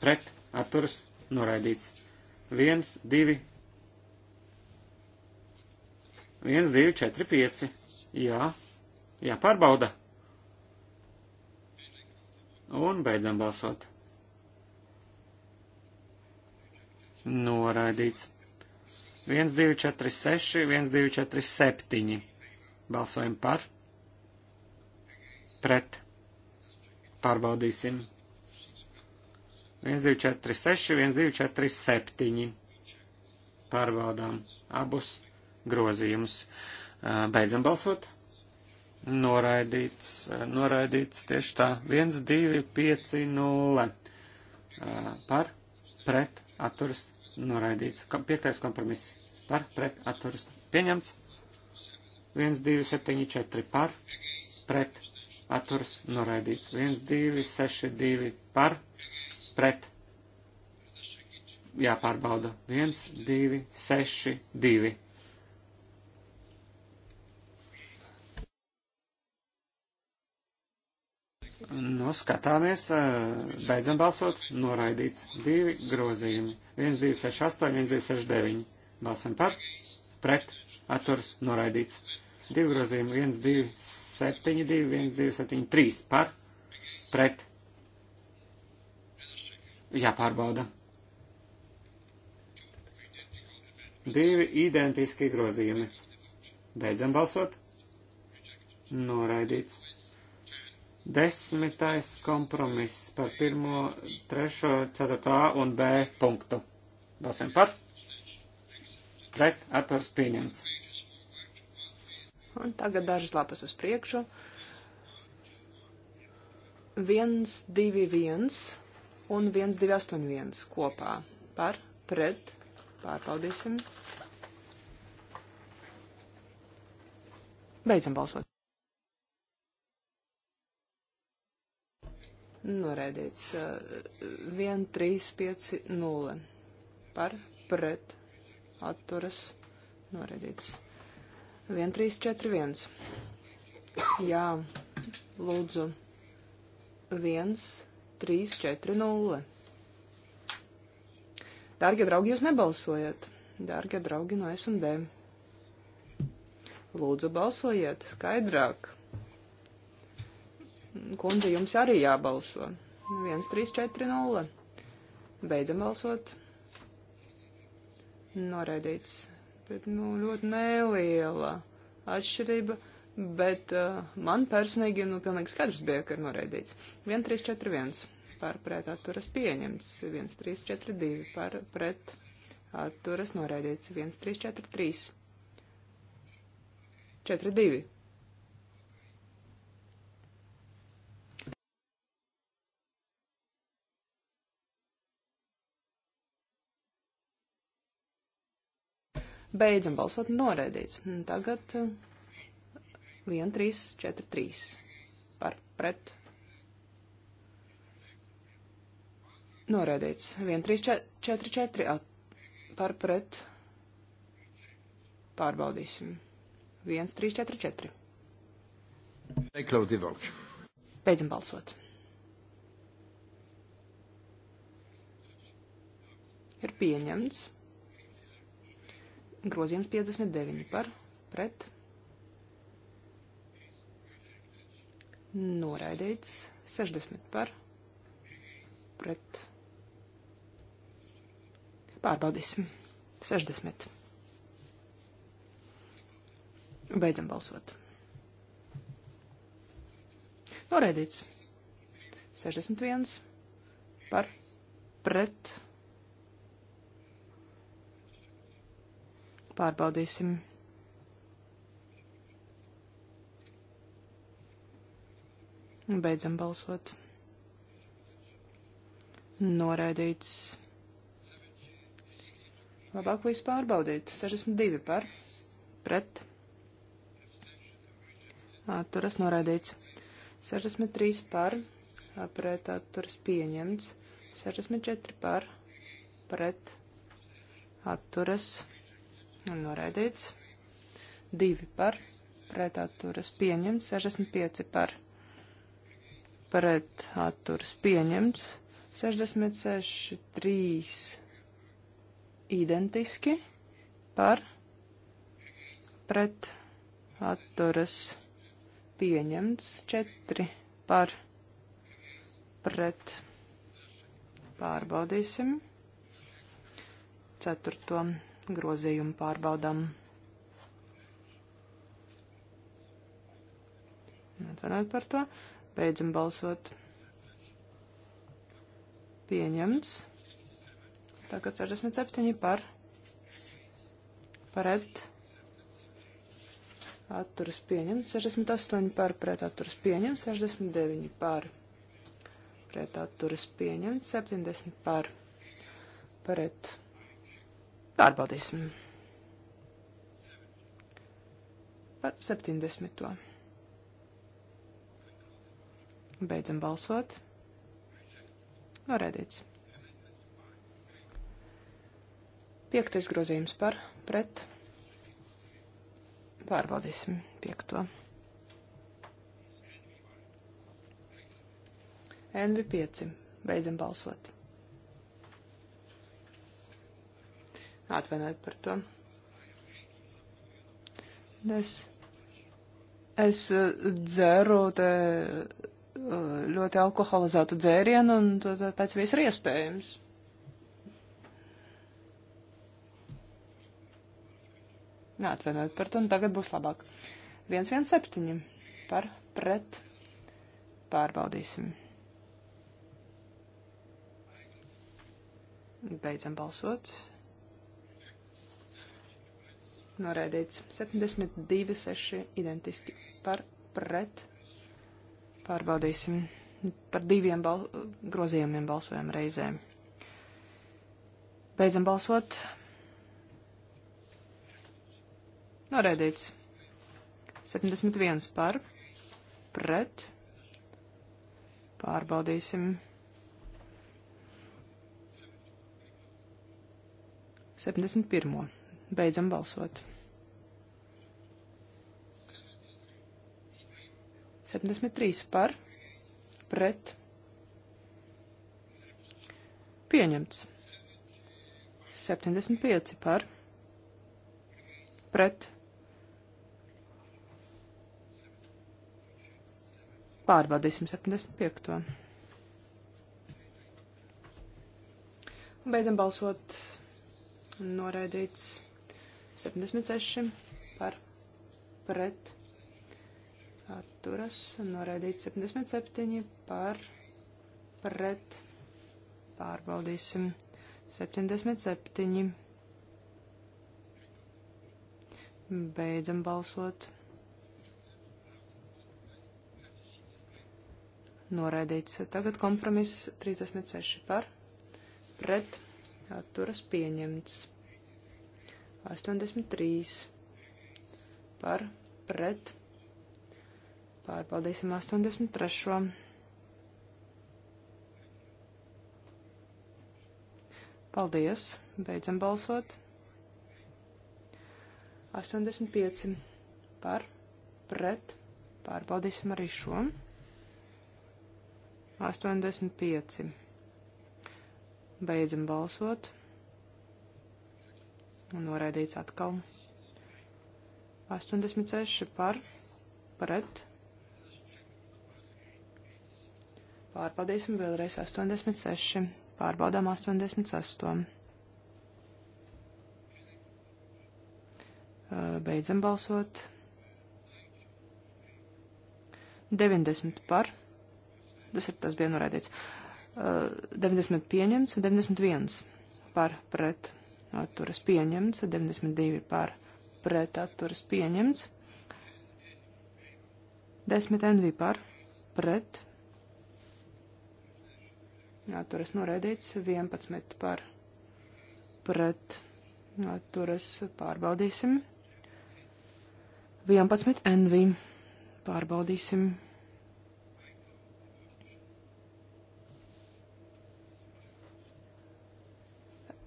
pret atturas noraidīts. 1, 2, 1, 2, 4, 5. Jā, jāpārbauda. Ja Un beidzam balsot. Noraidīts. 1, 2, 4, 6, 1, 2, 4, 7. Balsojam par. Pret. Pārbaudīsim. 1, 2, 4, 6, 1, 2, 4, 7. Pārbaudām abus grozījumus. Beidzam balsot. Noraidīts, eh, noraidīts tieši tā. 1, 2, 5, 0. Par, pret, atturas, noraidīts. Piektais kompromiss. Par, pret, atturas, pieņemts. 1, 2, 7, 4. Par, pret, atturas, noraidīts. 1, 2, 6, 2. Par, pret. Jāpārbauda. 1, 2, 6, 2. Nu, skatāmies, beidzam balsot, noraidīts. Divi grozījumi. 1, 2, 6, 8, 1, 2, 6, 9. Balsam par, pret, atturs, noraidīts. Divi grozījumi. 1, 2, 7, 2, 1, 2, 7, 3. Par, pret. Jāpārbauda. Divi identiski grozījumi. Beidzam balsot. Noraidīts. Desmitais kompromiss par pirmo, trešo, ceturto A un B punktu. Balsojam par. Pret atturs pieņemts. Un tagad dažas lapas uz priekšu. 1, 2, 1 un 1, 2, 8, 1 kopā. Par, pret, pārbaudīsim. Beidzam balsot. noraidīts 1, 3, 5, 0 par pret atturas noraidīts 1, 3, 4, 1. Jā, lūdzu 1, 3, 4, 0. Dārgie draugi, jūs nebalsojat. Dārgie draugi no S un D. Lūdzu, balsojiet skaidrāk kundze, jums arī jābalso. 1, 3, 4, 0. Beidzam balsot. Noraidīts. Bet, nu, ļoti neliela atšķirība, bet uh, man personīgi, nu, pilnīgi skaidrs bija, ka ir noraidīts. 1, 3, 4, 1. Par pret atturas pieņemts. 1, 3, 4, 2. Par pret atturas noraidīts. 1, 3, 4, 3. 4, 2 Beidzam balsot noraidīts. Tagad 1, 3, 4, 3 par pret. Noraidīts. 1, 3, 4, 4 at, par pret. Pārbaudīsim. 1, 3, 4, 4. Nekļaut divokšu. Beidzam balsot. Ir pieņemts. Grozījums 59 par pret. Noraidīts 60 par pret. Pārbaudīsim. 60. Beidzam balsot. Noraidīts. 61 par pret. Pārbaudīsim. Beidzam balsot. Noraidīts. Labāk visu pārbaudīt. 62 par. Pret. Atturas noraidīts. 63 par. Pret atturas pieņemts. 64 par. Pret. Atturas noraidīts. 2 par pret atturas pieņemts. 65 par pret atturas pieņemts. 66, 3 identiski par pret atturas pieņemts. 4 par pret pārbaudīsim. Ceturto grozījumu pārbaudām. Atvainojiet par to. Beidzam balsot. Pieņemts. Tagad 67 par. Pret. Atturas pieņemts. 68 par. Pret atturas pieņemts. 69 par. Pret atturas pieņemts. 70 par. Pret Pārbaudīsim. Par 70. Beidzam balsot. Norēdīts. Piektais grozījums par pret. Pārbaudīsim piekto. NV5. Beidzam balsot. Atvainojiet par to. Es, es eh, dzeru te eh, ļoti alkoholizētu dzērienu, un tāpēc viss ir iespējams. Neatvainojiet par to, un tagad būs labāk. 117 par pret pārbaudīsim. Beidzam balsot noraidīts. 72, 6 identiski par pret. Pārbaudīsim. Par diviem bal grozījumiem balsojam reizēm. Beidzam balsot. Noraidīts. 71 par pret. Pārbaudīsim. 71. Beidzam balsot. 73 par, pret, pieņemts. 75 par, pret, pārbaudīsim 75. To. Beidzam balsot, noraidīts. 76 par pret atturas, noraidīt 77 par pret pārbaudīsim 77. Beidzam balsot. Noraidīts. Tagad kompromiss 36 par pret atturas pieņemts. 83 par pret. Pārbaudīsim 83. Paldies, beidzam balsot. 85 par pret. Pārbaudīsim arī šo. 85. Beidzam balsot un noraidīts atkal. 86 par pret. Pārbaudīsim vēlreiz 86. Pārbaudām 88. Beidzam balsot. 90 par. Tas ir tas bija norādīts. 90 pieņemts, 91 par pret atturas pieņemts, 92 par pret atturas pieņemts, 10 NV par pret atturas noraidīts, 11 par pret atturas pārbaudīsim, 11 NV pārbaudīsim.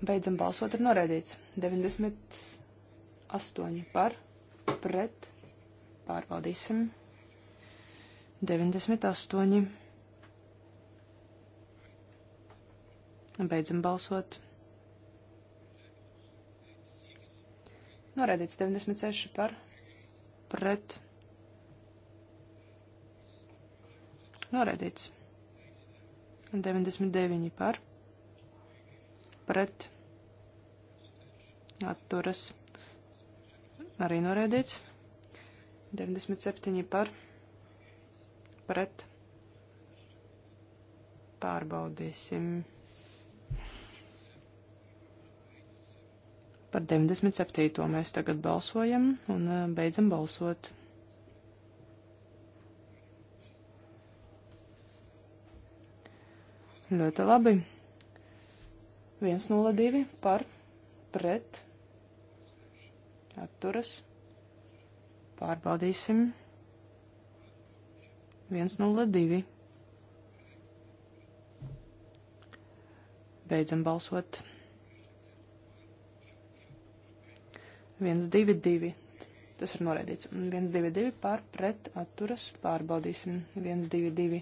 Beidzam balsot ir noraidīts. 98 par, pret, pārbaudīsim. 98. Beidzam balsot. Noraidīts 96 par, pret. Noraidīts 99 par, pret pret atturas arī noraidīts. 97 par pret pārbaudīsim. Par 97. mēs tagad balsojam un eh, beidzam balsot. Ļoti labi. 102 par pret atturas. Pārbaudīsim. 102. Beidzam balsot. 122. Tas ir noraidīts. 122 pār pret atturas. Pārbaudīsim. 122.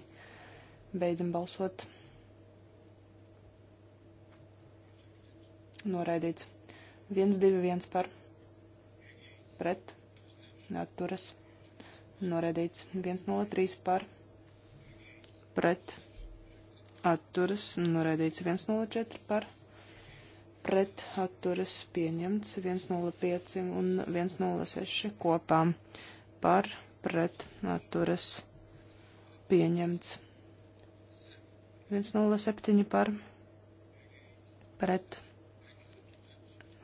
Beidzam balsot. 122. Noraidīts. 1, 2, 1 par. Pret. Atturas. Noraidīts. 1, 0, 3 par. Pret. Atturas. Noraidīts. 1, 0, 4 par. Pret. Atturas. Pieņemts. 1, 0, 5 un 1, 0, 6 kopā. Par. Pret. Atturas. Pieņemts. 1, 0, 7 par. Pret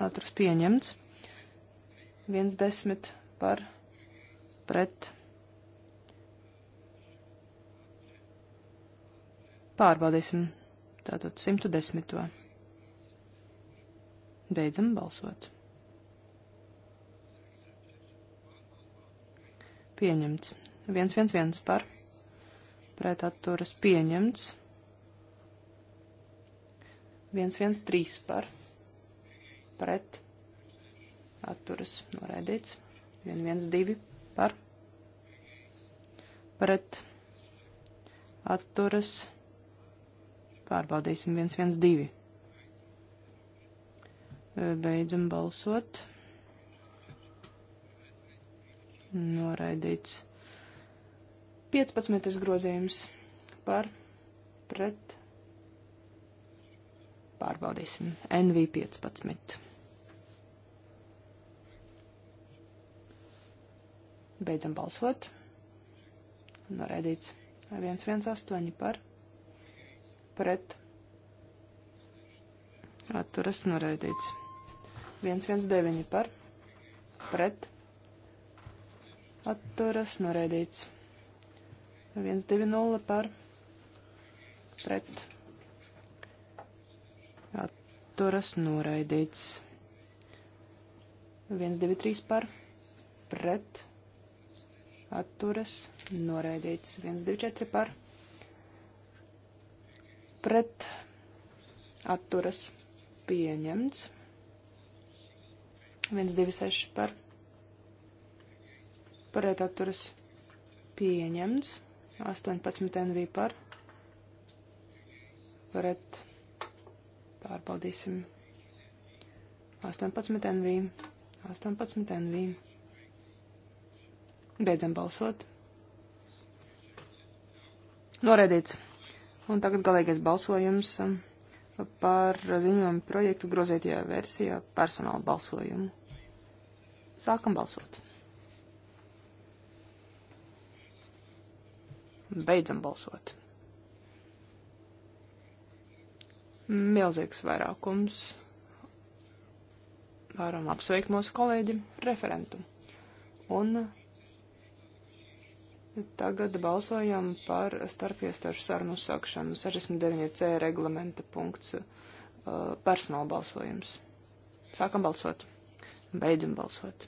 atturs pieņemts. 1,10 par pret. Pārbaudīsim tātad 110. Beidzam balsot. Pieņemts. 111 par pret atturas pieņemts. 113 par pret atturas noraidīts. 112 par pret atturas pārbaudīsim 112. Beidzam balsot. Noraidīts. 15. grozījums par pret Pārbaudīsim. NV15. Beidzam balsot. Noraidīts. 118 par. Pret. Atturas noraidīts. 119 par. Pret. Atturas noraidīts. 120 par. Pret atturas noraidīts. 1, 2, 3 par pret atturas noraidīts. 1, 2, 4 par pret atturas pieņemts. 1, 2, 6 par pret atturas pieņemts. 18 NV par pret Pārbaudīsim. 18 NV. 18 NV. Beidzam balsot. Noraidīts. Un tagad galīgais balsojums um, par ziņojumu projektu grozētajā versijā personāla balsojumu. Sākam balsot. Beidzam balsot. milzīgs vairākums. Varam apsveikt mūsu kolēģi referentu. Un tagad balsojam par starpiestāžu sarunu sākšanu. 69c reglamenta punkts uh, personāla balsojums. Sākam balsot. Beidzam balsot.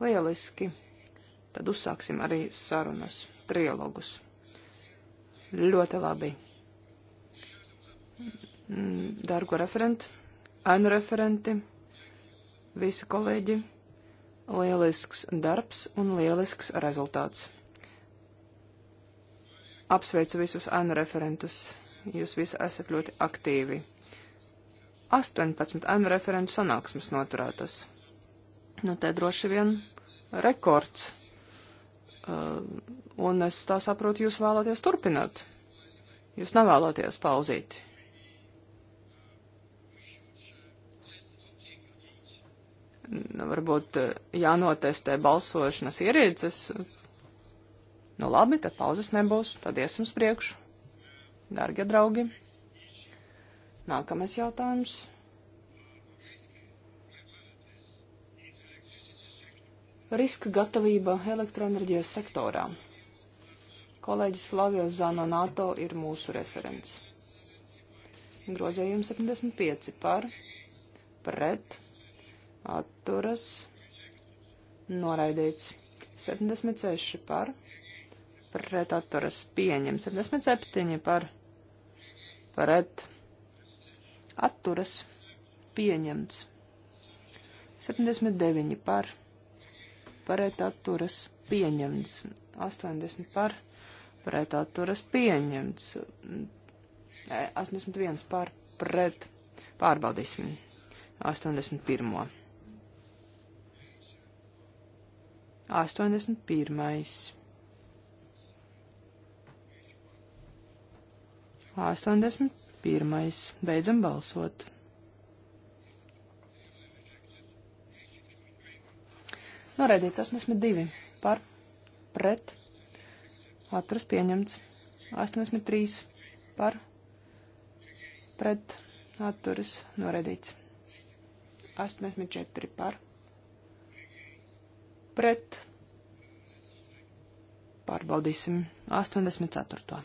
Lieliski. Tad uzsāksim arī sarunas, trilogus. Ļoti labi. Mm, dargo referentu, ēnu referenti, visi kolēģi. Lielisks darbs un lielisks rezultāts. Apsveicu visus ēnu referentus. Jūs visi esat ļoti aktīvi. 18 ēnu referentu sanāksmes noturētas. Nu, te droši vien rekords. Uh, un es tā saprotu, jūs vēlaties turpināt. Jūs nevēlaties pauzīt. varbūt eh, jānotestē balsošanas ierīces. Nu labi, tad pauzes nebūs, tad iesim uz priekšu. Dargie draugi, nākamais jautājums. Riska gatavība elektroenerģijas sektorā. Kolēģis Flavio Zanonato ir mūsu referents. Grozējums 75 par, pret, atturas, noraidīts. 76 par, pret atturas, pieņem. 77 par, pret atturas, pieņemts. 79 par, pret atturas, pieņemts. 80 par, pret atturas, pieņemts. 81 par, pret pārbaudīsim 81. 81. 81. Beidzam balsot. Noraidīts 82 par pret. Atturas pieņemts. 83 par pret. Atturas noraidīts. 84 par pret. Pārbaudīsim 84.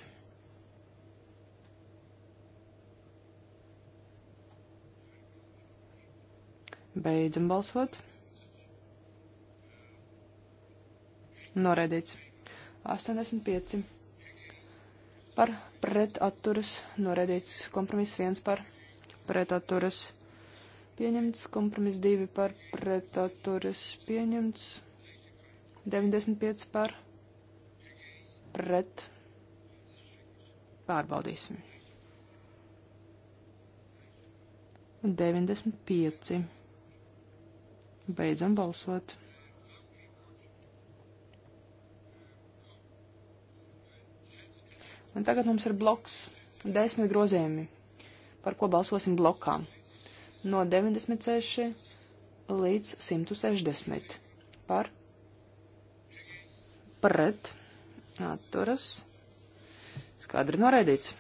Beidzam balsot. Noraidīts. 85 par pretaturas. Noraidīts kompromiss 1 par pretaturas. Pieņemts kompromiss 2 par pretaturas. Pieņemts 95 par pret. Pārbaudīsim. 95. Beidzam balsot. Un tagad mums ir bloks, desmit grozējumi, par ko balsosim blokā. No 96 līdz 160 par pret atturas skaidri noraidīts.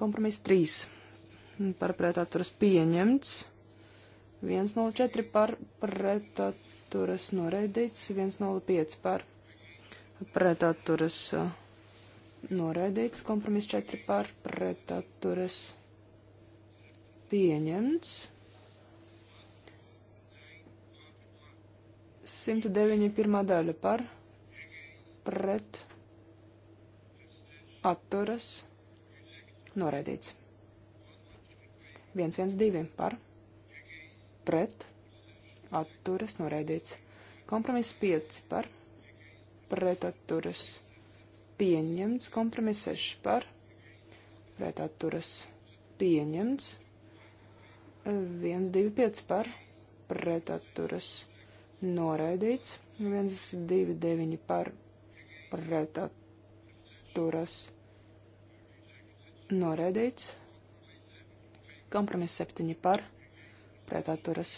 Kompromiss 3 par pret atturas pieņemts. 104 par pret atturas noraidīts. 105 par pret atturas uh, noraidīts. Kompromiss 4 par pret atturas pieņemts. 109. pirmā daļa par pret atturas noraidīts. 112 par pret atturas noraidīts. Kompromiss 5 par pret atturas pieņemts. Kompromiss 6 par pret atturas pieņemts. 125 par pret atturas pieņemts noraidīts. 129 par pretaturas noraidīts. Kompromiss 7 par pretaturas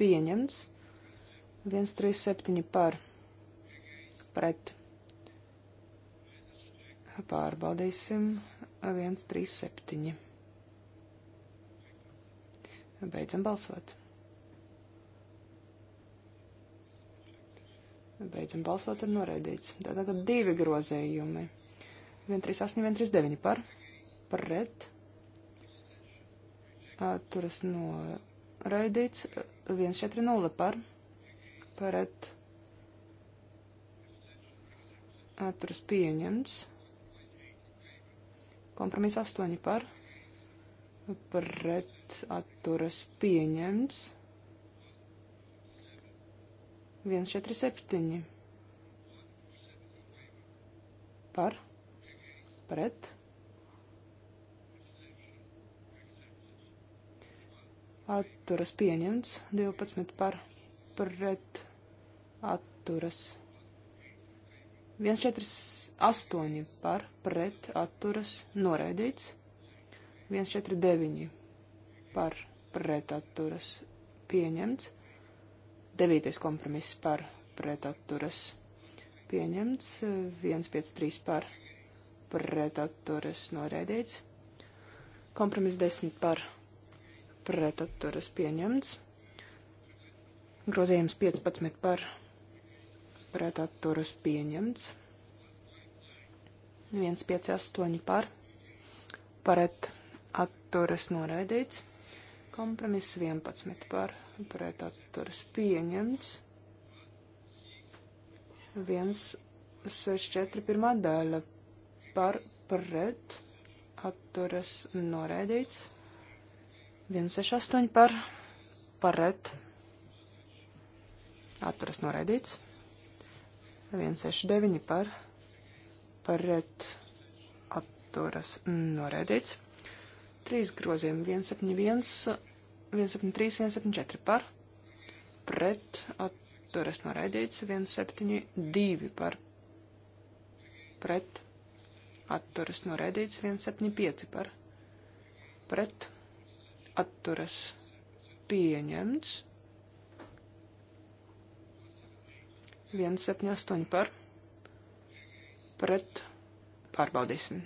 pieņemts. 137 par pret. Pārbaudīsim 137. Beidzam balsot. Beidzam balsot ir noraidīts. Tātad tagad divi grozījumi. 138, 139 par, pret, atturas noraidīts, 140 par, pret, atturas pieņemts, kompromiss 8 par, pret, atturas pieņemts. 147 par pret atturas pieņemts 12 par pret atturas 148 par pret atturas noraidīts 149 par pret atturas pieņemts Devītais kompromiss par pretaturas pieņemts. 153 par pretaturas noraidīts. Kompromiss 10 par pretaturas pieņemts. Grozījums 15 par pretaturas pieņemts. 158 par pretaturas noraidīts. Kompromiss 11 par pretaturas pieņemts pret atturas pieņemts. 164 pirmā daļa par pret atturas noraidīts. 168 par pret atturas noraidīts. 169 par pret atturas noraidīts. 3 groziem 171 173, 174 par, pret atturas noraidīts, 172 par, pret atturas noraidīts, 175 par, pret atturas pieņemts, 178 par, pret pārbaudīsim,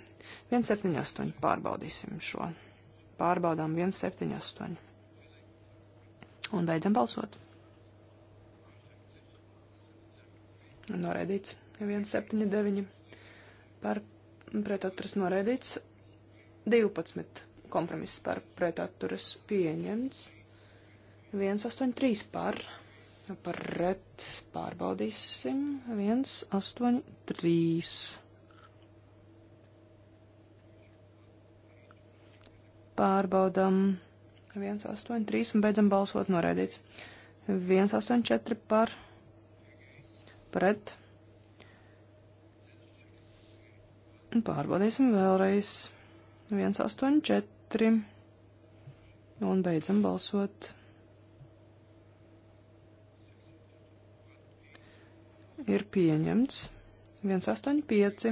178 pārbaudīsim šo, pārbaudām 178. Un beidzam balsot. Noraidīts. 179 par pretatturas noraidīts. 12 kompromiss par pretatturas pieņemts. 183 par pret pārbaudīsim. 183. Pārbaudam. 183. 183 un beidzam balsot noraidīts. 184 par pret. Un pārbaudīsim vēlreiz. 184 un beidzam balsot. Ir pieņemts 185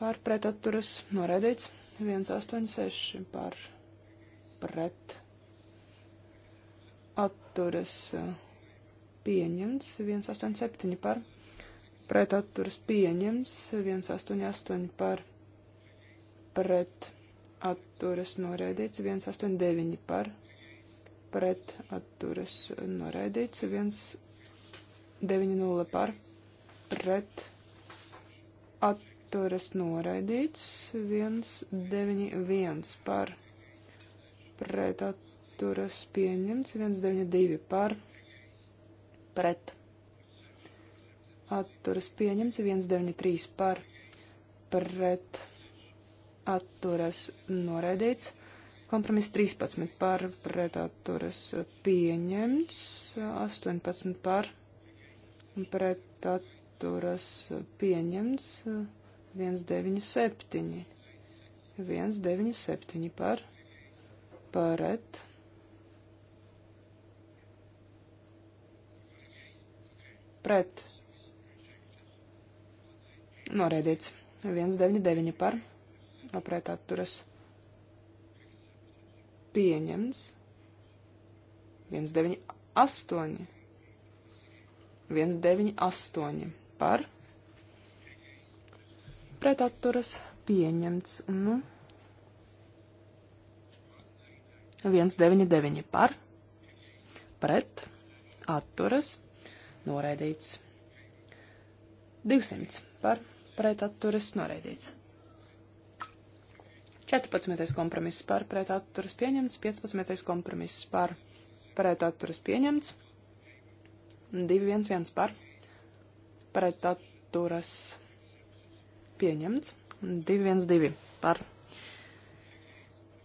pār pretaturas noraidīts 186 pār pret pret atturas eh, pieņemts 187 par pret atturas pieņemts 188 par pret atturas noraidīts 189 par pret atturas noraidīts 190 par pret atturas noraidīts 191 par pret pret atturas pieņemts, 192 par pret atturas pieņemts, 193 par pret atturas noraidīts, kompromiss 13 par pret atturas pieņemts, 18 par pret atturas pieņemts, 197, 197 par pret Pret. Pret. Noraidīts. 199 par. Pret atturas. Pieņems. 198. 198 par. Pret atturas pieņemts. Nu. 199 par, pret, atturas, noraidīts. 200 par, pret, atturas, noraidīts. 14. kompromiss par, pret, atturas, pieņemts. 15. kompromiss par, pret, atturas, pieņemts. 211 par, pret, atturas, pieņemts. 212 par, pret, atturas, pieņemts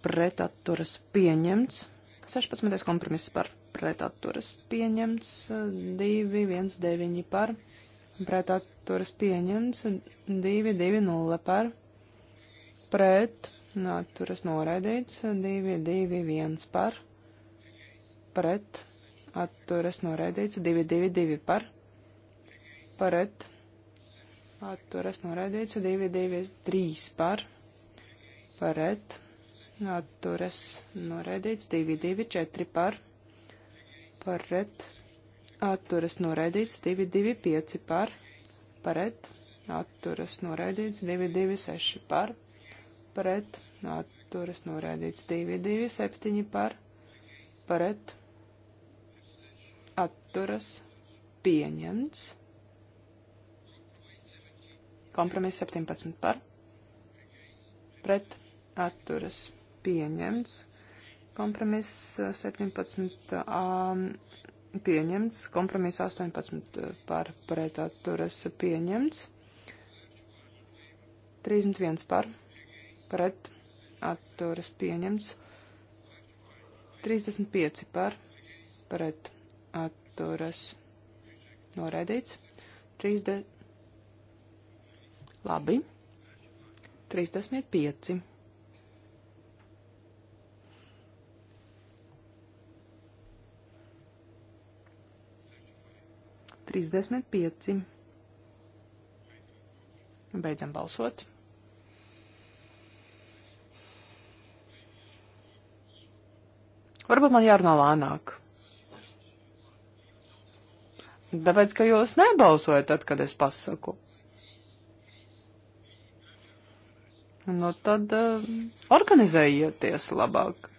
pretaturas pieņemts. 16. kompromiss par pretaturas pieņemts. 2, 1, 9 par pretaturas pieņemts. 2, 2, 0 par pret. Naturas noraidīts. 2, 2, 1 par pret. Atturas noraidīts. 2, 2, 2 par pret. Atturas noraidīts. 2, 2, 3 par pret atturas noraidīts 224 par paret atturas noraidīts 225 par paret atturas noraidīts 226 par paret atturas noraidīts 227 par paret atturas pieņemts kompromiss 17 par pret atturas noraidīts pieņemts. Kompromiss 17a uh, um, pieņemts. Kompromiss 18 uh, par pret atturas pieņemts. 31 par pret atturas pieņemts. 35 par pret atturas noraidīts. 30. Labi. 35. 35. Beidzam balsot. Varbūt man jārunā lēnāk. Tāpēc, ka jūs nebalsojat tad, kad es pasaku. Nu, tad uh, organizējieties labāk.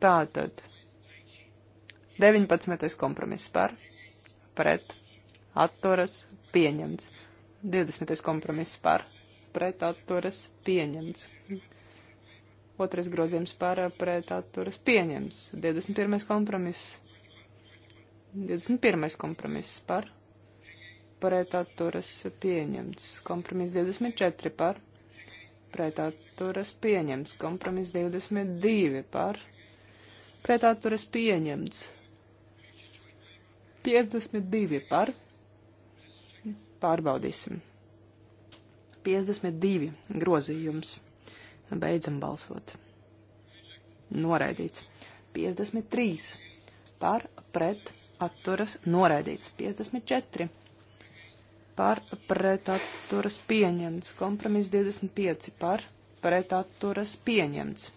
Tā tad. 19. kompromiss par pret atturas pieņemts. 20. kompromiss par pret atturas pieņemts. Otrais grozījums par pret atturas pieņemts. 21. kompromiss. 21. kompromiss par pret atturas pieņemts. Kompromiss 24 par pretatturas pieņemts, kompromiss 22 par pretatturas pieņemts, 52 par. Pārbaudīsim. 52 grozījums. Beidzam balsot. Noraidīts. 53 par pret atturas noraidīts. 54 par pret atturas pieņemts. Kompromiss 25 par pret atturas pieņemts.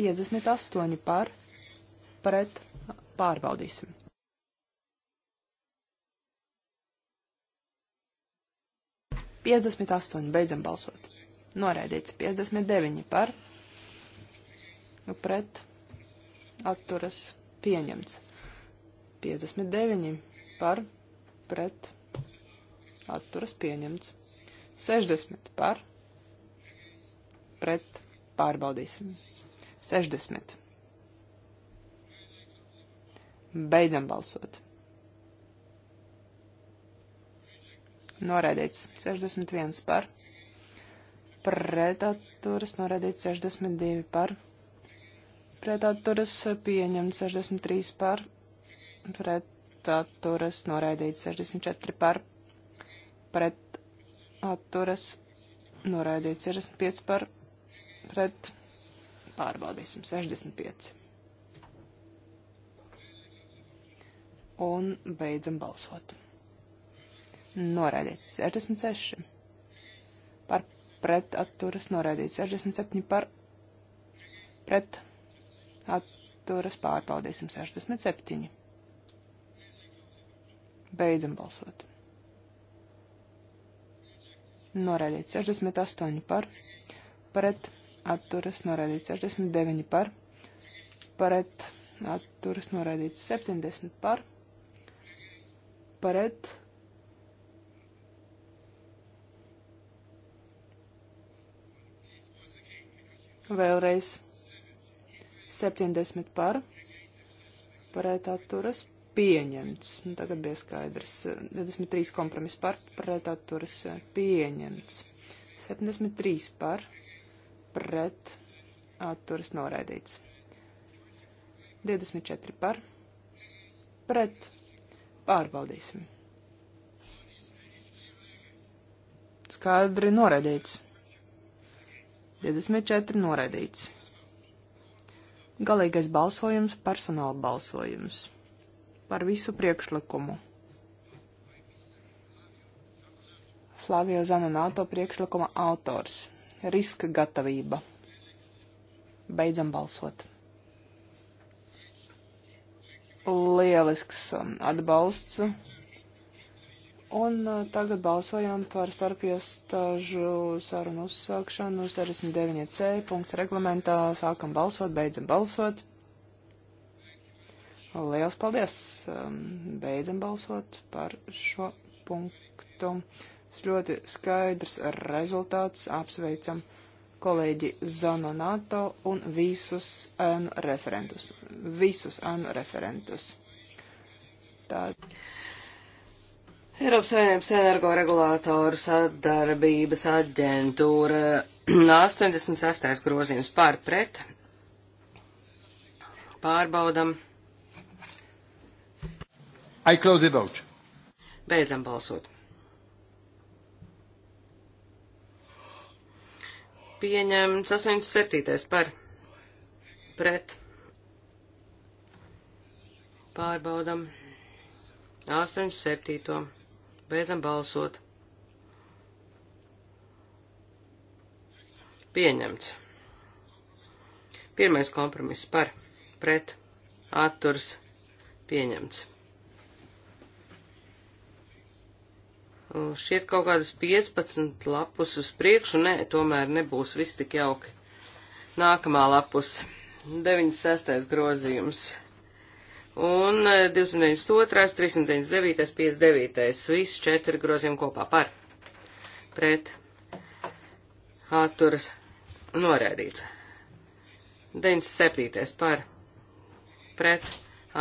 58 par pret pārbaudīsim. Piecdesmit astoņi, beidzam balsot. Noraidīts 59 nu, par, pret, atturas, pieņemts. 59 par, pret, atturas, pieņemts. 60 par, pret, pārbaudīsim. 60. Beidzam balsot. Noraidīts 61 par. Pretaturas noraidīts 62 par. Pretaturas pieņemts 63 par. Pretaturas noraidīts 64 par. Pretaturas noraidīts 65 par. Pret pārbaudīsim 65. un beidzam balsot. Noraidīts 66 par pret atturas noraidīts 67 par pret atturas pārbaudīsim 67. Beidzam balsot. Noraidīts 68 par pret atturas noraidīts 69 par pret atturas noraidīts 70 par pret напред. Vēlreiz 70 par pret atturas pieņemts. Nu, tagad bija skaidrs. 23 kompromis par pret atturas pieņemts. 73 par pret atturas noraidīts. 24 par pret Pārbaudīsim. Skaidri noraidīts. 24 noraidīts. Galīgais balsojums - personāla balsojums. Par visu priekšlikumu. Flavio Zananato priekšlikuma autors - riska gatavība. Beidzam balsot lielisks um, atbalsts. Un uh, tagad balsojam par starpiestāžu sarunu uzsākšanu 69C punkts reglamentā. Sākam balsot, beidzam balsot. Liels paldies! Um, beidzam balsot par šo punktu. Tas ļoti skaidrs rezultāts. Apsveicam! kolēģi Zanonato un visus ēnu referentus. Visus ēnu referentus. Tā. Eiropas Savienības energoregulātoru sadarbības aģentūra 86. grozījums pār pret. Pārbaudam. I close the vote. Beidzam balsot. pieņemts 87. par pret. Pārbaudam 87. Beidzam balsot. Pieņemts. Pirmais kompromiss par pret atturs pieņemts. Nu, Šiet kaut kādas 15 lapus uz priekšu, nē, tomēr nebūs viss tik jauki. Nākamā lapus, 96. grozījums. Un 292, 399, 59, viss četri grozījumi kopā par. Pret. Atturas. Norēdīts. 97. par. Pret.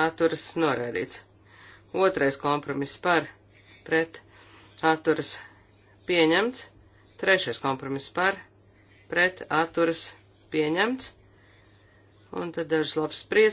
Atturas. Norēdīts. Otrais kompromiss par. Pret atturas pieņemts, trešais kompromiss par, pret atturas pieņemts, un tad dažas labas priecas.